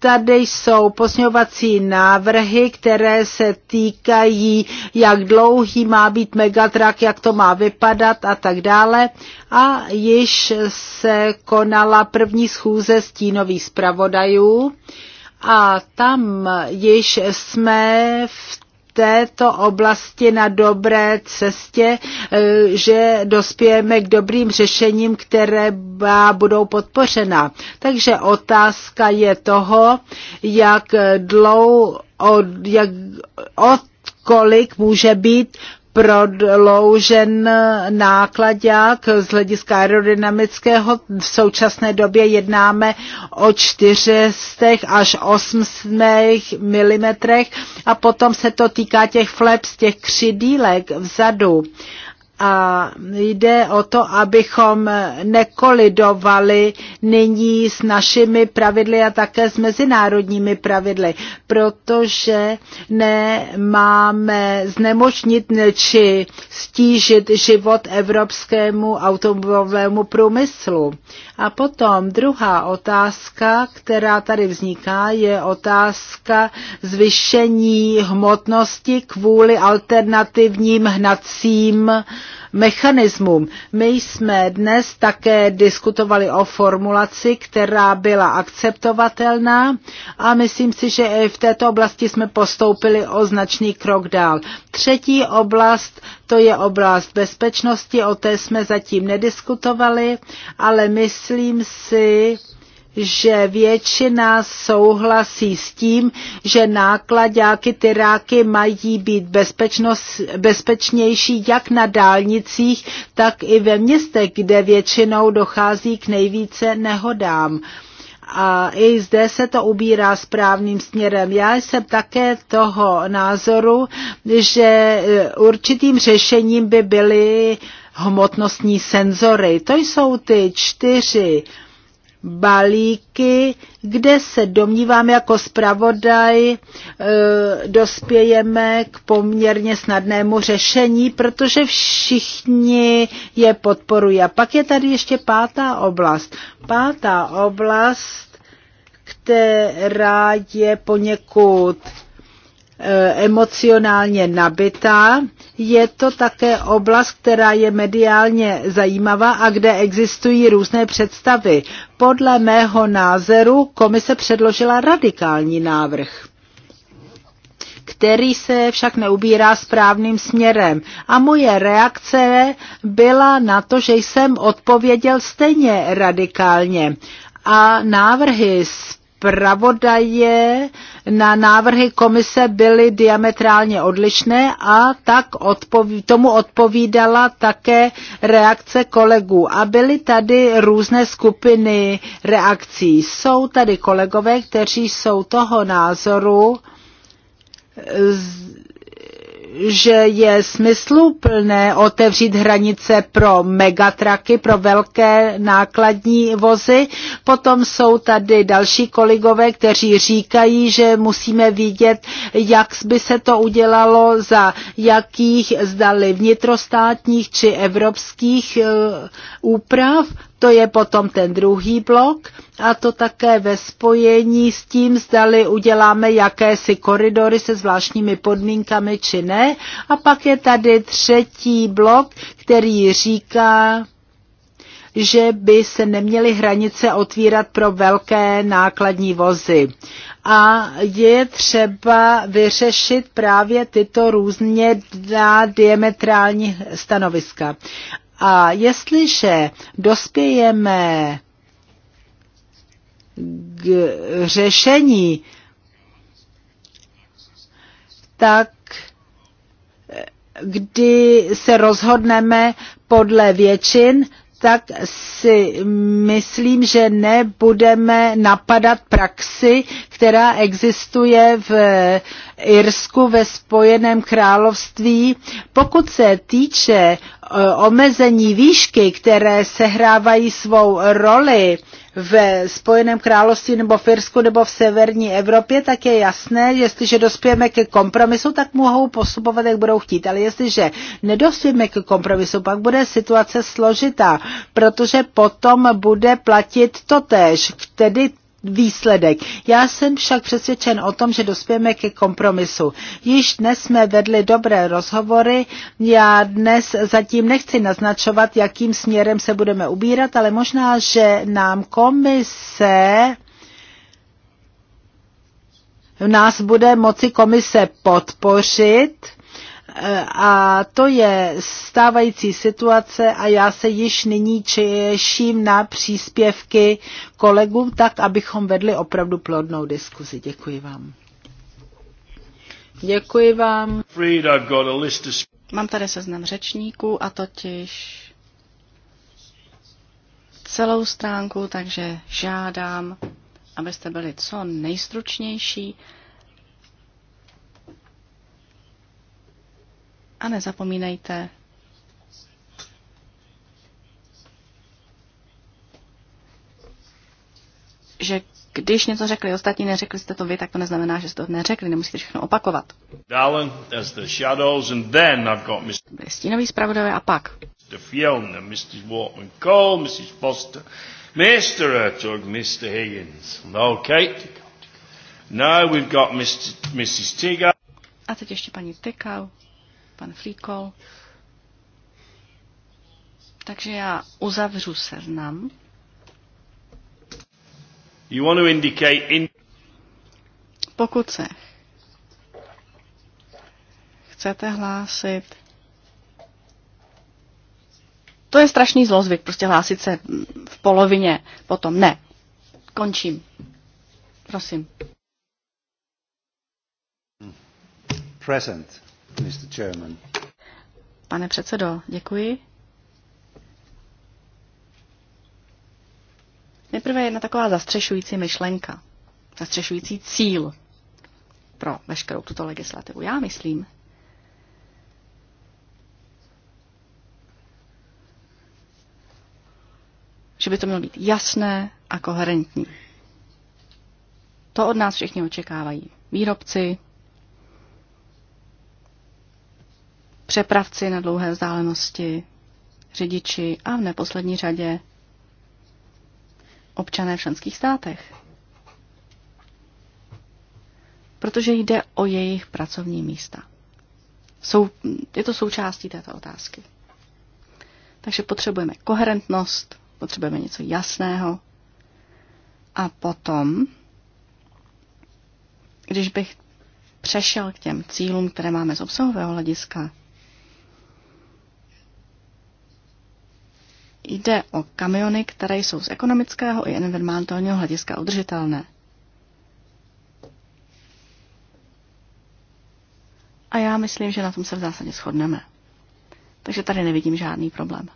tady jsou posňovací návrhy, které se týkají, jak dlouhý má být megatrak, jak to má vypadat a tak dále. A již se konala první schůze stínových zpravodajů. Uh, a tam již jsme v této oblasti na dobré cestě, e, že dospějeme k dobrým řešením, které budou podpořena. Takže otázka je toho, jak dlouho, jak od kolik může být prodloužen nákladák z hlediska aerodynamického. V současné době jednáme o 400 až 800 mm a potom se to týká těch flaps, těch křidílek vzadu. Uh, a jde o to, abychom nekolidovali nyní s našimi pravidly a také s mezinárodními pravidly, protože nemáme znemožnit či stížit život evropskému automobilovému průmyslu. A potom druhá otázka, která tady vzniká, je otázka zvyšení hmotnosti kvůli alternativním hnacím uh, mechanismům. My jsme dnes také diskutovali o formulaci, která byla akceptovatelná a myslím si, že i v této oblasti jsme postoupili o značný krok dál. Třetí oblast, to je oblast bezpečnosti, o té jsme zatím nediskutovali, ale myslím si, že většina souhlasí s tím, že ty tyráky mají být bezpečnější jak na dálnicích, tak i ve městech, kde většinou dochází k nejvíce nehodám a i zde se to ubírá správným směrem. Já jsem také toho názoru, že eh, určitým řešením by byly hmotnostní senzory. To jsou ty čtyři uh, balíky, kde se domnívám jako zpravodaj e, dospějeme k poměrně snadnému řešení, protože všichni je podporují. A pak je tady ještě pátá oblast. Pátá oblast, která je poněkud e, emocionálně nabitá je to také oblast, která je mediálně zajímavá a kde existují různé představy. Podle mého názoru komise předložila radikální návrh který se však neubírá správným směrem. A moje reakce byla na to, že jsem odpověděl stejně radikálně. A návrhy z zpravodaje na návrhy komise byly diametrálně odlišné a tak odpoví, tomu odpovídala také reakce kolegů. A byly tady různé skupiny reakcí. Jsou tady kolegové, kteří jsou toho názoru, z že je smysluplné otevřít hranice pro megatraky, pro velké nákladní vozy. Potom jsou tady další kolegové, kteří říkají, že musíme vidět, jak by se to udělalo, za jakých zdali vnitrostátních či evropských eh, úprav to je potom ten druhý blok a to také ve spojení s tím, zdali uděláme jakési koridory se zvláštními podmínkami či ne. A pak je tady třetí blok, který říká, že by se neměly hranice otvírat pro velké nákladní vozy. A je třeba vyřešit právě tyto různě diametrální stanoviska. A jestliže dospějeme k řešení, tak kdy se rozhodneme podle většin, tak si myslím, že nebudeme napadat praxi, která existuje v Irsku ve Spojeném království. Pokud se týče E, omezení výšky, které sehrávají svou roli v Spojeném království nebo v Irsku nebo v severní Evropě, tak je jasné, jestliže dospějeme ke kompromisu, tak mohou postupovat, jak budou chtít. Ale jestliže nedospějeme ke kompromisu, pak bude situace složitá, protože potom bude platit totéž, tedy výsledek. Já jsem však přesvědčen o tom, že dospějeme ke kompromisu. Již dnes jsme vedli dobré rozhovory, já dnes zatím nechci naznačovat, jakým směrem se budeme ubírat, ale možná, že nám komise nás bude moci komise podpořit, Eh, a to je stávající situace a já se již nyní češím na příspěvky kolegů, tak abychom vedli opravdu plodnou diskuzi. Děkuji vám. Děkuji vám. Mám tady seznam řečníků a totiž celou stránku, takže žádám, abyste byli co nejstručnější A nezapomínejte, že když něco řekli ostatní, neřekli jste to vy, tak to neznamená, že jste to neřekli, nemusíte všechno opakovat. as the shadows, and then I've got Stínový zpravodaj a pak. Fiona, Cole, Mrs. Foster, Mr. Mr. Higgins. Okay. Now we've got Mrs. A teď ještě paní Tykau pan Flíkol. Takže já uzavřu seznam. You want to indicate in... Pokud se chcete hlásit, to je strašný zlozvyk, prostě hlásit se v polovině, potom ne. Končím. Prosím. Present. Pane předsedo, děkuji. Nejprve jedna taková zastřešující myšlenka, zastřešující cíl pro veškerou tuto legislativu. Já myslím, že by to mělo být jasné a koherentní. To od nás všichni očekávají. Výrobci, přepravci na dlouhé vzdálenosti, řidiči a v neposlední řadě občané v členských státech. Protože jde o jejich pracovní místa. Jsou, je to součástí této otázky. Takže potřebujeme koherentnost, potřebujeme něco jasného. A potom, když bych přešel k těm cílům, které máme z obsahového hlediska, Jde o kamiony, které jsou z ekonomického i environmentálního hlediska udržitelné. A já myslím, že na tom se v zásadě shodneme. Takže tady nevidím žádný problém.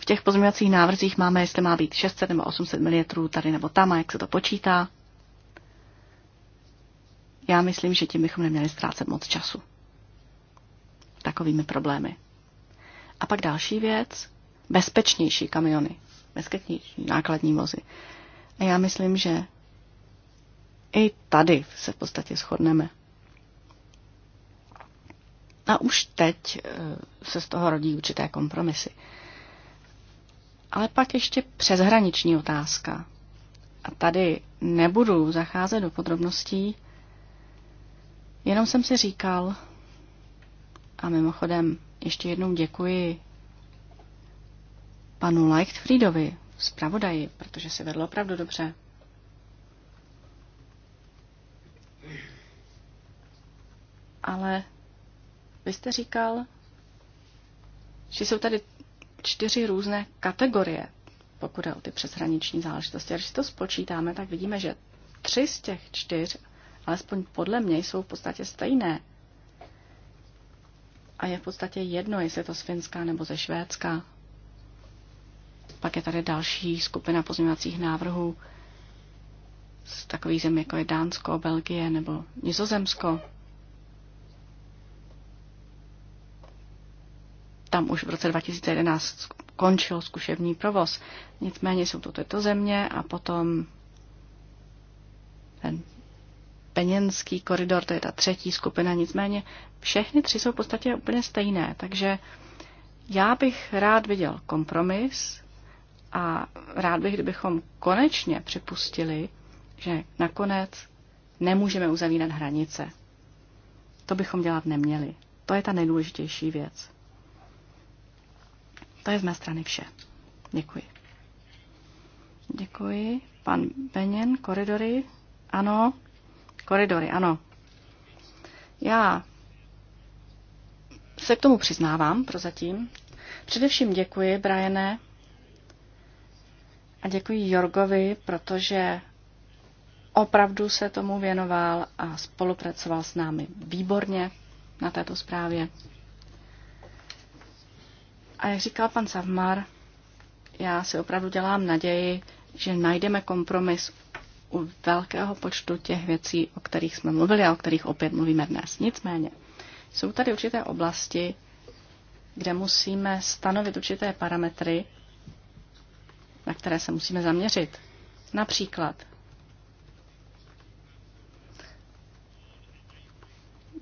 V těch pozměňovacích návrzích máme, jestli má být 600 nebo 800 ml tady nebo tam a jak se to počítá. Já myslím, že tím bychom neměli ztrácet moc času takovými problémy. A pak další věc, bezpečnější kamiony, bezpečnější nákladní vozy. A já myslím, že i tady se v podstatě shodneme. A už teď eh, se z toho rodí určité kompromisy. Ale pak ještě přeshraniční otázka. A tady nebudu zacházet do podrobností, jenom jsem si říkal, a mimochodem ještě jednou děkuji panu Leichtfriedovi, zpravodaji, protože si vedlo opravdu dobře. Ale vy jste říkal, že jsou tady čtyři různé kategorie, pokud je o ty přeshraniční záležitosti. A když to spočítáme, tak vidíme, že tři z těch čtyř, alespoň podle mě, jsou v podstatě stejné a je v podstatě jedno, jestli je to z Finska nebo ze Švédska. Pak je tady další skupina pozměňovacích návrhů z takových zemí, jako je Dánsko, Belgie nebo Nizozemsko. Tam už v roce 2011 skončil zkušební provoz. Nicméně jsou to tyto země a potom ten peněnský koridor, to je ta třetí skupina, nicméně všechny tři jsou v podstatě úplně stejné, takže já bych rád viděl kompromis a rád bych, kdybychom konečně připustili, že nakonec nemůžeme uzavírat hranice. To bychom dělat neměli. To je ta nejdůležitější věc. To je z mé strany vše. Děkuji. Děkuji. Pan Beněn, koridory. Ano, Koridory, ano. Já se k tomu přiznávám prozatím. Především děkuji, Brianne, a děkuji Jorgovi, protože opravdu se tomu věnoval a spolupracoval s námi výborně na této zprávě. A jak říkal pan Savmar, já si opravdu dělám naději, že najdeme kompromis u velkého počtu těch věcí, o kterých jsme mluvili a o kterých opět mluvíme dnes. Nicméně, jsou tady určité oblasti, kde musíme stanovit určité parametry, na které se musíme zaměřit. Například,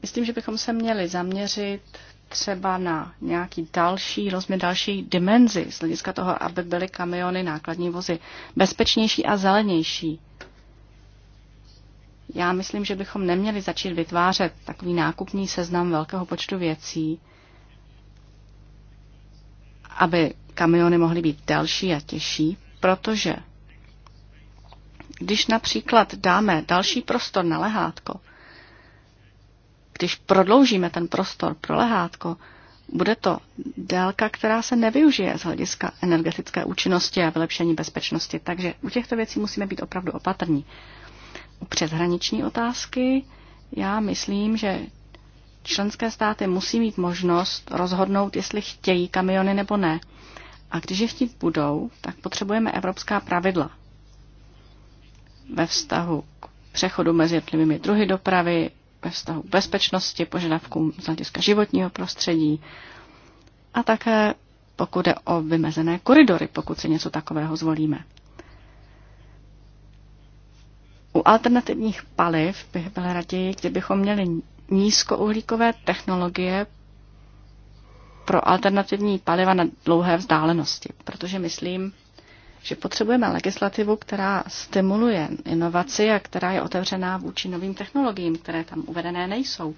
myslím, že bychom se měli zaměřit třeba na nějaký další rozměr, další dimenzi z hlediska toho, aby byly kamiony, nákladní vozy bezpečnější a zelenější. Já myslím, že bychom neměli začít vytvářet takový nákupní seznam velkého počtu věcí, aby kamiony mohly být delší a těžší, protože když například dáme další prostor na lehátko, když prodloužíme ten prostor pro lehátko, bude to délka, která se nevyužije z hlediska energetické účinnosti a vylepšení bezpečnosti. Takže u těchto věcí musíme být opravdu opatrní přeshraniční otázky, já myslím, že členské státy musí mít možnost rozhodnout, jestli chtějí kamiony nebo ne. A když je chtít budou, tak potřebujeme evropská pravidla ve vztahu k přechodu mezi jednotlivými druhy dopravy, ve vztahu k bezpečnosti, požadavkům z hlediska životního prostředí a také pokud je o vymezené koridory, pokud si něco takového zvolíme alternativních paliv bych byl raději, kdybychom měli nízkouhlíkové technologie pro alternativní paliva na dlouhé vzdálenosti, protože myslím, že potřebujeme legislativu, která stimuluje inovaci a která je otevřená vůči novým technologiím, které tam uvedené nejsou,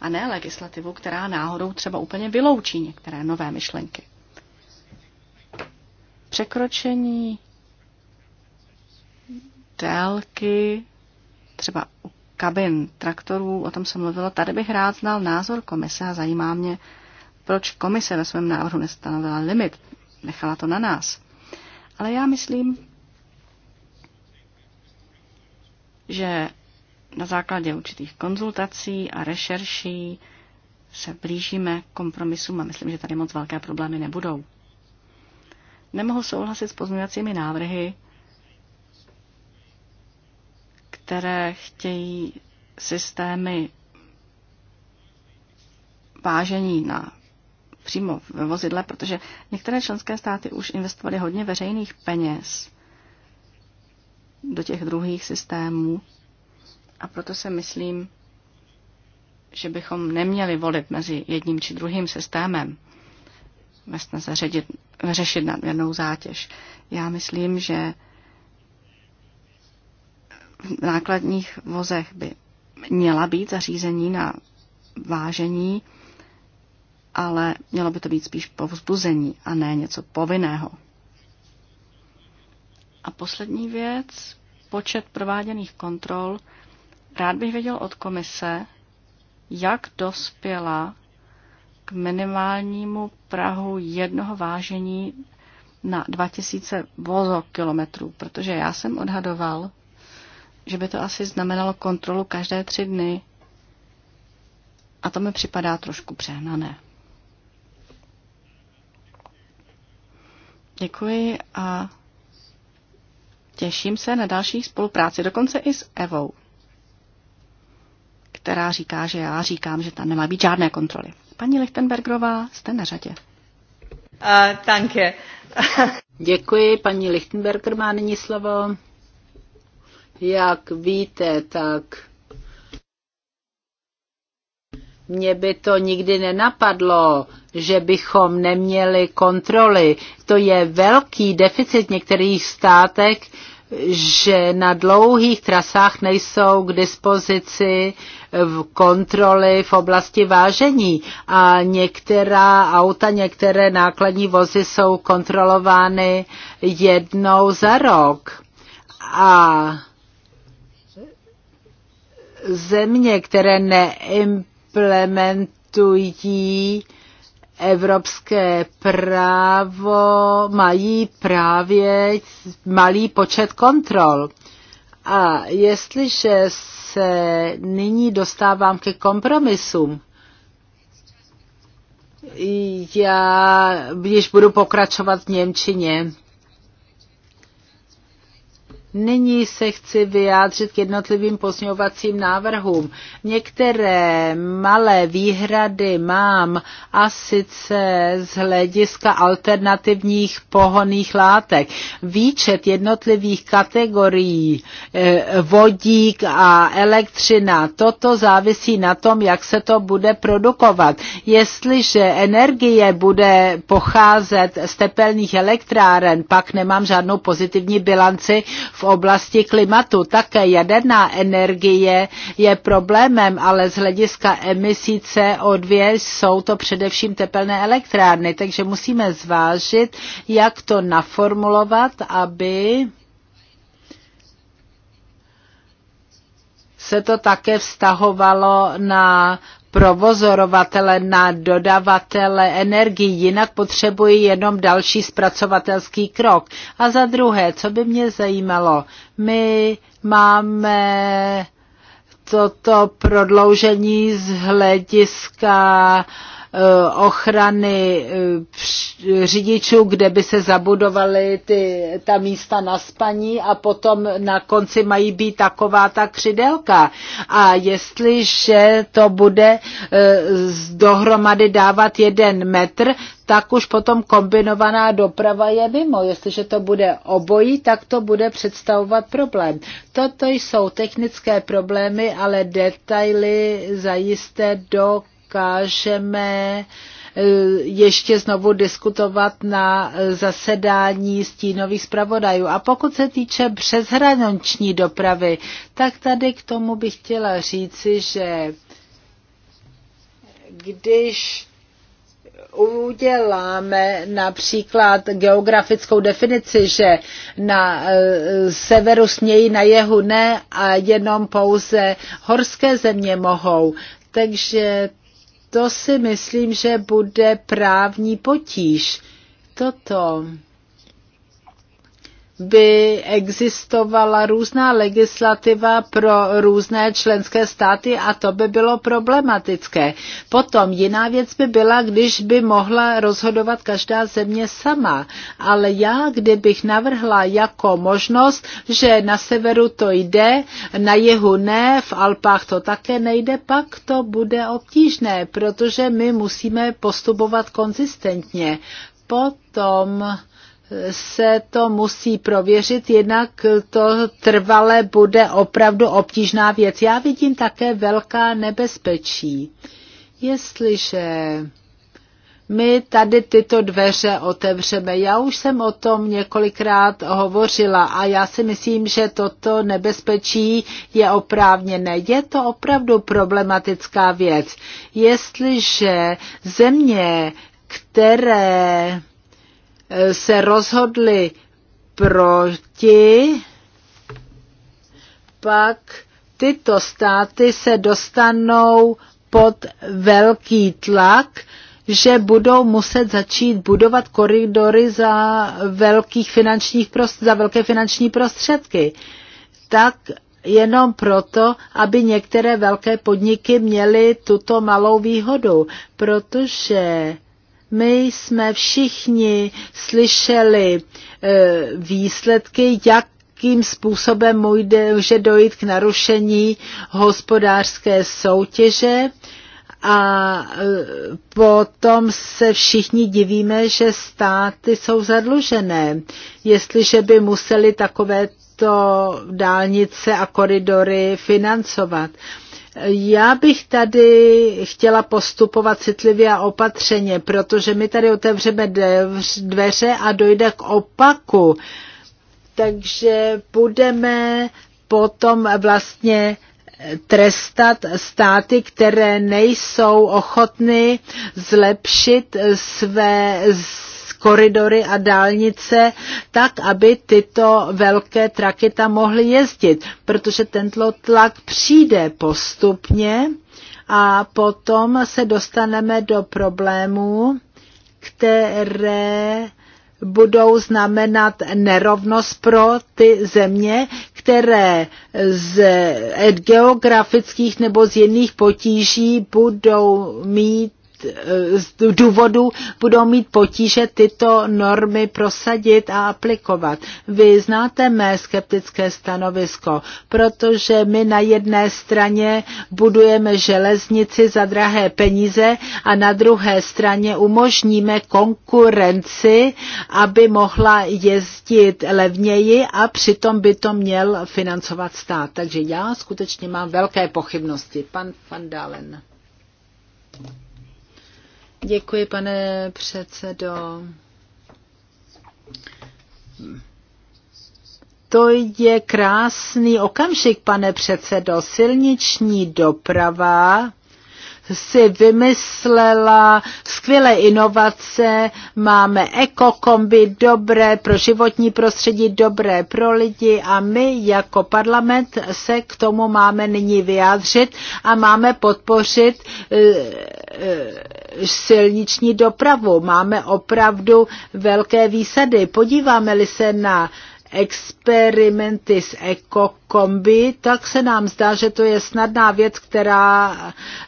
a ne legislativu, která náhodou třeba úplně vyloučí některé nové myšlenky. Překročení délky, třeba u kabin traktorů, o tom jsem mluvila, tady bych rád znal názor komise a zajímá mě, proč komise ve svém návrhu nestanovila limit, nechala to na nás. Ale já myslím, že na základě určitých konzultací a rešerší se blížíme kompromisům a myslím, že tady moc velké problémy nebudou. Nemohu souhlasit s pozměňovacími návrhy, které chtějí systémy vážení na přímo ve vozidle, protože některé členské státy už investovaly hodně veřejných peněz do těch druhých systémů a proto se myslím, že bychom neměli volit mezi jedním či druhým systémem vlastně zařešit nadměrnou zátěž. Já myslím, že v nákladních vozech by měla být zařízení na vážení, ale mělo by to být spíš povzbuzení a ne něco povinného. A poslední věc, počet prováděných kontrol. Rád bych věděl od komise, jak dospěla k minimálnímu prahu jednoho vážení na 2000 vozokilometrů, protože já jsem odhadoval, že by to asi znamenalo kontrolu každé tři dny. A to mi připadá trošku přehnané. Děkuji a těším se na další spolupráci, dokonce i s Evou, která říká, že já říkám, že tam nemá být žádné kontroly. Paní Lichtenbergerová, jste na řadě. Uh, Děkuji, paní Lichtenberger má nyní slovo. Jak víte, tak mě by to nikdy nenapadlo, že bychom neměli kontroly. To je velký deficit některých státek, že na dlouhých trasách nejsou k dispozici v kontroly v oblasti vážení a některá auta, některé nákladní vozy jsou kontrolovány jednou za rok. A země, které neimplementují evropské právo, mají právě malý počet kontrol. A jestliže se nyní dostávám ke kompromisům, já, když budu pokračovat v Němčině, Nyní se chci vyjádřit k jednotlivým pozměňovacím návrhům. Některé malé výhrady mám a sice z hlediska alternativních pohoných látek. Výčet jednotlivých kategorií eh, vodík a elektřina, toto závisí na tom, jak se to bude produkovat. Jestliže energie bude pocházet z tepelných elektráren, pak nemám žádnou pozitivní bilanci v v oblasti klimatu. Také jaderná energie je problémem, ale z hlediska emisí CO2 jsou to především tepelné elektrárny, takže musíme zvážit, jak to naformulovat, aby se to také vztahovalo na provozorovatele na dodavatele energii, jinak potřebuji jenom další zpracovatelský krok. A za druhé, co by mě zajímalo, my máme toto prodloužení z hlediska uh, Eh, ochrany eh, řidičů, kde by se zabudovaly ty, ta místa na spaní a potom na konci mají být taková ta křidelka. A jestliže to bude eh, dohromady dávat jeden metr, tak už potom kombinovaná doprava je mimo. Jestliže to bude obojí, tak to bude představovat problém. Toto jsou technické problémy, ale detaily zajisté do dokážeme eh, ještě znovu diskutovat na eh, zasedání stínových zpravodajů. A pokud se týče přeshraniční dopravy, tak tady k tomu bych chtěla říci, že když uděláme například geografickou definici, že na eh, severu smějí, na jihu ne a jenom pouze horské země mohou. Takže to si myslím, že bude právní potíž. Toto by existovala různá legislativa pro různé členské státy a to by bylo problematické. Potom jiná věc by byla, když by mohla rozhodovat každá země sama, ale já, kdybych navrhla jako možnost, že na severu to jde, na jihu ne, v Alpách to také nejde, pak to bude obtížné, protože my musíme postupovat konzistentně. Potom se to musí prověřit, jinak to trvale bude opravdu obtížná věc. Já vidím také velká nebezpečí. Jestliže my tady tyto dveře otevřeme. Já už jsem o tom několikrát hovořila a já si myslím, že toto nebezpečí je oprávněné. Je to opravdu problematická věc. Jestliže země, které se rozhodli proti, pak tyto státy se dostanou pod velký tlak, že budou muset začít budovat koridory za, velkých finančních prost, za velké finanční prostředky. Tak jenom proto, aby některé velké podniky měly tuto malou výhodu, protože my jsme všichni slyšeli e, výsledky, jakým způsobem může dojít k narušení hospodářské soutěže a e, potom se všichni divíme, že státy jsou zadlužené. Jestliže by museli takovéto dálnice a koridory financovat. Já bych tady chtěla postupovat citlivě a opatřeně, protože my tady otevřeme dveře a dojde k opaku. Takže budeme potom vlastně trestat státy, které nejsou ochotny zlepšit své koridory a dálnice, tak aby tyto velké traky tam mohly jezdit, protože tento tlak přijde postupně a potom se dostaneme do problémů, které budou znamenat nerovnost pro ty země, které z eh, geografických nebo z jiných potíží budou mít Eh, důvodu budou mít potíže tyto normy prosadit a aplikovat. Vy znáte mé skeptické stanovisko, protože my na jedné straně budujeme železnici za drahé peníze a na druhé straně umožníme konkurenci, aby mohla jezdit levněji a přitom by to měl financovat stát. Takže já skutečně mám velké pochybnosti. Pan Van Dalen. Děkuji, pane předsedo. To je krásný okamžik, pane předsedo. Silniční doprava si vymyslela skvělé inovace, máme ekokombi dobré pro životní prostředí, dobré pro lidi a my jako parlament se k tomu máme nyní vyjádřit a máme podpořit eh, eh, silniční dopravu. Máme opravdu velké výsady. Podíváme-li se na experimenty s ekokombi, kombi, tak se nám zdá, že to je snadná věc, která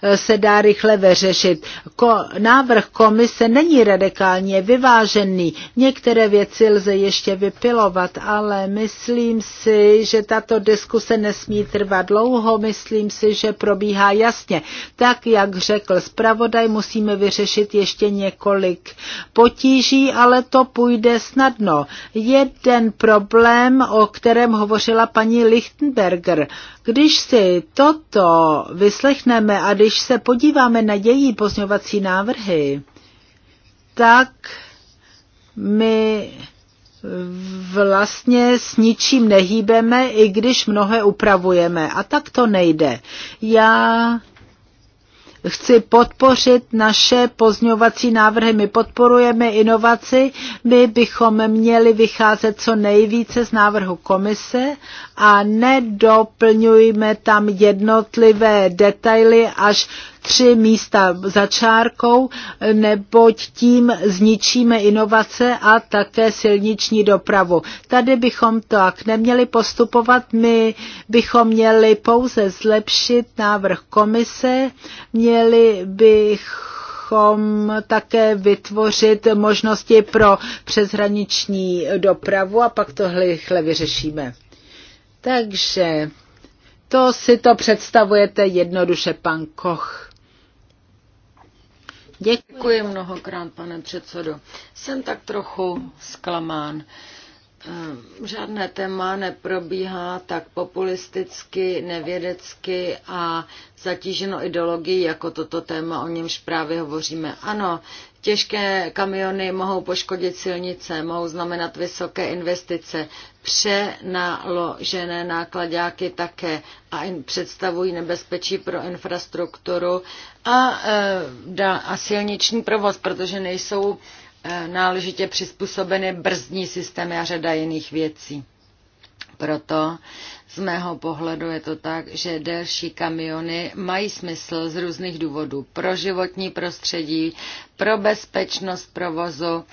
eh, se dá rychle vyřešit. Ko, návrh komise není radikálně vyvážený. Některé věci lze ještě vypilovat, ale myslím si, že tato diskuse nesmí trvat dlouho. Myslím si, že probíhá jasně. Tak, jak řekl zpravodaj, musíme vyřešit ještě několik potíží, ale to půjde snadno. Jeden problém, o kterém hovořila paní Licht, Lichtenberger. Když si toto vyslechneme a když se podíváme na její pozňovací návrhy, tak my vlastně s ničím nehýbeme, i když mnohé upravujeme. A tak to nejde. Já chci podpořit naše pozňovací návrhy. My podporujeme inovaci, my bychom měli vycházet co nejvíce z návrhu komise a nedoplňujme tam jednotlivé detaily až tři místa za čárkou, neboť tím zničíme inovace a také silniční dopravu. Tady bychom tak neměli postupovat, my bychom měli pouze zlepšit návrh komise, měli bych bychom také vytvořit možnosti pro přeshraniční dopravu a pak to rychle vyřešíme. Takže to si to představujete jednoduše, pan Koch. Děkuji mnohokrát, pane předsedo. Jsem tak trochu zklamán. Ehm, žádné téma neprobíhá tak populisticky, nevědecky a zatíženo ideologií jako toto téma, o němž právě hovoříme. Ano, Těžké kamiony mohou poškodit silnice, mohou znamenat vysoké investice, přenaložené nákladáky také a představují nebezpečí pro infrastrukturu a, e, a silniční provoz, protože nejsou e, náležitě přizpůsobeny brzdní systémy a řada jiných věcí. Proto z mého pohledu je to tak, že delší kamiony mají smysl z různých důvodů. Pro životní prostředí, pro bezpečnost provozu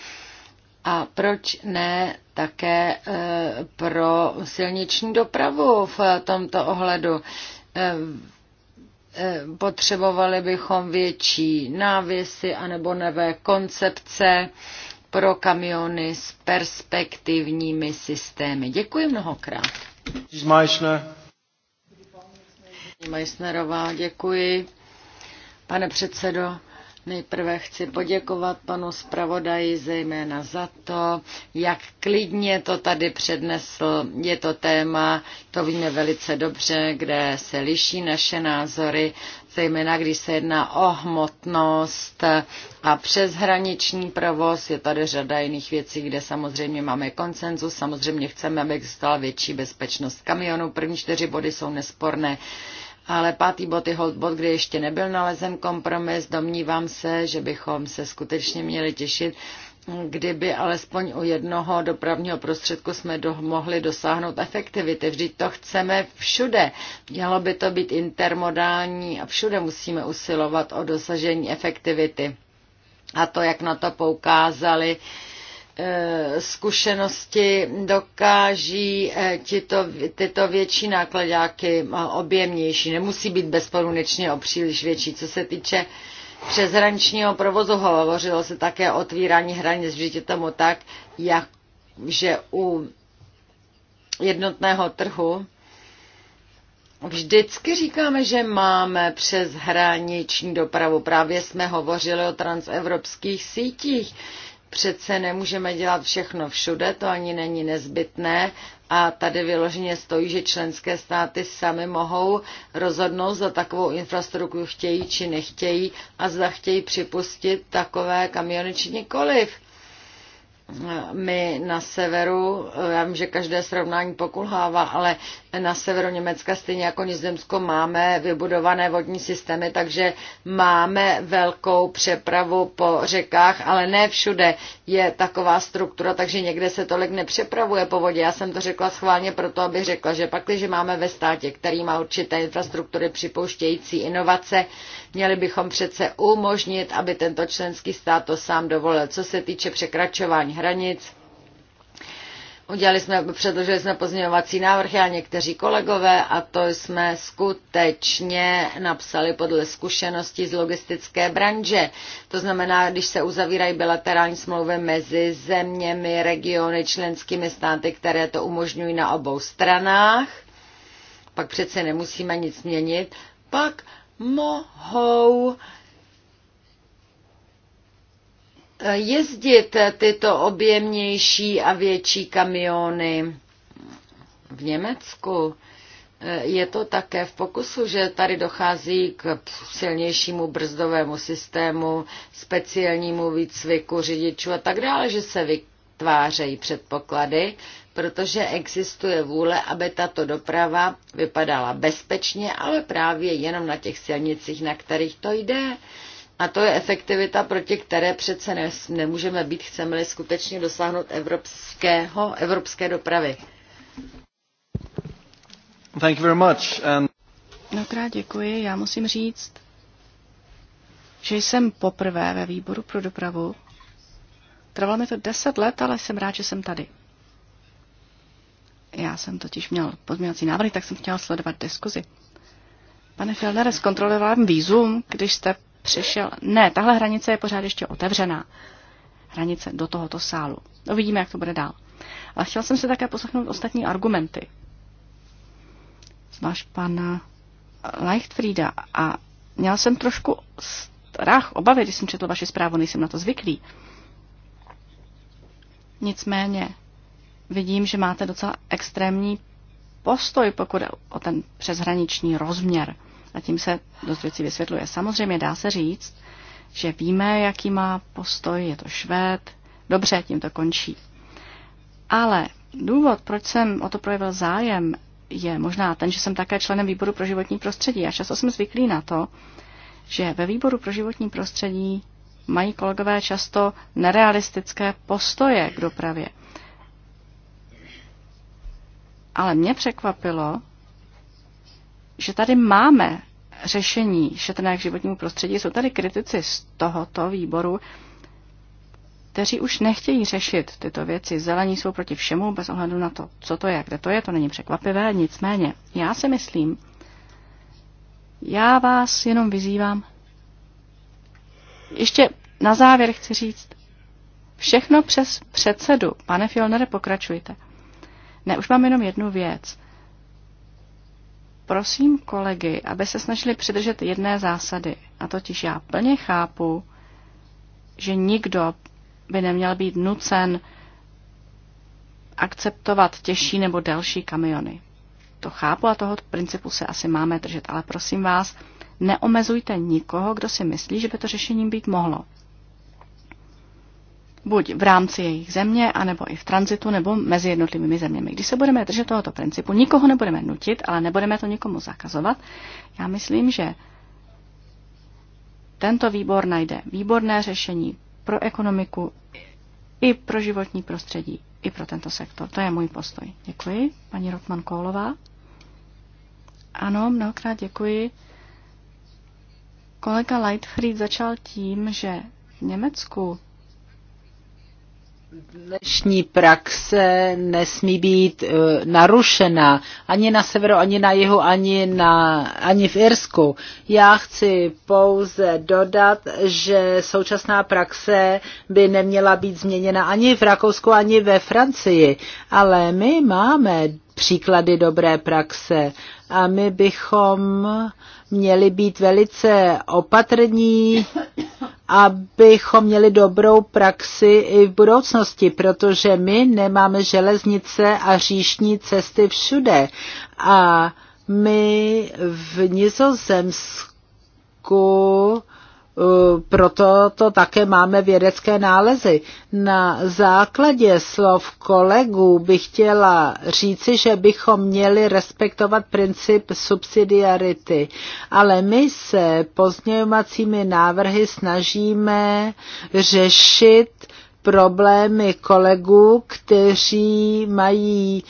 a proč ne také eh, pro silniční dopravu v tomto ohledu eh, eh, potřebovali bychom větší návěsy anebo nové koncepce pro kamiony s perspektivními systémy. Děkuji mnohokrát. Majsnerová, děkuji. Pane předsedo, Nejprve chci poděkovat panu zpravodaji zejména za to, jak klidně to tady přednesl. Je to téma, to víme velice dobře, kde se liší naše názory zejména když se jedná o hmotnost a přeshraniční provoz. Je tady řada jiných věcí, kde samozřejmě máme koncenzus. Samozřejmě chceme, aby existovala větší bezpečnost kamionů. První čtyři body jsou nesporné. Ale pátý bod je hold bod, kde ještě nebyl nalezen kompromis. Domnívám se, že bychom se skutečně měli těšit, kdyby alespoň u jednoho dopravního prostředku jsme do, mohli dosáhnout efektivity. Vždyť to chceme všude. Mělo by to být intermodální a všude musíme usilovat o dosažení efektivity. A to, jak na to poukázali e, zkušenosti dokáží e, tyto, tyto větší nákladáky e, objemnější. Nemusí být bezporunečně o příliš větší. Co se týče přeshraničního provozu. Hovořilo se také o otvírání hranic, vždyť je tomu tak, jak, že u jednotného trhu Vždycky říkáme, že máme přes dopravu. Právě jsme hovořili o transevropských sítích. Přece nemůžeme dělat všechno všude, to ani není nezbytné, a tady vyloženě stojí, že členské státy sami mohou rozhodnout, za takovou infrastrukturu chtějí či nechtějí a zda chtějí připustit takové kamiony či nikoliv my na severu, já vím, že každé srovnání pokulhává, ale na severu Německa stejně jako Nizozemsko máme vybudované vodní systémy, takže máme velkou přepravu po řekách, ale ne všude je taková struktura, takže někde se tolik nepřepravuje po vodě. Já jsem to řekla schválně proto, abych řekla, že pak, když máme ve státě, který má určité infrastruktury připouštějící inovace, měli bychom přece umožnit, aby tento členský stát to sám dovolil. Co se týče překračování hranic. Udělali jsme, předložili jsme pozměňovací návrh a někteří kolegové a to jsme skutečně napsali podle zkušeností z logistické branže. To znamená, když se uzavírají bilaterální smlouvy mezi zeměmi, regiony, členskými státy, které to umožňují na obou stranách, pak přece nemusíme nic měnit, pak mohou jezdit tyto objemnější a větší kamiony v Německu. Je to také v pokusu, že tady dochází k silnějšímu brzdovému systému, speciálnímu výcviku řidičů a tak dále, že se vytvářejí předpoklady, protože existuje vůle, aby tato doprava vypadala bezpečně, ale právě jenom na těch silnicích, na kterých to jde. A to je efektivita, proti které přece nemůžeme být, chceme-li skutečně dosáhnout evropského, evropské dopravy. Thank you very much. And... Mnohokrát děkuji. Já musím říct, že jsem poprvé ve výboru pro dopravu. Trvalo mi to deset let, ale jsem rád, že jsem tady. Já jsem totiž měl pozměňovací návrhy, tak jsem chtěl sledovat diskuzi. Pane Fjellner, zkontroloval vám výzum, když jste přišel. Ne, tahle hranice je pořád ještě otevřená. Hranice do tohoto sálu. Uvidíme, jak to bude dál. Ale chtěl jsem se také poslechnout ostatní argumenty. Zvlášť pana Leichtfrieda. A měl jsem trošku strach, obavy, když jsem četl vaši zprávu, nejsem na to zvyklý. Nicméně vidím, že máte docela extrémní postoj, pokud o ten přeshraniční rozměr. A tím se dost věcí vysvětluje. Samozřejmě dá se říct, že víme, jaký má postoj, je to Švéd. Dobře, tím to končí. Ale důvod, proč jsem o to projevil zájem, je možná ten, že jsem také členem výboru pro životní prostředí. A často jsem zvyklý na to, že ve výboru pro životní prostředí mají kolegové často nerealistické postoje k dopravě. Ale mě překvapilo, že tady máme řešení šetrné k životnímu prostředí. Jsou tady kritici z tohoto výboru, kteří už nechtějí řešit tyto věci. Zelení jsou proti všemu bez ohledu na to, co to je, kde to je, to není překvapivé, nicméně já si myslím, já vás jenom vyzývám. Ještě na závěr chci říct, všechno přes předsedu, pane Fjolnere, pokračujte. Ne, už mám jenom jednu věc prosím kolegy, aby se snažili přidržet jedné zásady. A totiž já plně chápu, že nikdo by neměl být nucen akceptovat těžší nebo delší kamiony. To chápu a toho principu se asi máme držet, ale prosím vás, neomezujte nikoho, kdo si myslí, že by to řešením být mohlo buď v rámci jejich země, anebo i v tranzitu, nebo mezi jednotlivými zeměmi. Když se budeme držet tohoto principu, nikoho nebudeme nutit, ale nebudeme to nikomu zakazovat. Já myslím, že tento výbor najde výborné řešení pro ekonomiku i pro životní prostředí, i pro tento sektor. To je můj postoj. Děkuji. Paní Rotman Koulová. Ano, mnohokrát děkuji. Kolega Lightfried začal tím, že v Německu dnešní praxe nesmí být e, narušena ani na severu, ani na jihu, ani, na, ani v Irsku. Já chci pouze dodat, že současná praxe by neměla být změněna ani v Rakousku, ani ve Francii, ale my máme příklady dobré praxe a my bychom měli být velice opatrní, abychom měli dobrou praxi i v budoucnosti, protože my nemáme železnice a říšní cesty všude. A my v Nizozemsku Eh, proto to také máme vědecké nálezy. Na základě slov kolegů bych chtěla říci, že bychom měli respektovat princip subsidiarity, ale my se pozměňovacími návrhy snažíme řešit problémy kolegů, kteří mají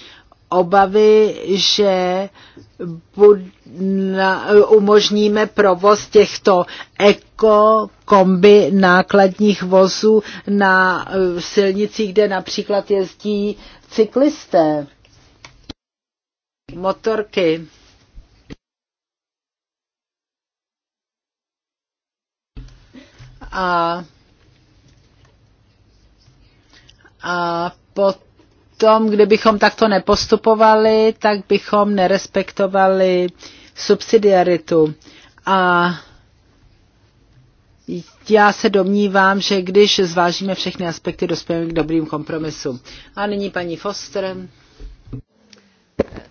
obavy, že budou na, umožníme provoz těchto eko kombi nákladních vozů na eh, silnicích, kde například jezdí cyklisté, motorky. A, a potom tom, kdybychom takto nepostupovali, tak bychom nerespektovali subsidiaritu. A já se domnívám, že když zvážíme všechny aspekty, dospějeme k dobrým kompromisům. A nyní paní Foster.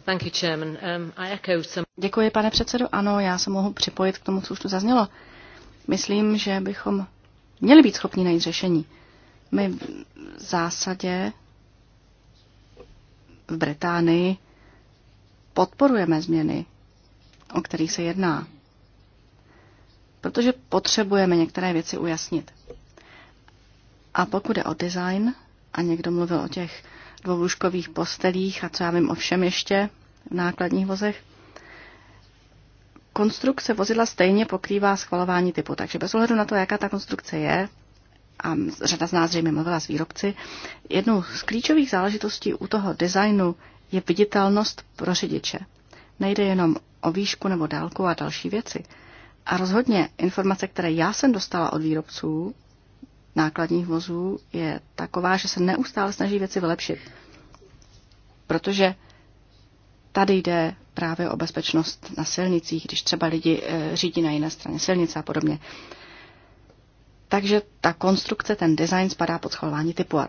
Thank you, Chairman. Um, I echo some... Děkuji, pane předsedo. Ano, já se mohu připojit k tomu, co už tu zaznělo. Myslím, že bychom měli být schopni najít řešení. My v zásadě v Británii podporujeme změny, o kterých se jedná. Protože potřebujeme některé věci ujasnit. A pokud je o design, a někdo mluvil o těch dvoulůžkových postelích a co já vím o všem ještě v nákladních vozech, konstrukce vozidla stejně pokrývá schvalování typu, takže bez ohledu na to, jaká ta konstrukce je, a řada z nás zřejmě mluvila s výrobci. Jednou z klíčových záležitostí u toho designu je viditelnost pro řidiče. Nejde jenom o výšku nebo dálku a další věci. A rozhodně informace, které já jsem dostala od výrobců nákladních vozů, je taková, že se neustále snaží věci vylepšit. Protože tady jde právě o bezpečnost na silnicích, když třeba lidi eh, řídí na jiné straně silnice a podobně. Takže ta konstrukce, ten design spadá pod schvalování typu a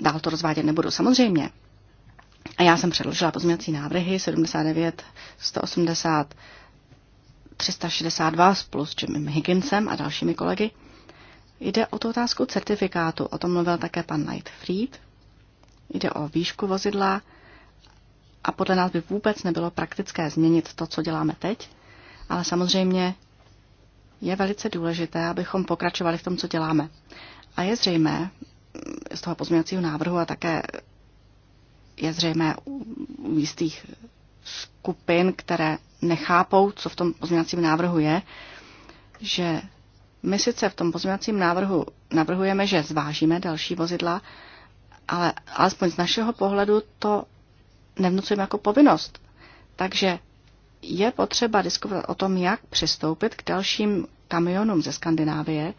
dál to rozvádět nebudu. Samozřejmě. A já jsem předložila pozměňovací návrhy 79, 180, 362 spolu s Jimem Higginsem a dalšími kolegy. Jde o tu otázku certifikátu, o tom mluvil také pan Knight Fried. Jde o výšku vozidla a podle nás by vůbec nebylo praktické změnit to, co děláme teď, ale samozřejmě je velice důležité, abychom pokračovali v tom, co děláme. A je zřejmé z toho pozměňovacího návrhu a také je zřejmé u jistých skupin, které nechápou, co v tom pozměňovacím návrhu je, že my sice v tom pozměňovacím návrhu navrhujeme, že zvážíme další vozidla, ale alespoň z našeho pohledu to nevnucujeme jako povinnost. Takže je potřeba diskutovat o tom, jak přistoupit k dalším kamionům ze Skandinávie.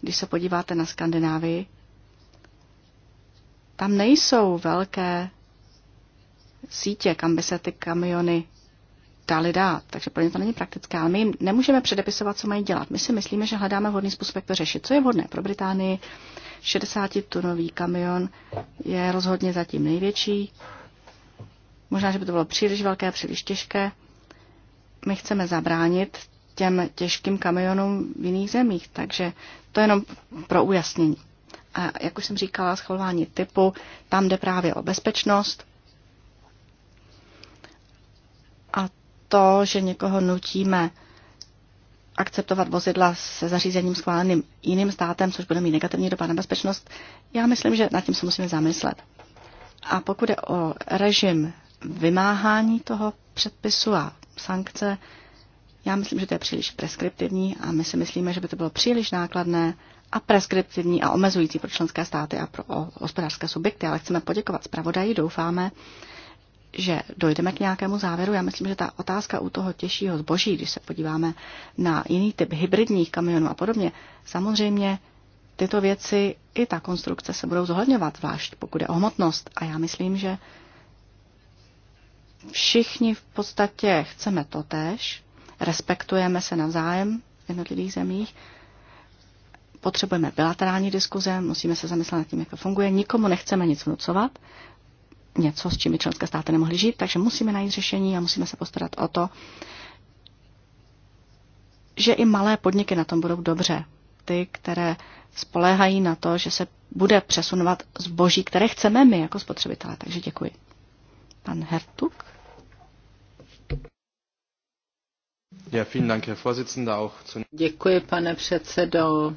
Když se podíváte na Skandinávii, tam nejsou velké sítě, kam by se ty kamiony dali dát. Takže pro ně to není praktické, ale my jim nemůžeme předepisovat, co mají dělat. My si myslíme, že hledáme vhodný způsob, jak to řešit. Co je vhodné pro Británii? 60-tunový kamion je rozhodně zatím největší. Možná, že by to bylo příliš velké, příliš těžké my chceme zabránit těm těžkým kamionům v jiných zemích. Takže to jenom pro ujasnění. A jak už jsem říkala, schvalování typu, tam jde právě o bezpečnost a to, že někoho nutíme akceptovat vozidla se zařízením schváleným jiným státem, což bude mít negativní dopad na bezpečnost, já myslím, že nad tím se musíme zamyslet. A pokud je o režim vymáhání toho předpisu a sankce. Já myslím, že to je příliš preskriptivní a my si myslíme, že by to bylo příliš nákladné a preskriptivní a omezující pro členské státy a pro hospodářské subjekty, ale chceme poděkovat zpravodaji, doufáme, že dojdeme k nějakému závěru. Já myslím, že ta otázka u toho těžšího zboží, když se podíváme na jiný typ hybridních kamionů a podobně, samozřejmě tyto věci i ta konstrukce se budou zohledňovat, zvlášť pokud je o hmotnost. A já myslím, že všichni v podstatě chceme tež, respektujeme se navzájem v jednotlivých zemích, potřebujeme bilaterální diskuze, musíme se zamyslet nad tím, jak to funguje, nikomu nechceme nic vnucovat, něco, s čím by členské státy nemohly žít, takže musíme najít řešení a musíme se postarat o to, že i malé podniky na tom budou dobře. Ty, které spoléhají na to, že se bude přesunovat zboží, které chceme my jako spotřebitelé. Takže děkuji. Pan Hertuk. Děkuji, pane předsedo.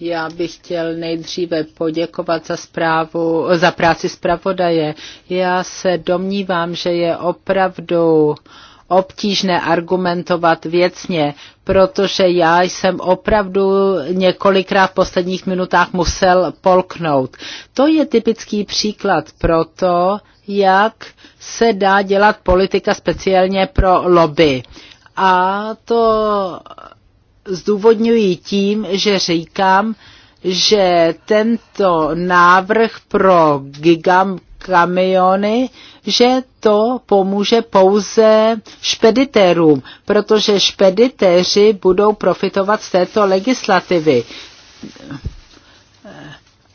Já bych chtěl nejdříve poděkovat za zprávu, za práci zpravodaje. Já se domnívám, že je opravdu obtížné argumentovat věcně, protože já jsem opravdu několikrát v posledních minutách musel polknout. To je typický příklad proto, jak se dá dělat politika speciálně pro lobby. A to zdůvodňuji tím, že říkám, že tento návrh pro gigam kamiony, že to pomůže pouze špeditérům, protože špeditéři budou profitovat z této legislativy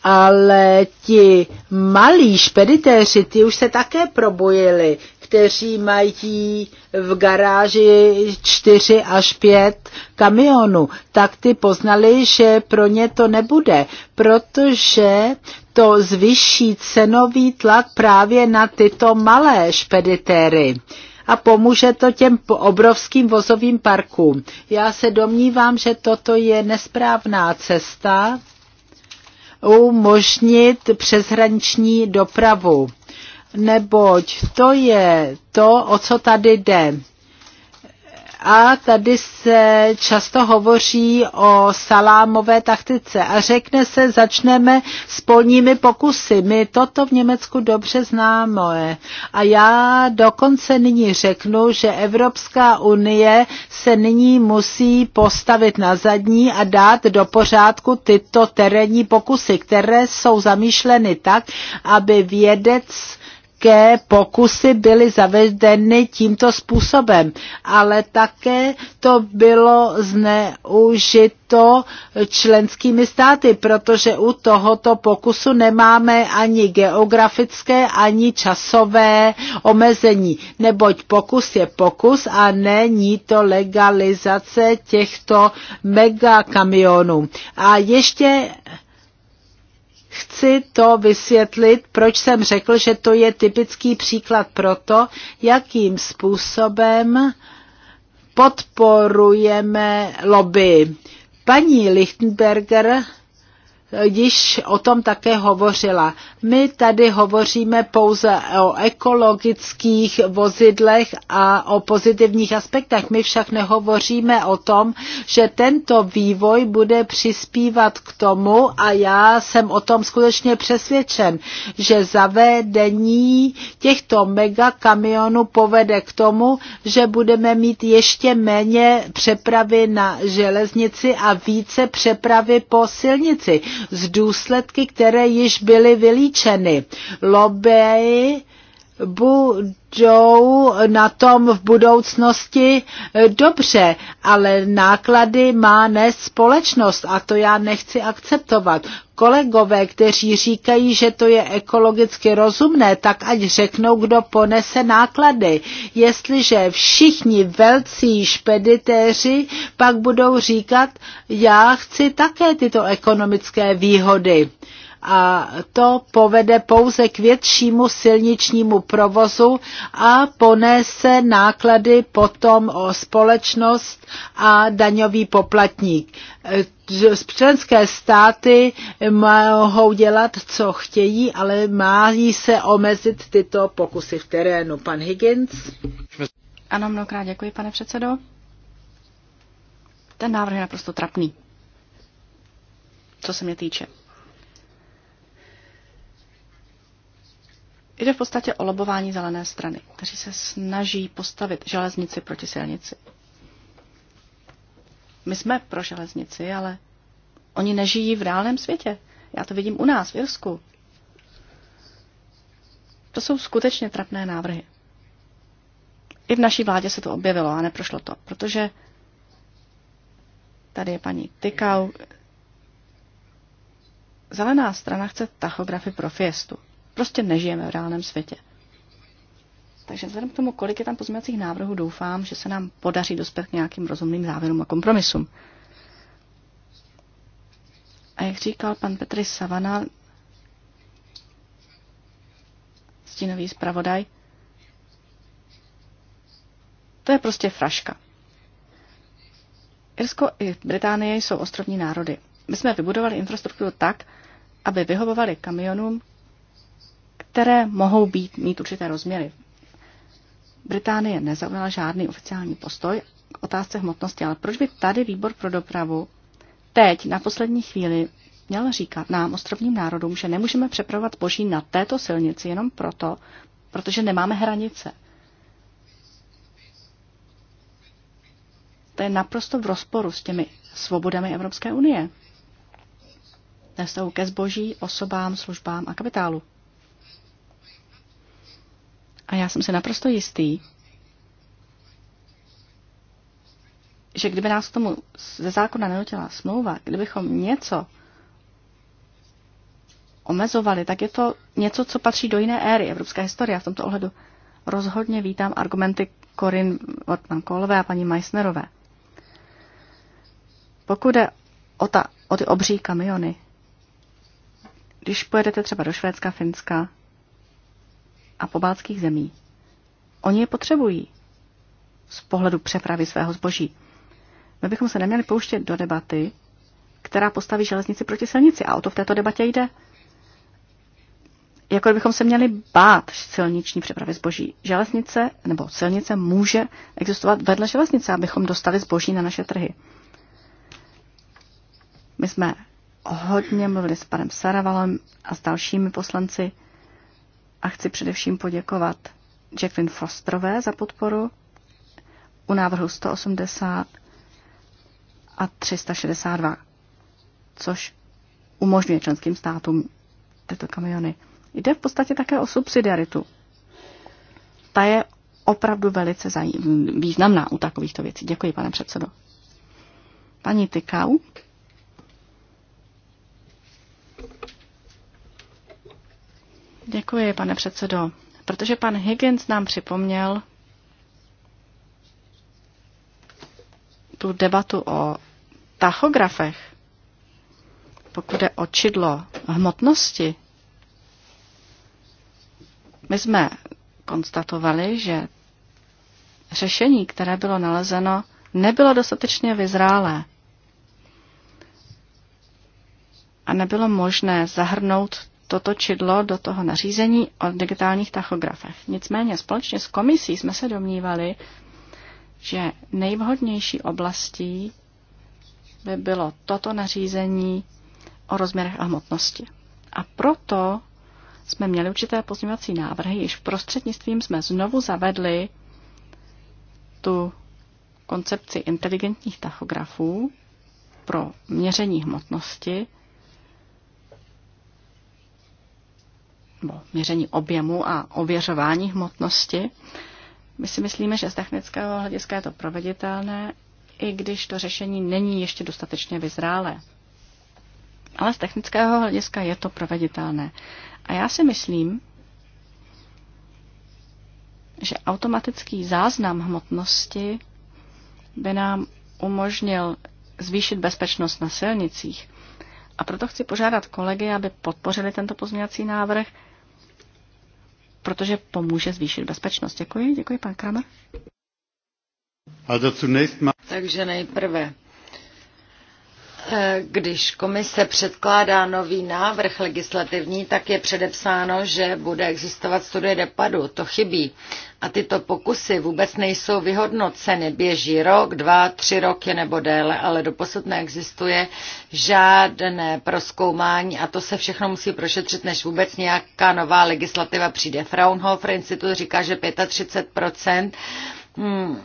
ale ti malí špeditéři, ty už se také probojili, kteří mají v garáži čtyři až pět kamionů, tak ty poznali, že pro ně to nebude, protože to zvyší cenový tlak právě na tyto malé špeditéry a pomůže to těm obrovským vozovým parkům. Já se domnívám, že toto je nesprávná cesta umožnit přeshraniční dopravu. Neboť to je to, o co tady jde a tady se často hovoří o salámové taktice a řekne se, začneme s polními pokusy. My toto v Německu dobře známe. A já dokonce nyní řeknu, že Evropská unie se nyní musí postavit na zadní a dát do pořádku tyto terénní pokusy, které jsou zamýšleny tak, aby vědec jaké pokusy byly zavedeny tímto způsobem, ale také to bylo zneužito členskými státy, protože u tohoto pokusu nemáme ani geografické, ani časové omezení, neboť pokus je pokus a není to legalizace těchto megakamionů. A ještě chci to vysvětlit, proč jsem řekl, že to je typický příklad pro to, jakým způsobem podporujeme lobby. Paní Lichtenberger již o tom také hovořila. My tady hovoříme pouze o ekologických vozidlech a o pozitivních aspektech. My však nehovoříme o tom, že tento vývoj bude přispívat k tomu, a já jsem o tom skutečně přesvědčen, že zavedení těchto megakamionů povede k tomu, že budeme mít ještě méně přepravy na železnici a více přepravy po silnici z důsledky, které již byly vylíčeny. Lobby bu jdou na tom v budoucnosti eh, dobře, ale náklady má ne společnost a to já nechci akceptovat. Kolegové, kteří říkají, že to je ekologicky rozumné, tak ať řeknou, kdo ponese náklady. Jestliže všichni velcí špeditéři pak budou říkat, já chci také tyto ekonomické výhody a to povede pouze k většímu silničnímu provozu a ponese náklady potom o společnost a daňový poplatník. Členské státy mohou dělat, co chtějí, ale mají se omezit tyto pokusy v terénu. Pan Higgins? Ano, mnohokrát děkuji, pane předsedo. Ten návrh je naprosto trapný, co se mě týče. Jde v podstatě o lobování zelené strany, kteří se snaží postavit železnici proti silnici. My jsme pro železnici, ale oni nežijí v reálném světě. Já to vidím u nás, v Irsku. To jsou skutečně trapné návrhy. I v naší vládě se to objevilo a neprošlo to, protože tady je paní Tykau. Zelená strana chce tachografy pro fiestu. Prostě nežijeme v reálném světě. Takže vzhledem k tomu, kolik je tam pozměňovacích návrhů, doufám, že se nám podaří dospět k nějakým rozumným závěrům a kompromisům. A jak říkal pan Petr Savana, stínový zpravodaj, to je prostě fraška. Irsko i Británie jsou ostrovní národy. My jsme vybudovali infrastrukturu tak, aby vyhovovali kamionům, které mohou být, mít určité rozměry. Británie nezaujala žádný oficiální postoj k otázce hmotnosti, ale proč by tady výbor pro dopravu teď na poslední chvíli měl říkat nám, ostrovním národům, že nemůžeme přepravovat boží na této silnici jenom proto, protože nemáme hranice. To je naprosto v rozporu s těmi svobodami Evropské unie. Nestou ke zboží, osobám, službám a kapitálu. A já jsem se naprosto jistý, že kdyby nás k tomu ze zákona nenutila smlouva, kdybychom něco omezovali, tak je to něco, co patří do jiné éry evropské historie. A v tomto ohledu rozhodně vítám argumenty Korin Wortmann Kolové a paní Meissnerové. Pokud jde o, ta, o ty obří kamiony, když pojedete třeba do Švédska, Finska, a pobaltských zemí. Oni je potřebují z pohledu přepravy svého zboží. My bychom se neměli pouštět do debaty, která postaví železnici proti silnici. A o to v této debatě jde. Jako bychom se měli bát silniční přepravy zboží. Železnice nebo silnice může existovat vedle železnice, abychom dostali zboží na naše trhy. My jsme hodně mluvili s panem Saravalem a s dalšími poslanci a chci především poděkovat Jacqueline Fosterové za podporu u návrhu 180 a 362, což umožňuje členským státům tyto kamiony. Jde v podstatě také o subsidiaritu. Ta je opravdu velice významná u takovýchto věcí. Děkuji, pane předsedo. Paní Tykau. Děkuji, pane předsedo. Protože pan Higgins nám připomněl tu debatu o tachografech, pokud je o čidlo hmotnosti, my jsme konstatovali, že řešení, které bylo nalezeno, nebylo dostatečně vyzrálé a nebylo možné zahrnout toto čidlo do toho nařízení o digitálních tachografech. Nicméně společně s komisí jsme se domnívali, že nejvhodnější oblastí by bylo toto nařízení o rozměrech a hmotnosti. A proto jsme měli určité pozměňovací návrhy, již prostřednictvím jsme znovu zavedli tu koncepci inteligentních tachografů pro měření hmotnosti, nebo měření objemu a ověřování hmotnosti. My si myslíme, že z technického hlediska je to proveditelné, i když to řešení není ještě dostatečně vyzrálé. Ale z technického hlediska je to proveditelné. A já si myslím, že automatický záznam hmotnosti by nám umožnil zvýšit bezpečnost na silnicích. A proto chci požádat kolegy, aby podpořili tento pozměňovací návrh, protože pomůže zvýšit bezpečnost. Děkuji, děkuji, pan Kramer. Takže nejprve Eh, když komise předkládá nový návrh legislativní, tak je předepsáno, že bude existovat studie dopadu. To chybí. A tyto pokusy vůbec nejsou vyhodnoceny. Běží rok, dva, tři roky nebo déle, ale doposud neexistuje žádné proskoumání a to se všechno musí prošetřit, než vůbec nějaká nová legislativa přijde. Fraunhofer institut říká, že 35 hmm,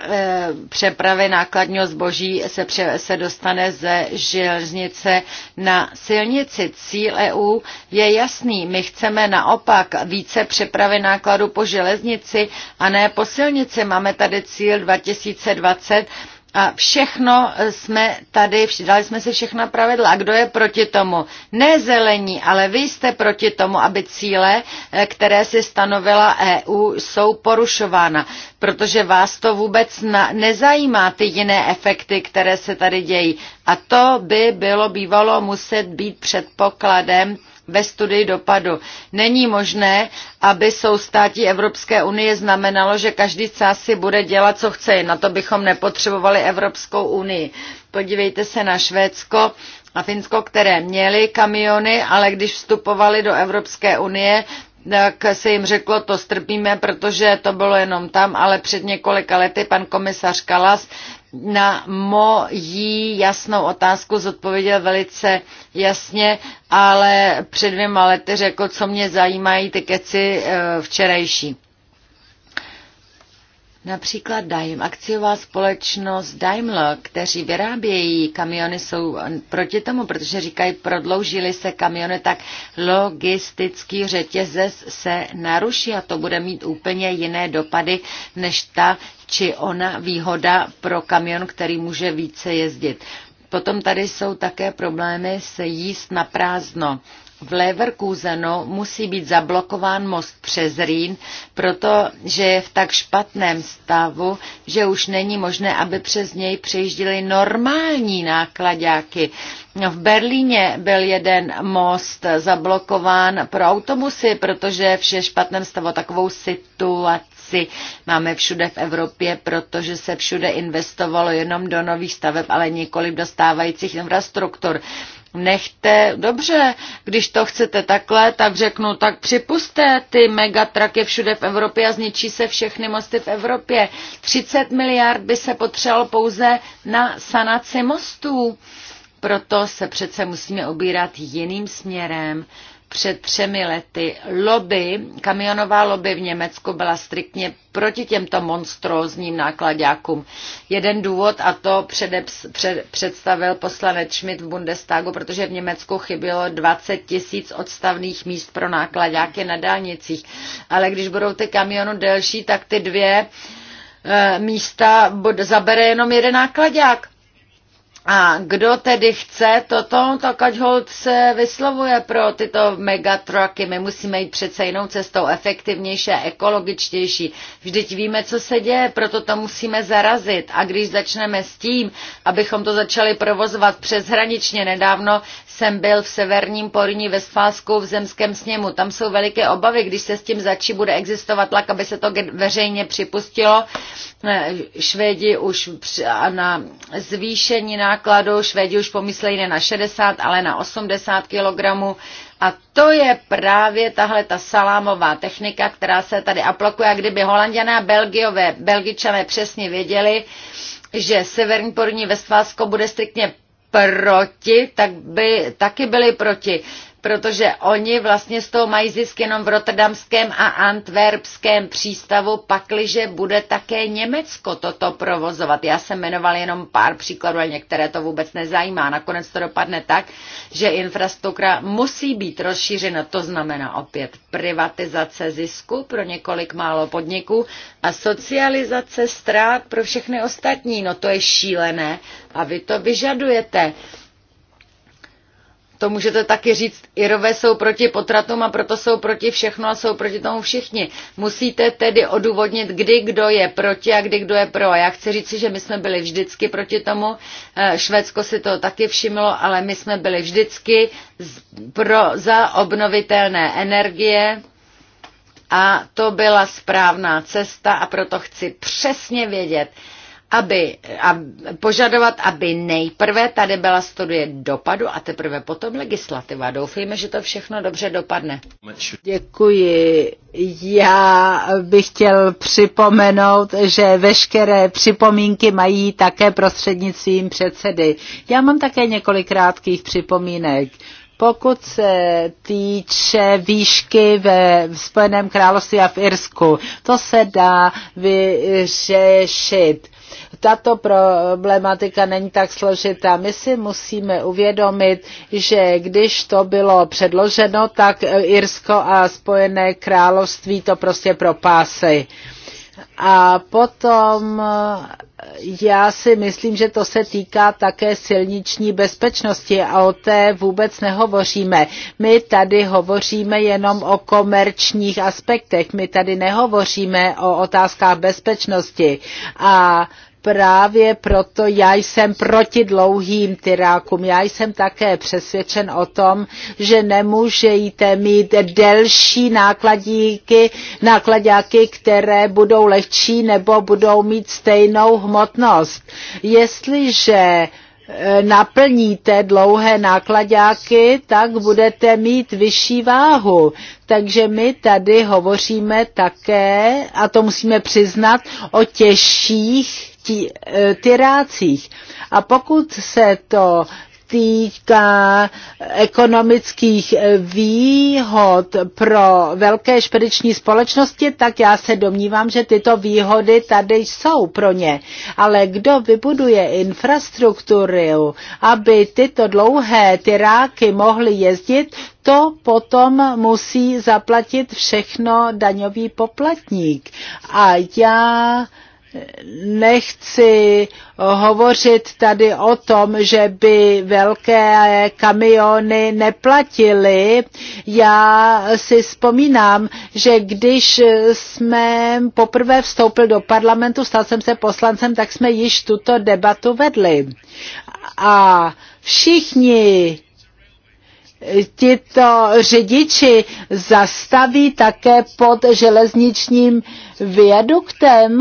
Eh, přepravy nákladního zboží se, pře, se dostane ze železnice na silnici. Cíl EU je jasný. My chceme naopak více přepravy nákladu po železnici a ne po silnici. Máme tady cíl 2020 a všechno jsme tady, dali jsme si všechna pravidla. A kdo je proti tomu? Ne zelení, ale vy jste proti tomu, aby cíle, eh, které si stanovila EU, jsou porušována. Protože vás to vůbec na, nezajímá, ty jiné efekty, které se tady dějí. A to by bylo bývalo muset být předpokladem ve studii dopadu. Není možné, aby soustátí Evropské unie znamenalo, že každý cás si bude dělat, co chce. Na to bychom nepotřebovali Evropskou unii. Podívejte se na Švédsko a Finsko, které měly kamiony, ale když vstupovali do Evropské unie, tak se jim řeklo, to strpíme, protože to bylo jenom tam, ale před několika lety pan komisař Kalas na mojí jasnou otázku zodpověděl velice jasně, ale před dvěma lety řekl, co mě zajímají ty keci eh, včerejší. Například Daim, akciová společnost Daimler, kteří vyrábějí kamiony, jsou proti tomu, protože říkají, prodloužili se kamiony, tak logistický řetězec se naruší a to bude mít úplně jiné dopady, než ta či ona výhoda pro kamion, který může více jezdit. Potom tady jsou také problémy se jíst na prázdno v Leverkusenu musí být zablokován most přes Rýn, protože je v tak špatném stavu, že už není možné, aby přes něj přejížděly normální nákladáky. V Berlíně byl jeden most zablokován pro autobusy, protože je vše špatném stavu. Takovou situaci máme všude v Evropě, protože se všude investovalo jenom do nových staveb, ale nikoli do stávajících infrastruktur nechte, dobře, když to chcete takhle, tak řeknu, tak připuste ty megatraky všude v Evropě a zničí se všechny mosty v Evropě. 30 miliard by se potřebovalo pouze na sanaci mostů. Proto se přece musíme obírat jiným směrem před třemi lety lobby, kamionová lobby v Německu byla striktně proti těmto monstrózním nákladákům. Jeden důvod, a to předeps, před, představil poslanec Schmidt v Bundestagu, protože v Německu chybělo 20 tisíc odstavných míst pro nákladáky na dálnicích. Ale když budou ty kamiony delší, tak ty dvě eh, místa zabere jenom jeden nákladák. A kdo tedy chce toto, tak ať hold se vyslovuje pro tyto megatrucky. My musíme jít přece jinou cestou, efektivnější, ekologičtější. Vždyť víme, co se děje, proto to musíme zarazit. A když začneme s tím, abychom to začali provozovat přeshraničně, nedávno jsem byl v severním Porní Vestfálsku v zemském sněmu. Tam jsou veliké obavy, když se s tím začí, bude existovat tlak, aby se to veřejně připustilo. Eh, Švédi už na zvýšení nákladů nákladu. Švédi už pomyslejí ne na 60, ale na 80 kg. A to je právě tahle ta salámová technika, která se tady aplokuje. A kdyby holanděné a belgiové, belgičané přesně věděli, že severní porní Vestvásko bude striktně proti, tak by taky byli proti protože oni vlastně z toho mají zisk jenom v rotterdamském a antwerpském přístavu, pakliže bude také Německo toto provozovat. Já jsem jmenoval jenom pár příkladů, ale některé to vůbec nezajímá. Nakonec to dopadne tak, že infrastruktura musí být rozšířena, to znamená opět privatizace zisku pro několik málo podniků a socializace ztrát pro všechny ostatní. No to je šílené a vy to vyžadujete to můžete taky říct, Irové jsou proti potratům a proto jsou proti všechno a jsou proti tomu všichni. Musíte tedy odůvodnit, kdy kdo je proti a kdy kdo je pro. A já chci říct, že my jsme byli vždycky proti tomu, eh, Švédsko si to taky všimlo, ale my jsme byli vždycky pro, za obnovitelné energie, a to byla správná cesta a proto chci přesně vědět, aby, a požadovat, aby nejprve tady byla studie dopadu a teprve potom legislativa. Doufejme, že to všechno dobře dopadne. Děkuji. Já bych chtěl připomenout, že veškeré připomínky mají také prostřednictvím předsedy. Já mám také několik krátkých připomínek. Pokud se týče výšky ve Spojeném království a v Irsku, to se dá vyřešit tato problematika není tak složitá. My si musíme uvědomit, že když to bylo předloženo, tak Irsko a Spojené království to prostě propásej. A potom já si myslím, že to se týká také silniční bezpečnosti a o té vůbec nehovoříme. My tady hovoříme jenom o komerčních aspektech, my tady nehovoříme o otázkách bezpečnosti. A právě proto já jsem proti dlouhým tyrákům. Já jsem také přesvědčen o tom, že nemůžete mít delší nákladíky, nákladňáky, které budou lehčí nebo budou mít stejnou hmotnost. Jestliže e, naplníte dlouhé nákladáky, tak budete mít vyšší váhu. Takže my tady hovoříme také, a to musíme přiznat, o těžších tí, e, tyrácích. A pokud se to týká ekonomických výhod pro velké špediční společnosti, tak já se domnívám, že tyto výhody tady jsou pro ně. Ale kdo vybuduje infrastrukturu, aby tyto dlouhé tyráky mohly jezdit, to potom musí zaplatit všechno daňový poplatník. A já nechci hovořit tady o tom, že by velké kamiony neplatily. Já si vzpomínám, že když jsme poprvé vstoupil do parlamentu, stal jsem se poslancem, tak jsme již tuto debatu vedli. A všichni tito řidiči zastaví také pod železničním viaduktem,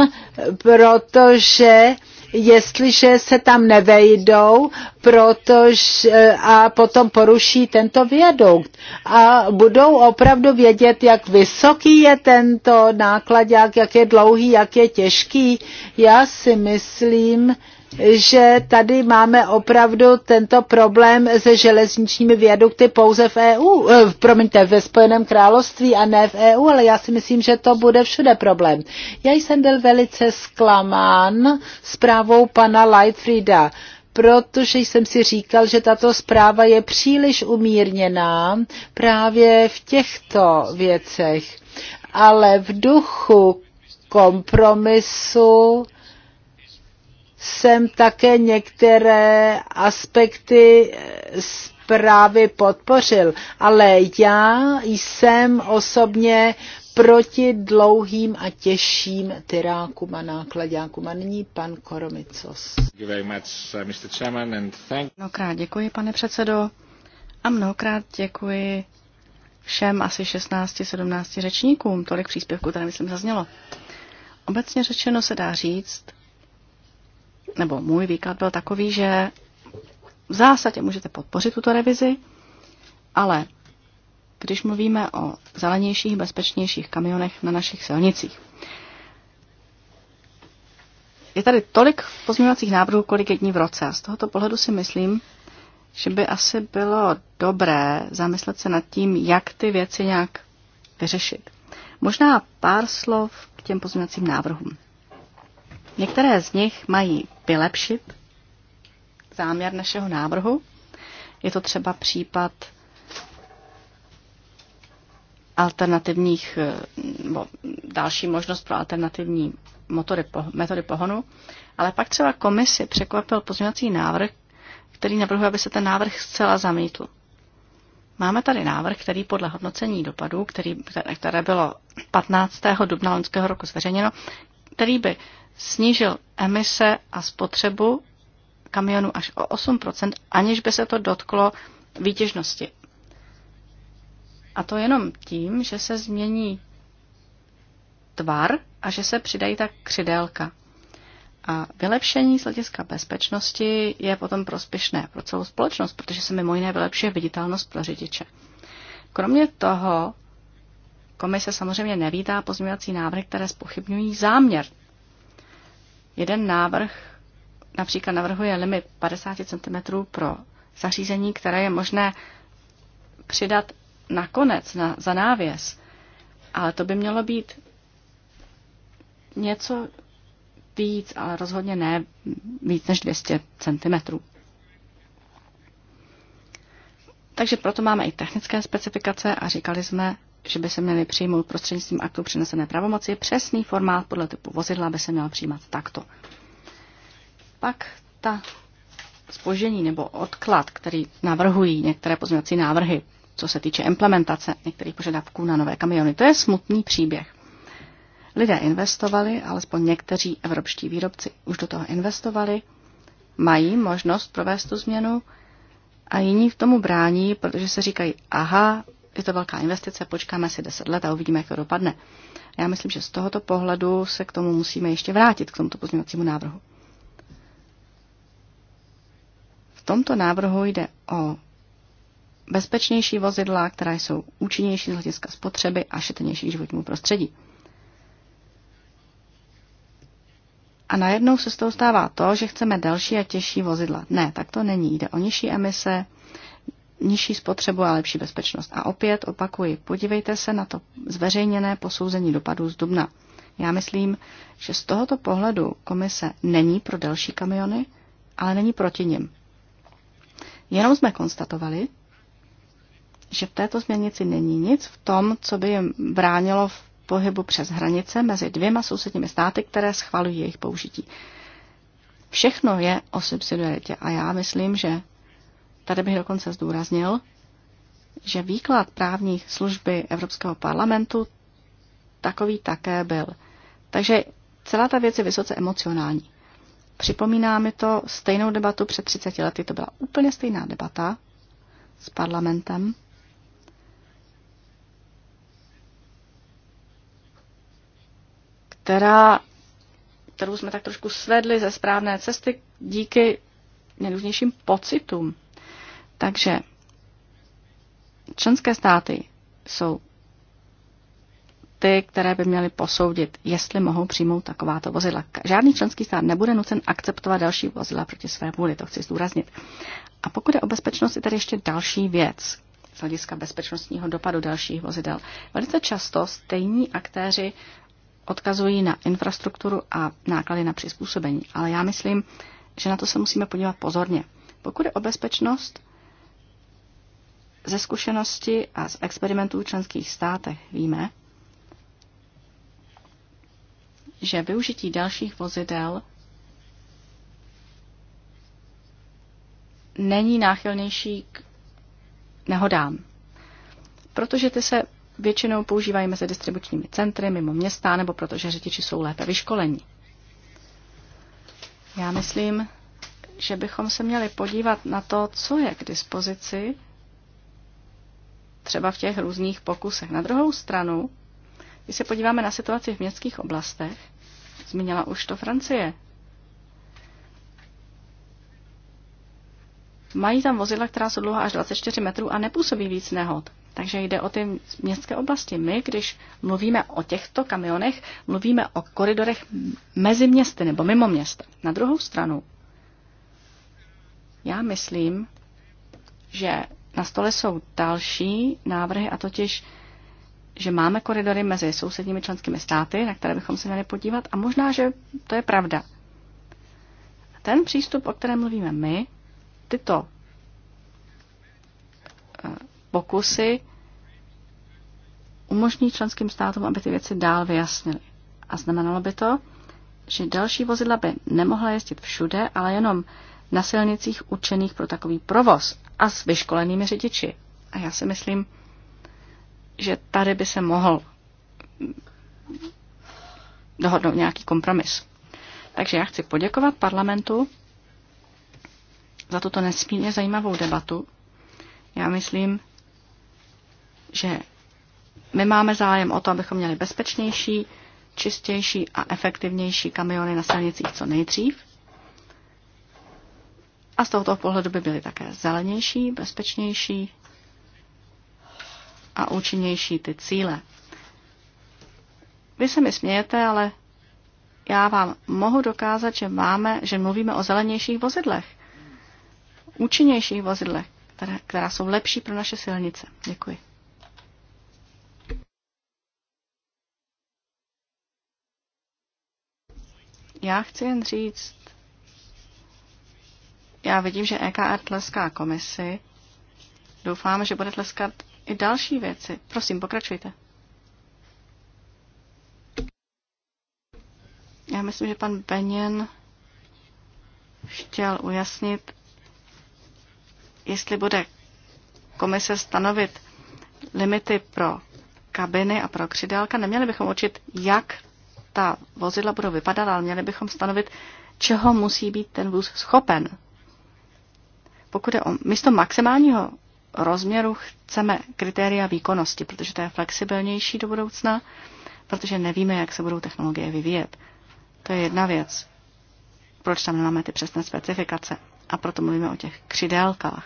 protože jestliže se tam nevejdou protože, a potom poruší tento viadukt. A budou opravdu vědět, jak vysoký je tento nákladák, jak je dlouhý, jak je těžký. Já si myslím, že tady máme opravdu tento problém se železničními viadukty pouze v EU, eh, promiňte, ve Spojeném království a ne v EU, ale já si myslím, že to bude všude problém. Já jsem byl velice zklamán zprávou pana Lightfrieda, protože jsem si říkal, že tato zpráva je příliš umírněná právě v těchto věcech. Ale v duchu kompromisu jsem také některé aspekty eh, zprávy podpořil, ale já jsem osobně proti dlouhým a těžším tyrákům a nákladňákům. A nyní pan Koromicos. Uh, mnohokrát děkuji, pane předsedo, a mnohokrát děkuji všem asi 16-17 řečníkům. Tolik příspěvků tady, myslím, zaznělo. Obecně řečeno se dá říct, nebo můj výklad byl takový, že v zásadě můžete podpořit tuto revizi, ale když mluvíme o zelenějších, bezpečnějších kamionech na našich silnicích. Je tady tolik pozměňovacích návrhů, kolik je dní v roce a z tohoto pohledu si myslím, že by asi bylo dobré zamyslet se nad tím, jak ty věci nějak vyřešit. Možná pár slov k těm pozměňovacím návrhům. Některé z nich mají vylepšit záměr našeho návrhu. Je to třeba případ alternativních, eh, nebo další možnost pro alternativní motory, metody pohonu. Ale pak třeba komisi překvapil pozměňovací návrh, který navrhuje, aby se ten návrh zcela zamítl. Máme tady návrh, který podle hodnocení dopadů, který, které bylo 15. dubna loňského roku zveřejněno, který by snížil emise a spotřebu kamionů až o 8%, aniž by se to dotklo výtěžnosti. A to jenom tím, že se změní tvar a že se přidají ta křidélka. A vylepšení z hlediska bezpečnosti je potom prospěšné pro celou společnost, protože se mimo jiné vylepšuje viditelnost pro řidiče. Kromě toho, komise samozřejmě nevítá pozměňovací návrhy, které spochybňují záměr Jeden návrh například navrhuje limit 50 cm pro zařízení, které je možné přidat na konec, na, za návěs. Ale to by mělo být něco víc, ale rozhodně ne víc než 200 cm. Takže proto máme i technické specifikace a říkali jsme, že by se měly přijmout prostřednictvím aktu přenesené pravomoci. Přesný formát podle typu vozidla by se měl přijímat takto. Pak ta spožení nebo odklad, který navrhují některé pozměňovací návrhy, co se týče implementace některých požadavků na nové kamiony, to je smutný příběh. Lidé investovali, alespoň někteří evropští výrobci už do toho investovali, mají možnost provést tu změnu a jiní v tomu brání, protože se říkají, aha, je to velká investice, počkáme si 10 let a uvidíme, jak to dopadne. Já myslím, že z tohoto pohledu se k tomu musíme ještě vrátit, k tomuto pozměňovacímu návrhu. V tomto návrhu jde o bezpečnější vozidla, která jsou účinnější z hlediska spotřeby a šetrnější k životnímu prostředí. A najednou se z toho stává to, že chceme další a těžší vozidla. Ne, tak to není. Jde o nižší emise, nižší spotřebu a lepší bezpečnost. A opět opakuji, podívejte se na to zveřejněné posouzení dopadů z Dubna. Já myslím, že z tohoto pohledu komise není pro další kamiony, ale není proti nim. Jenom jsme konstatovali, že v této změnici není nic v tom, co by jim bránilo v pohybu přes hranice mezi dvěma sousedními státy, které schvalují jejich použití. Všechno je o subsidiaritě a já myslím, že Tady bych dokonce zdůraznil, že výklad právní služby Evropského parlamentu takový také byl. Takže celá ta věc je vysoce emocionální. Připomíná mi to stejnou debatu před 30 lety. To byla úplně stejná debata s parlamentem. Která, kterou jsme tak trošku svedli ze správné cesty díky nejrůznějším pocitům. Takže členské státy jsou ty, které by měly posoudit, jestli mohou přijmout takováto vozidla. Žádný členský stát nebude nucen akceptovat další vozidla proti své vůli, to chci zdůraznit. A pokud je o bezpečnost, je tady ještě další věc z hlediska bezpečnostního dopadu dalších vozidel. Velice často stejní aktéři odkazují na infrastrukturu a náklady na přizpůsobení, ale já myslím, že na to se musíme podívat pozorně. Pokud je o bezpečnost, ze zkušenosti a z experimentů v členských státech víme, že využití dalších vozidel není náchylnější k nehodám, protože ty se většinou používají mezi distribučními centry mimo města nebo protože řidiči jsou lépe vyškolení. Já myslím, že bychom se měli podívat na to, co je k dispozici třeba v těch různých pokusech. Na druhou stranu, když se podíváme na situaci v městských oblastech, zmínila už to Francie, Mají tam vozidla, která jsou dlouhá až 24 metrů a nepůsobí víc nehod. Takže jde o ty městské oblasti. My, když mluvíme o těchto kamionech, mluvíme o koridorech mezi městy nebo mimo města. Na druhou stranu, já myslím, že na stole jsou další návrhy, a totiž, že máme koridory mezi sousedními členskými státy, na které bychom se měli podívat, a možná, že to je pravda. Ten přístup, o kterém mluvíme my, tyto eh, pokusy umožní členským státům, aby ty věci dál vyjasnili. A znamenalo by to, že další vozidla by nemohla jezdit všude, ale jenom na silnicích určených pro takový provoz a s vyškolenými řidiči. A já si myslím, že tady by se mohl dohodnout nějaký kompromis. Takže já chci poděkovat parlamentu za tuto nesmírně zajímavou debatu. Já myslím, že my máme zájem o to, abychom měli bezpečnější, čistější a efektivnější kamiony na silnicích co nejdřív. A z tohoto pohledu by byly také zelenější, bezpečnější a účinnější ty cíle. Vy se mi smějete, ale já vám mohu dokázat, že máme, že mluvíme o zelenějších vozidlech, účinnějších vozidlech, které, která jsou lepší pro naše silnice. Děkuji. Já chci jen říct, já vidím, že EKR tleská komisi. Doufám, že bude tleskat i další věci. Prosím, pokračujte. Já myslím, že pan Benjen chtěl ujasnit, jestli bude komise stanovit limity pro kabiny a pro křidélka. Neměli bychom učit, jak ta vozidla budou vypadat, ale měli bychom stanovit, čeho musí být ten vůz schopen. Pokud je o místo maximálního rozměru, chceme kritéria výkonnosti, protože to je flexibilnější do budoucna, protože nevíme, jak se budou technologie vyvíjet. To je jedna věc. Proč tam nemáme ty přesné specifikace? A proto mluvíme o těch křidélkách.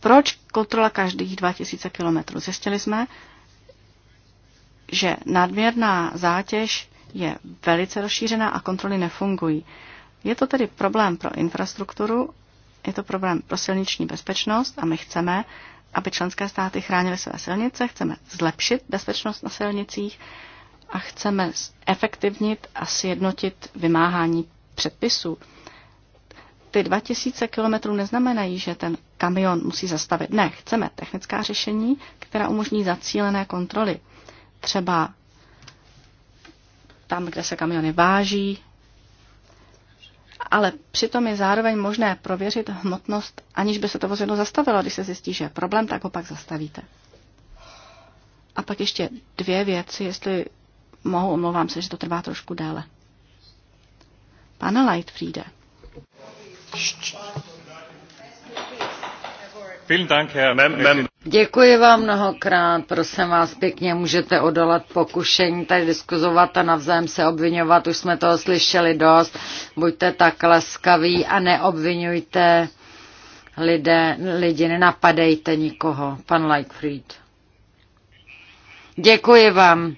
Proč kontrola každých 2000 kilometrů? Zjistili jsme, že nadměrná zátěž je velice rozšířená a kontroly nefungují. Je to tedy problém pro infrastrukturu, je to problém pro silniční bezpečnost a my chceme, aby členské státy chránily své silnice, chceme zlepšit bezpečnost na silnicích a chceme efektivnit a sjednotit vymáhání předpisů. Ty 2000 kilometrů neznamenají, že ten kamion musí zastavit. Ne, chceme technická řešení, která umožní zacílené kontroly. Třeba tam, kde se kamiony váží, ale přitom je zároveň možné prověřit hmotnost, aniž by se to vozidlo zastavilo. Když se zjistí, že je problém, tak ho pak zastavíte. A pak ještě dvě věci, jestli mohu, omlouvám se, že to trvá trošku déle. Pane Lightfriede. Vielen Dank, Herr Děkuji vám mnohokrát, prosím vás pěkně, můžete odolat pokušení tady diskuzovat a navzájem se obvinovat, už jsme toho slyšeli dost, buďte tak laskaví a neobvinujte lidé, lidi, nenapadejte nikoho, pan Lightfried. Děkuji vám,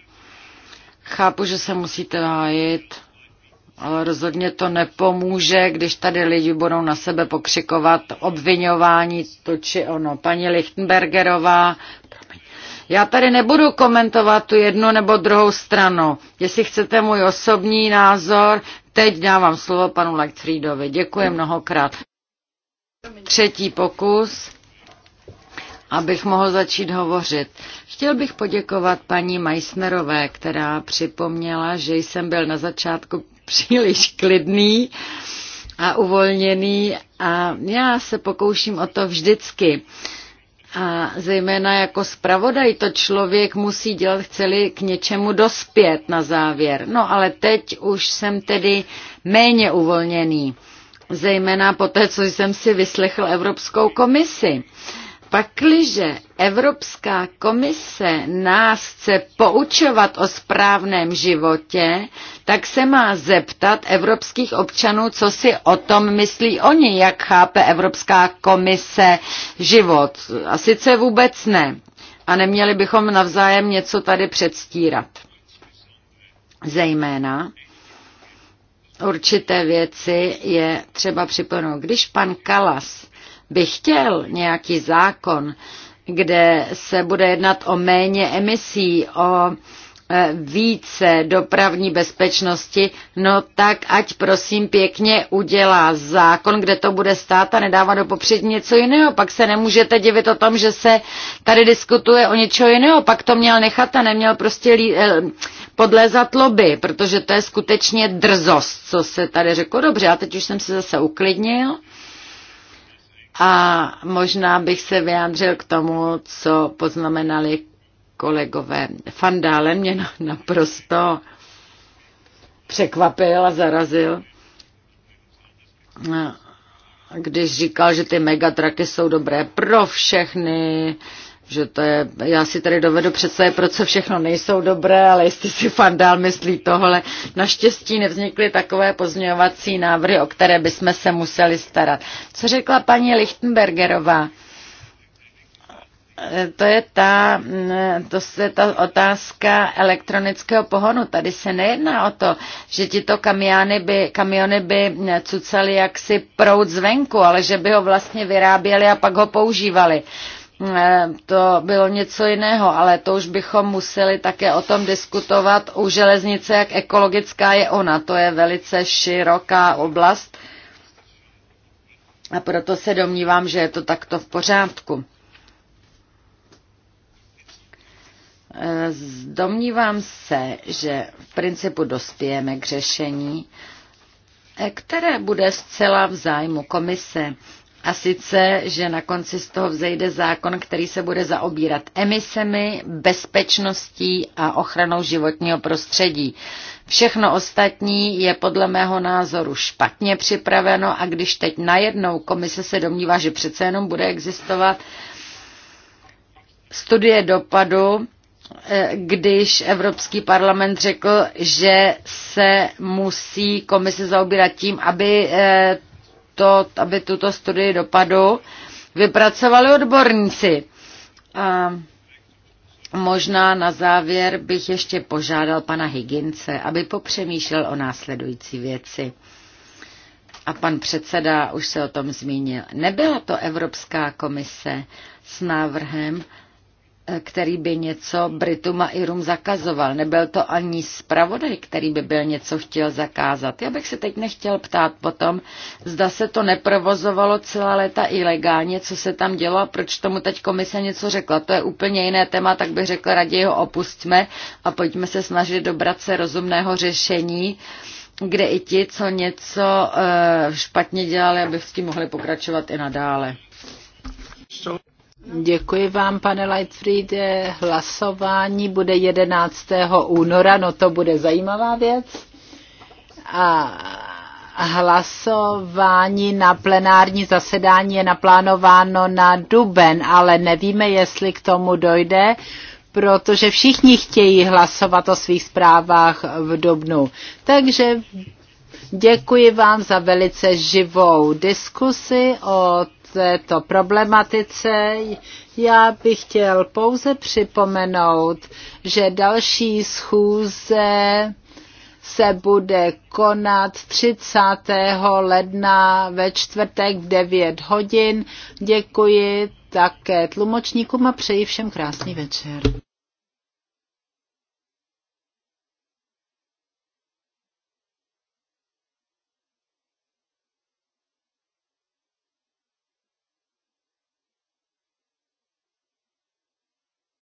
chápu, že se musíte hájit. Ale rozhodně to nepomůže, když tady lidi budou na sebe pokřikovat obvinování to či ono. Paní Lichtenbergerová, já tady nebudu komentovat tu jednu nebo druhou stranu. Jestli chcete můj osobní názor, teď dávám slovo panu Lechtfriedovi. Děkuji mnohokrát. Třetí pokus, abych mohl začít hovořit. Chtěl bych poděkovat paní Meissnerové, která připomněla, že jsem byl na začátku příliš klidný a uvolněný a já se pokouším o to vždycky. A zejména jako zpravodaj to člověk musí dělat, chceli k něčemu dospět na závěr. No ale teď už jsem tedy méně uvolněný, zejména po té, co jsem si vyslechl Evropskou komisi. Uh, Pakliže Evropská komise nás chce poučovat o správném životě, tak se má zeptat evropských občanů, co si o tom myslí oni, jak chápe Evropská komise život. A sice vůbec ne. A neměli bychom navzájem něco tady předstírat. Zejména určité věci je třeba připomenout. Když pan Kalas by chtěl nějaký zákon, kde se bude jednat o méně emisí, o e, více dopravní bezpečnosti, no tak ať prosím pěkně udělá zákon, kde to bude stát a nedává do popředí něco jiného. Pak se nemůžete divit o tom, že se tady diskutuje o něčeho jiného. Pak to měl nechat a neměl prostě lí, e, podlézat lobby, protože to je skutečně drzost, co se tady řeklo. Dobře, já teď už jsem se zase uklidnil. A možná bych se vyjádřil k tomu, co poznamenali kolegové. Fandále mě naprosto překvapil a zarazil, když říkal, že ty megatraky jsou dobré pro všechny, že to je, já si tady dovedu představit, proč se všechno nejsou dobré, ale jestli si Fandál myslí tohle. Naštěstí nevznikly takové pozměňovací návrhy, o které bychom se museli starat. Co řekla paní Lichtenbergerová? E, to je ta, mm, to je ta otázka elektronického pohonu. Tady se nejedná o to, že tyto kamiony by, kamiony by cucali jaksi prout zvenku, ale že by ho vlastně vyráběli a pak ho používali. Eh, to bylo něco jiného, ale to už bychom museli také o tom diskutovat u železnice, jak ekologická je ona. To je velice široká oblast a proto se domnívám, že je to takto v pořádku. Eh, domnívám se, že v principu dospějeme k řešení, eh, které bude zcela v zájmu komise. A sice, že na konci z toho vzejde zákon, který se bude zaobírat emisemi, bezpečností a ochranou životního prostředí. Všechno ostatní je podle mého názoru špatně připraveno a když teď najednou komise se domnívá, že přece jenom bude existovat studie dopadu, eh, když Evropský parlament řekl, že se musí komise zaobírat tím, aby eh, tuto, aby tuto studii dopadu vypracovali odborníci. A možná na závěr bych ještě požádal pana Higince, aby popřemýšlel o následující věci. A pan předseda už se o tom zmínil. Nebyla to Evropská komise s návrhem který by něco Britům a Irům zakazoval. Nebyl to ani zpravodaj, který by byl něco chtěl zakázat. Já bych se teď nechtěl ptát potom, zda se to neprovozovalo celá léta ilegálně, co se tam dělo a proč tomu teď komise něco řekla. To je úplně jiné téma, tak bych řekla, raději ho opustíme a pojďme se snažit dobrat se rozumného řešení kde i ti, co něco eh, špatně dělali, aby s tím mohli pokračovat i nadále. Děkuji vám, pane Lightfriede. Hlasování bude 11. února, no to bude zajímavá věc. A hlasování na plenární zasedání je naplánováno na duben, ale nevíme, jestli k tomu dojde, protože všichni chtějí hlasovat o svých zprávách v dubnu. Takže děkuji vám za velice živou diskusi o této problematice. Já bych chtěl pouze připomenout, že další schůze se bude konat 30. ledna ve čtvrtek v 9 hodin. Děkuji také tlumočníkům a přeji všem krásný večer.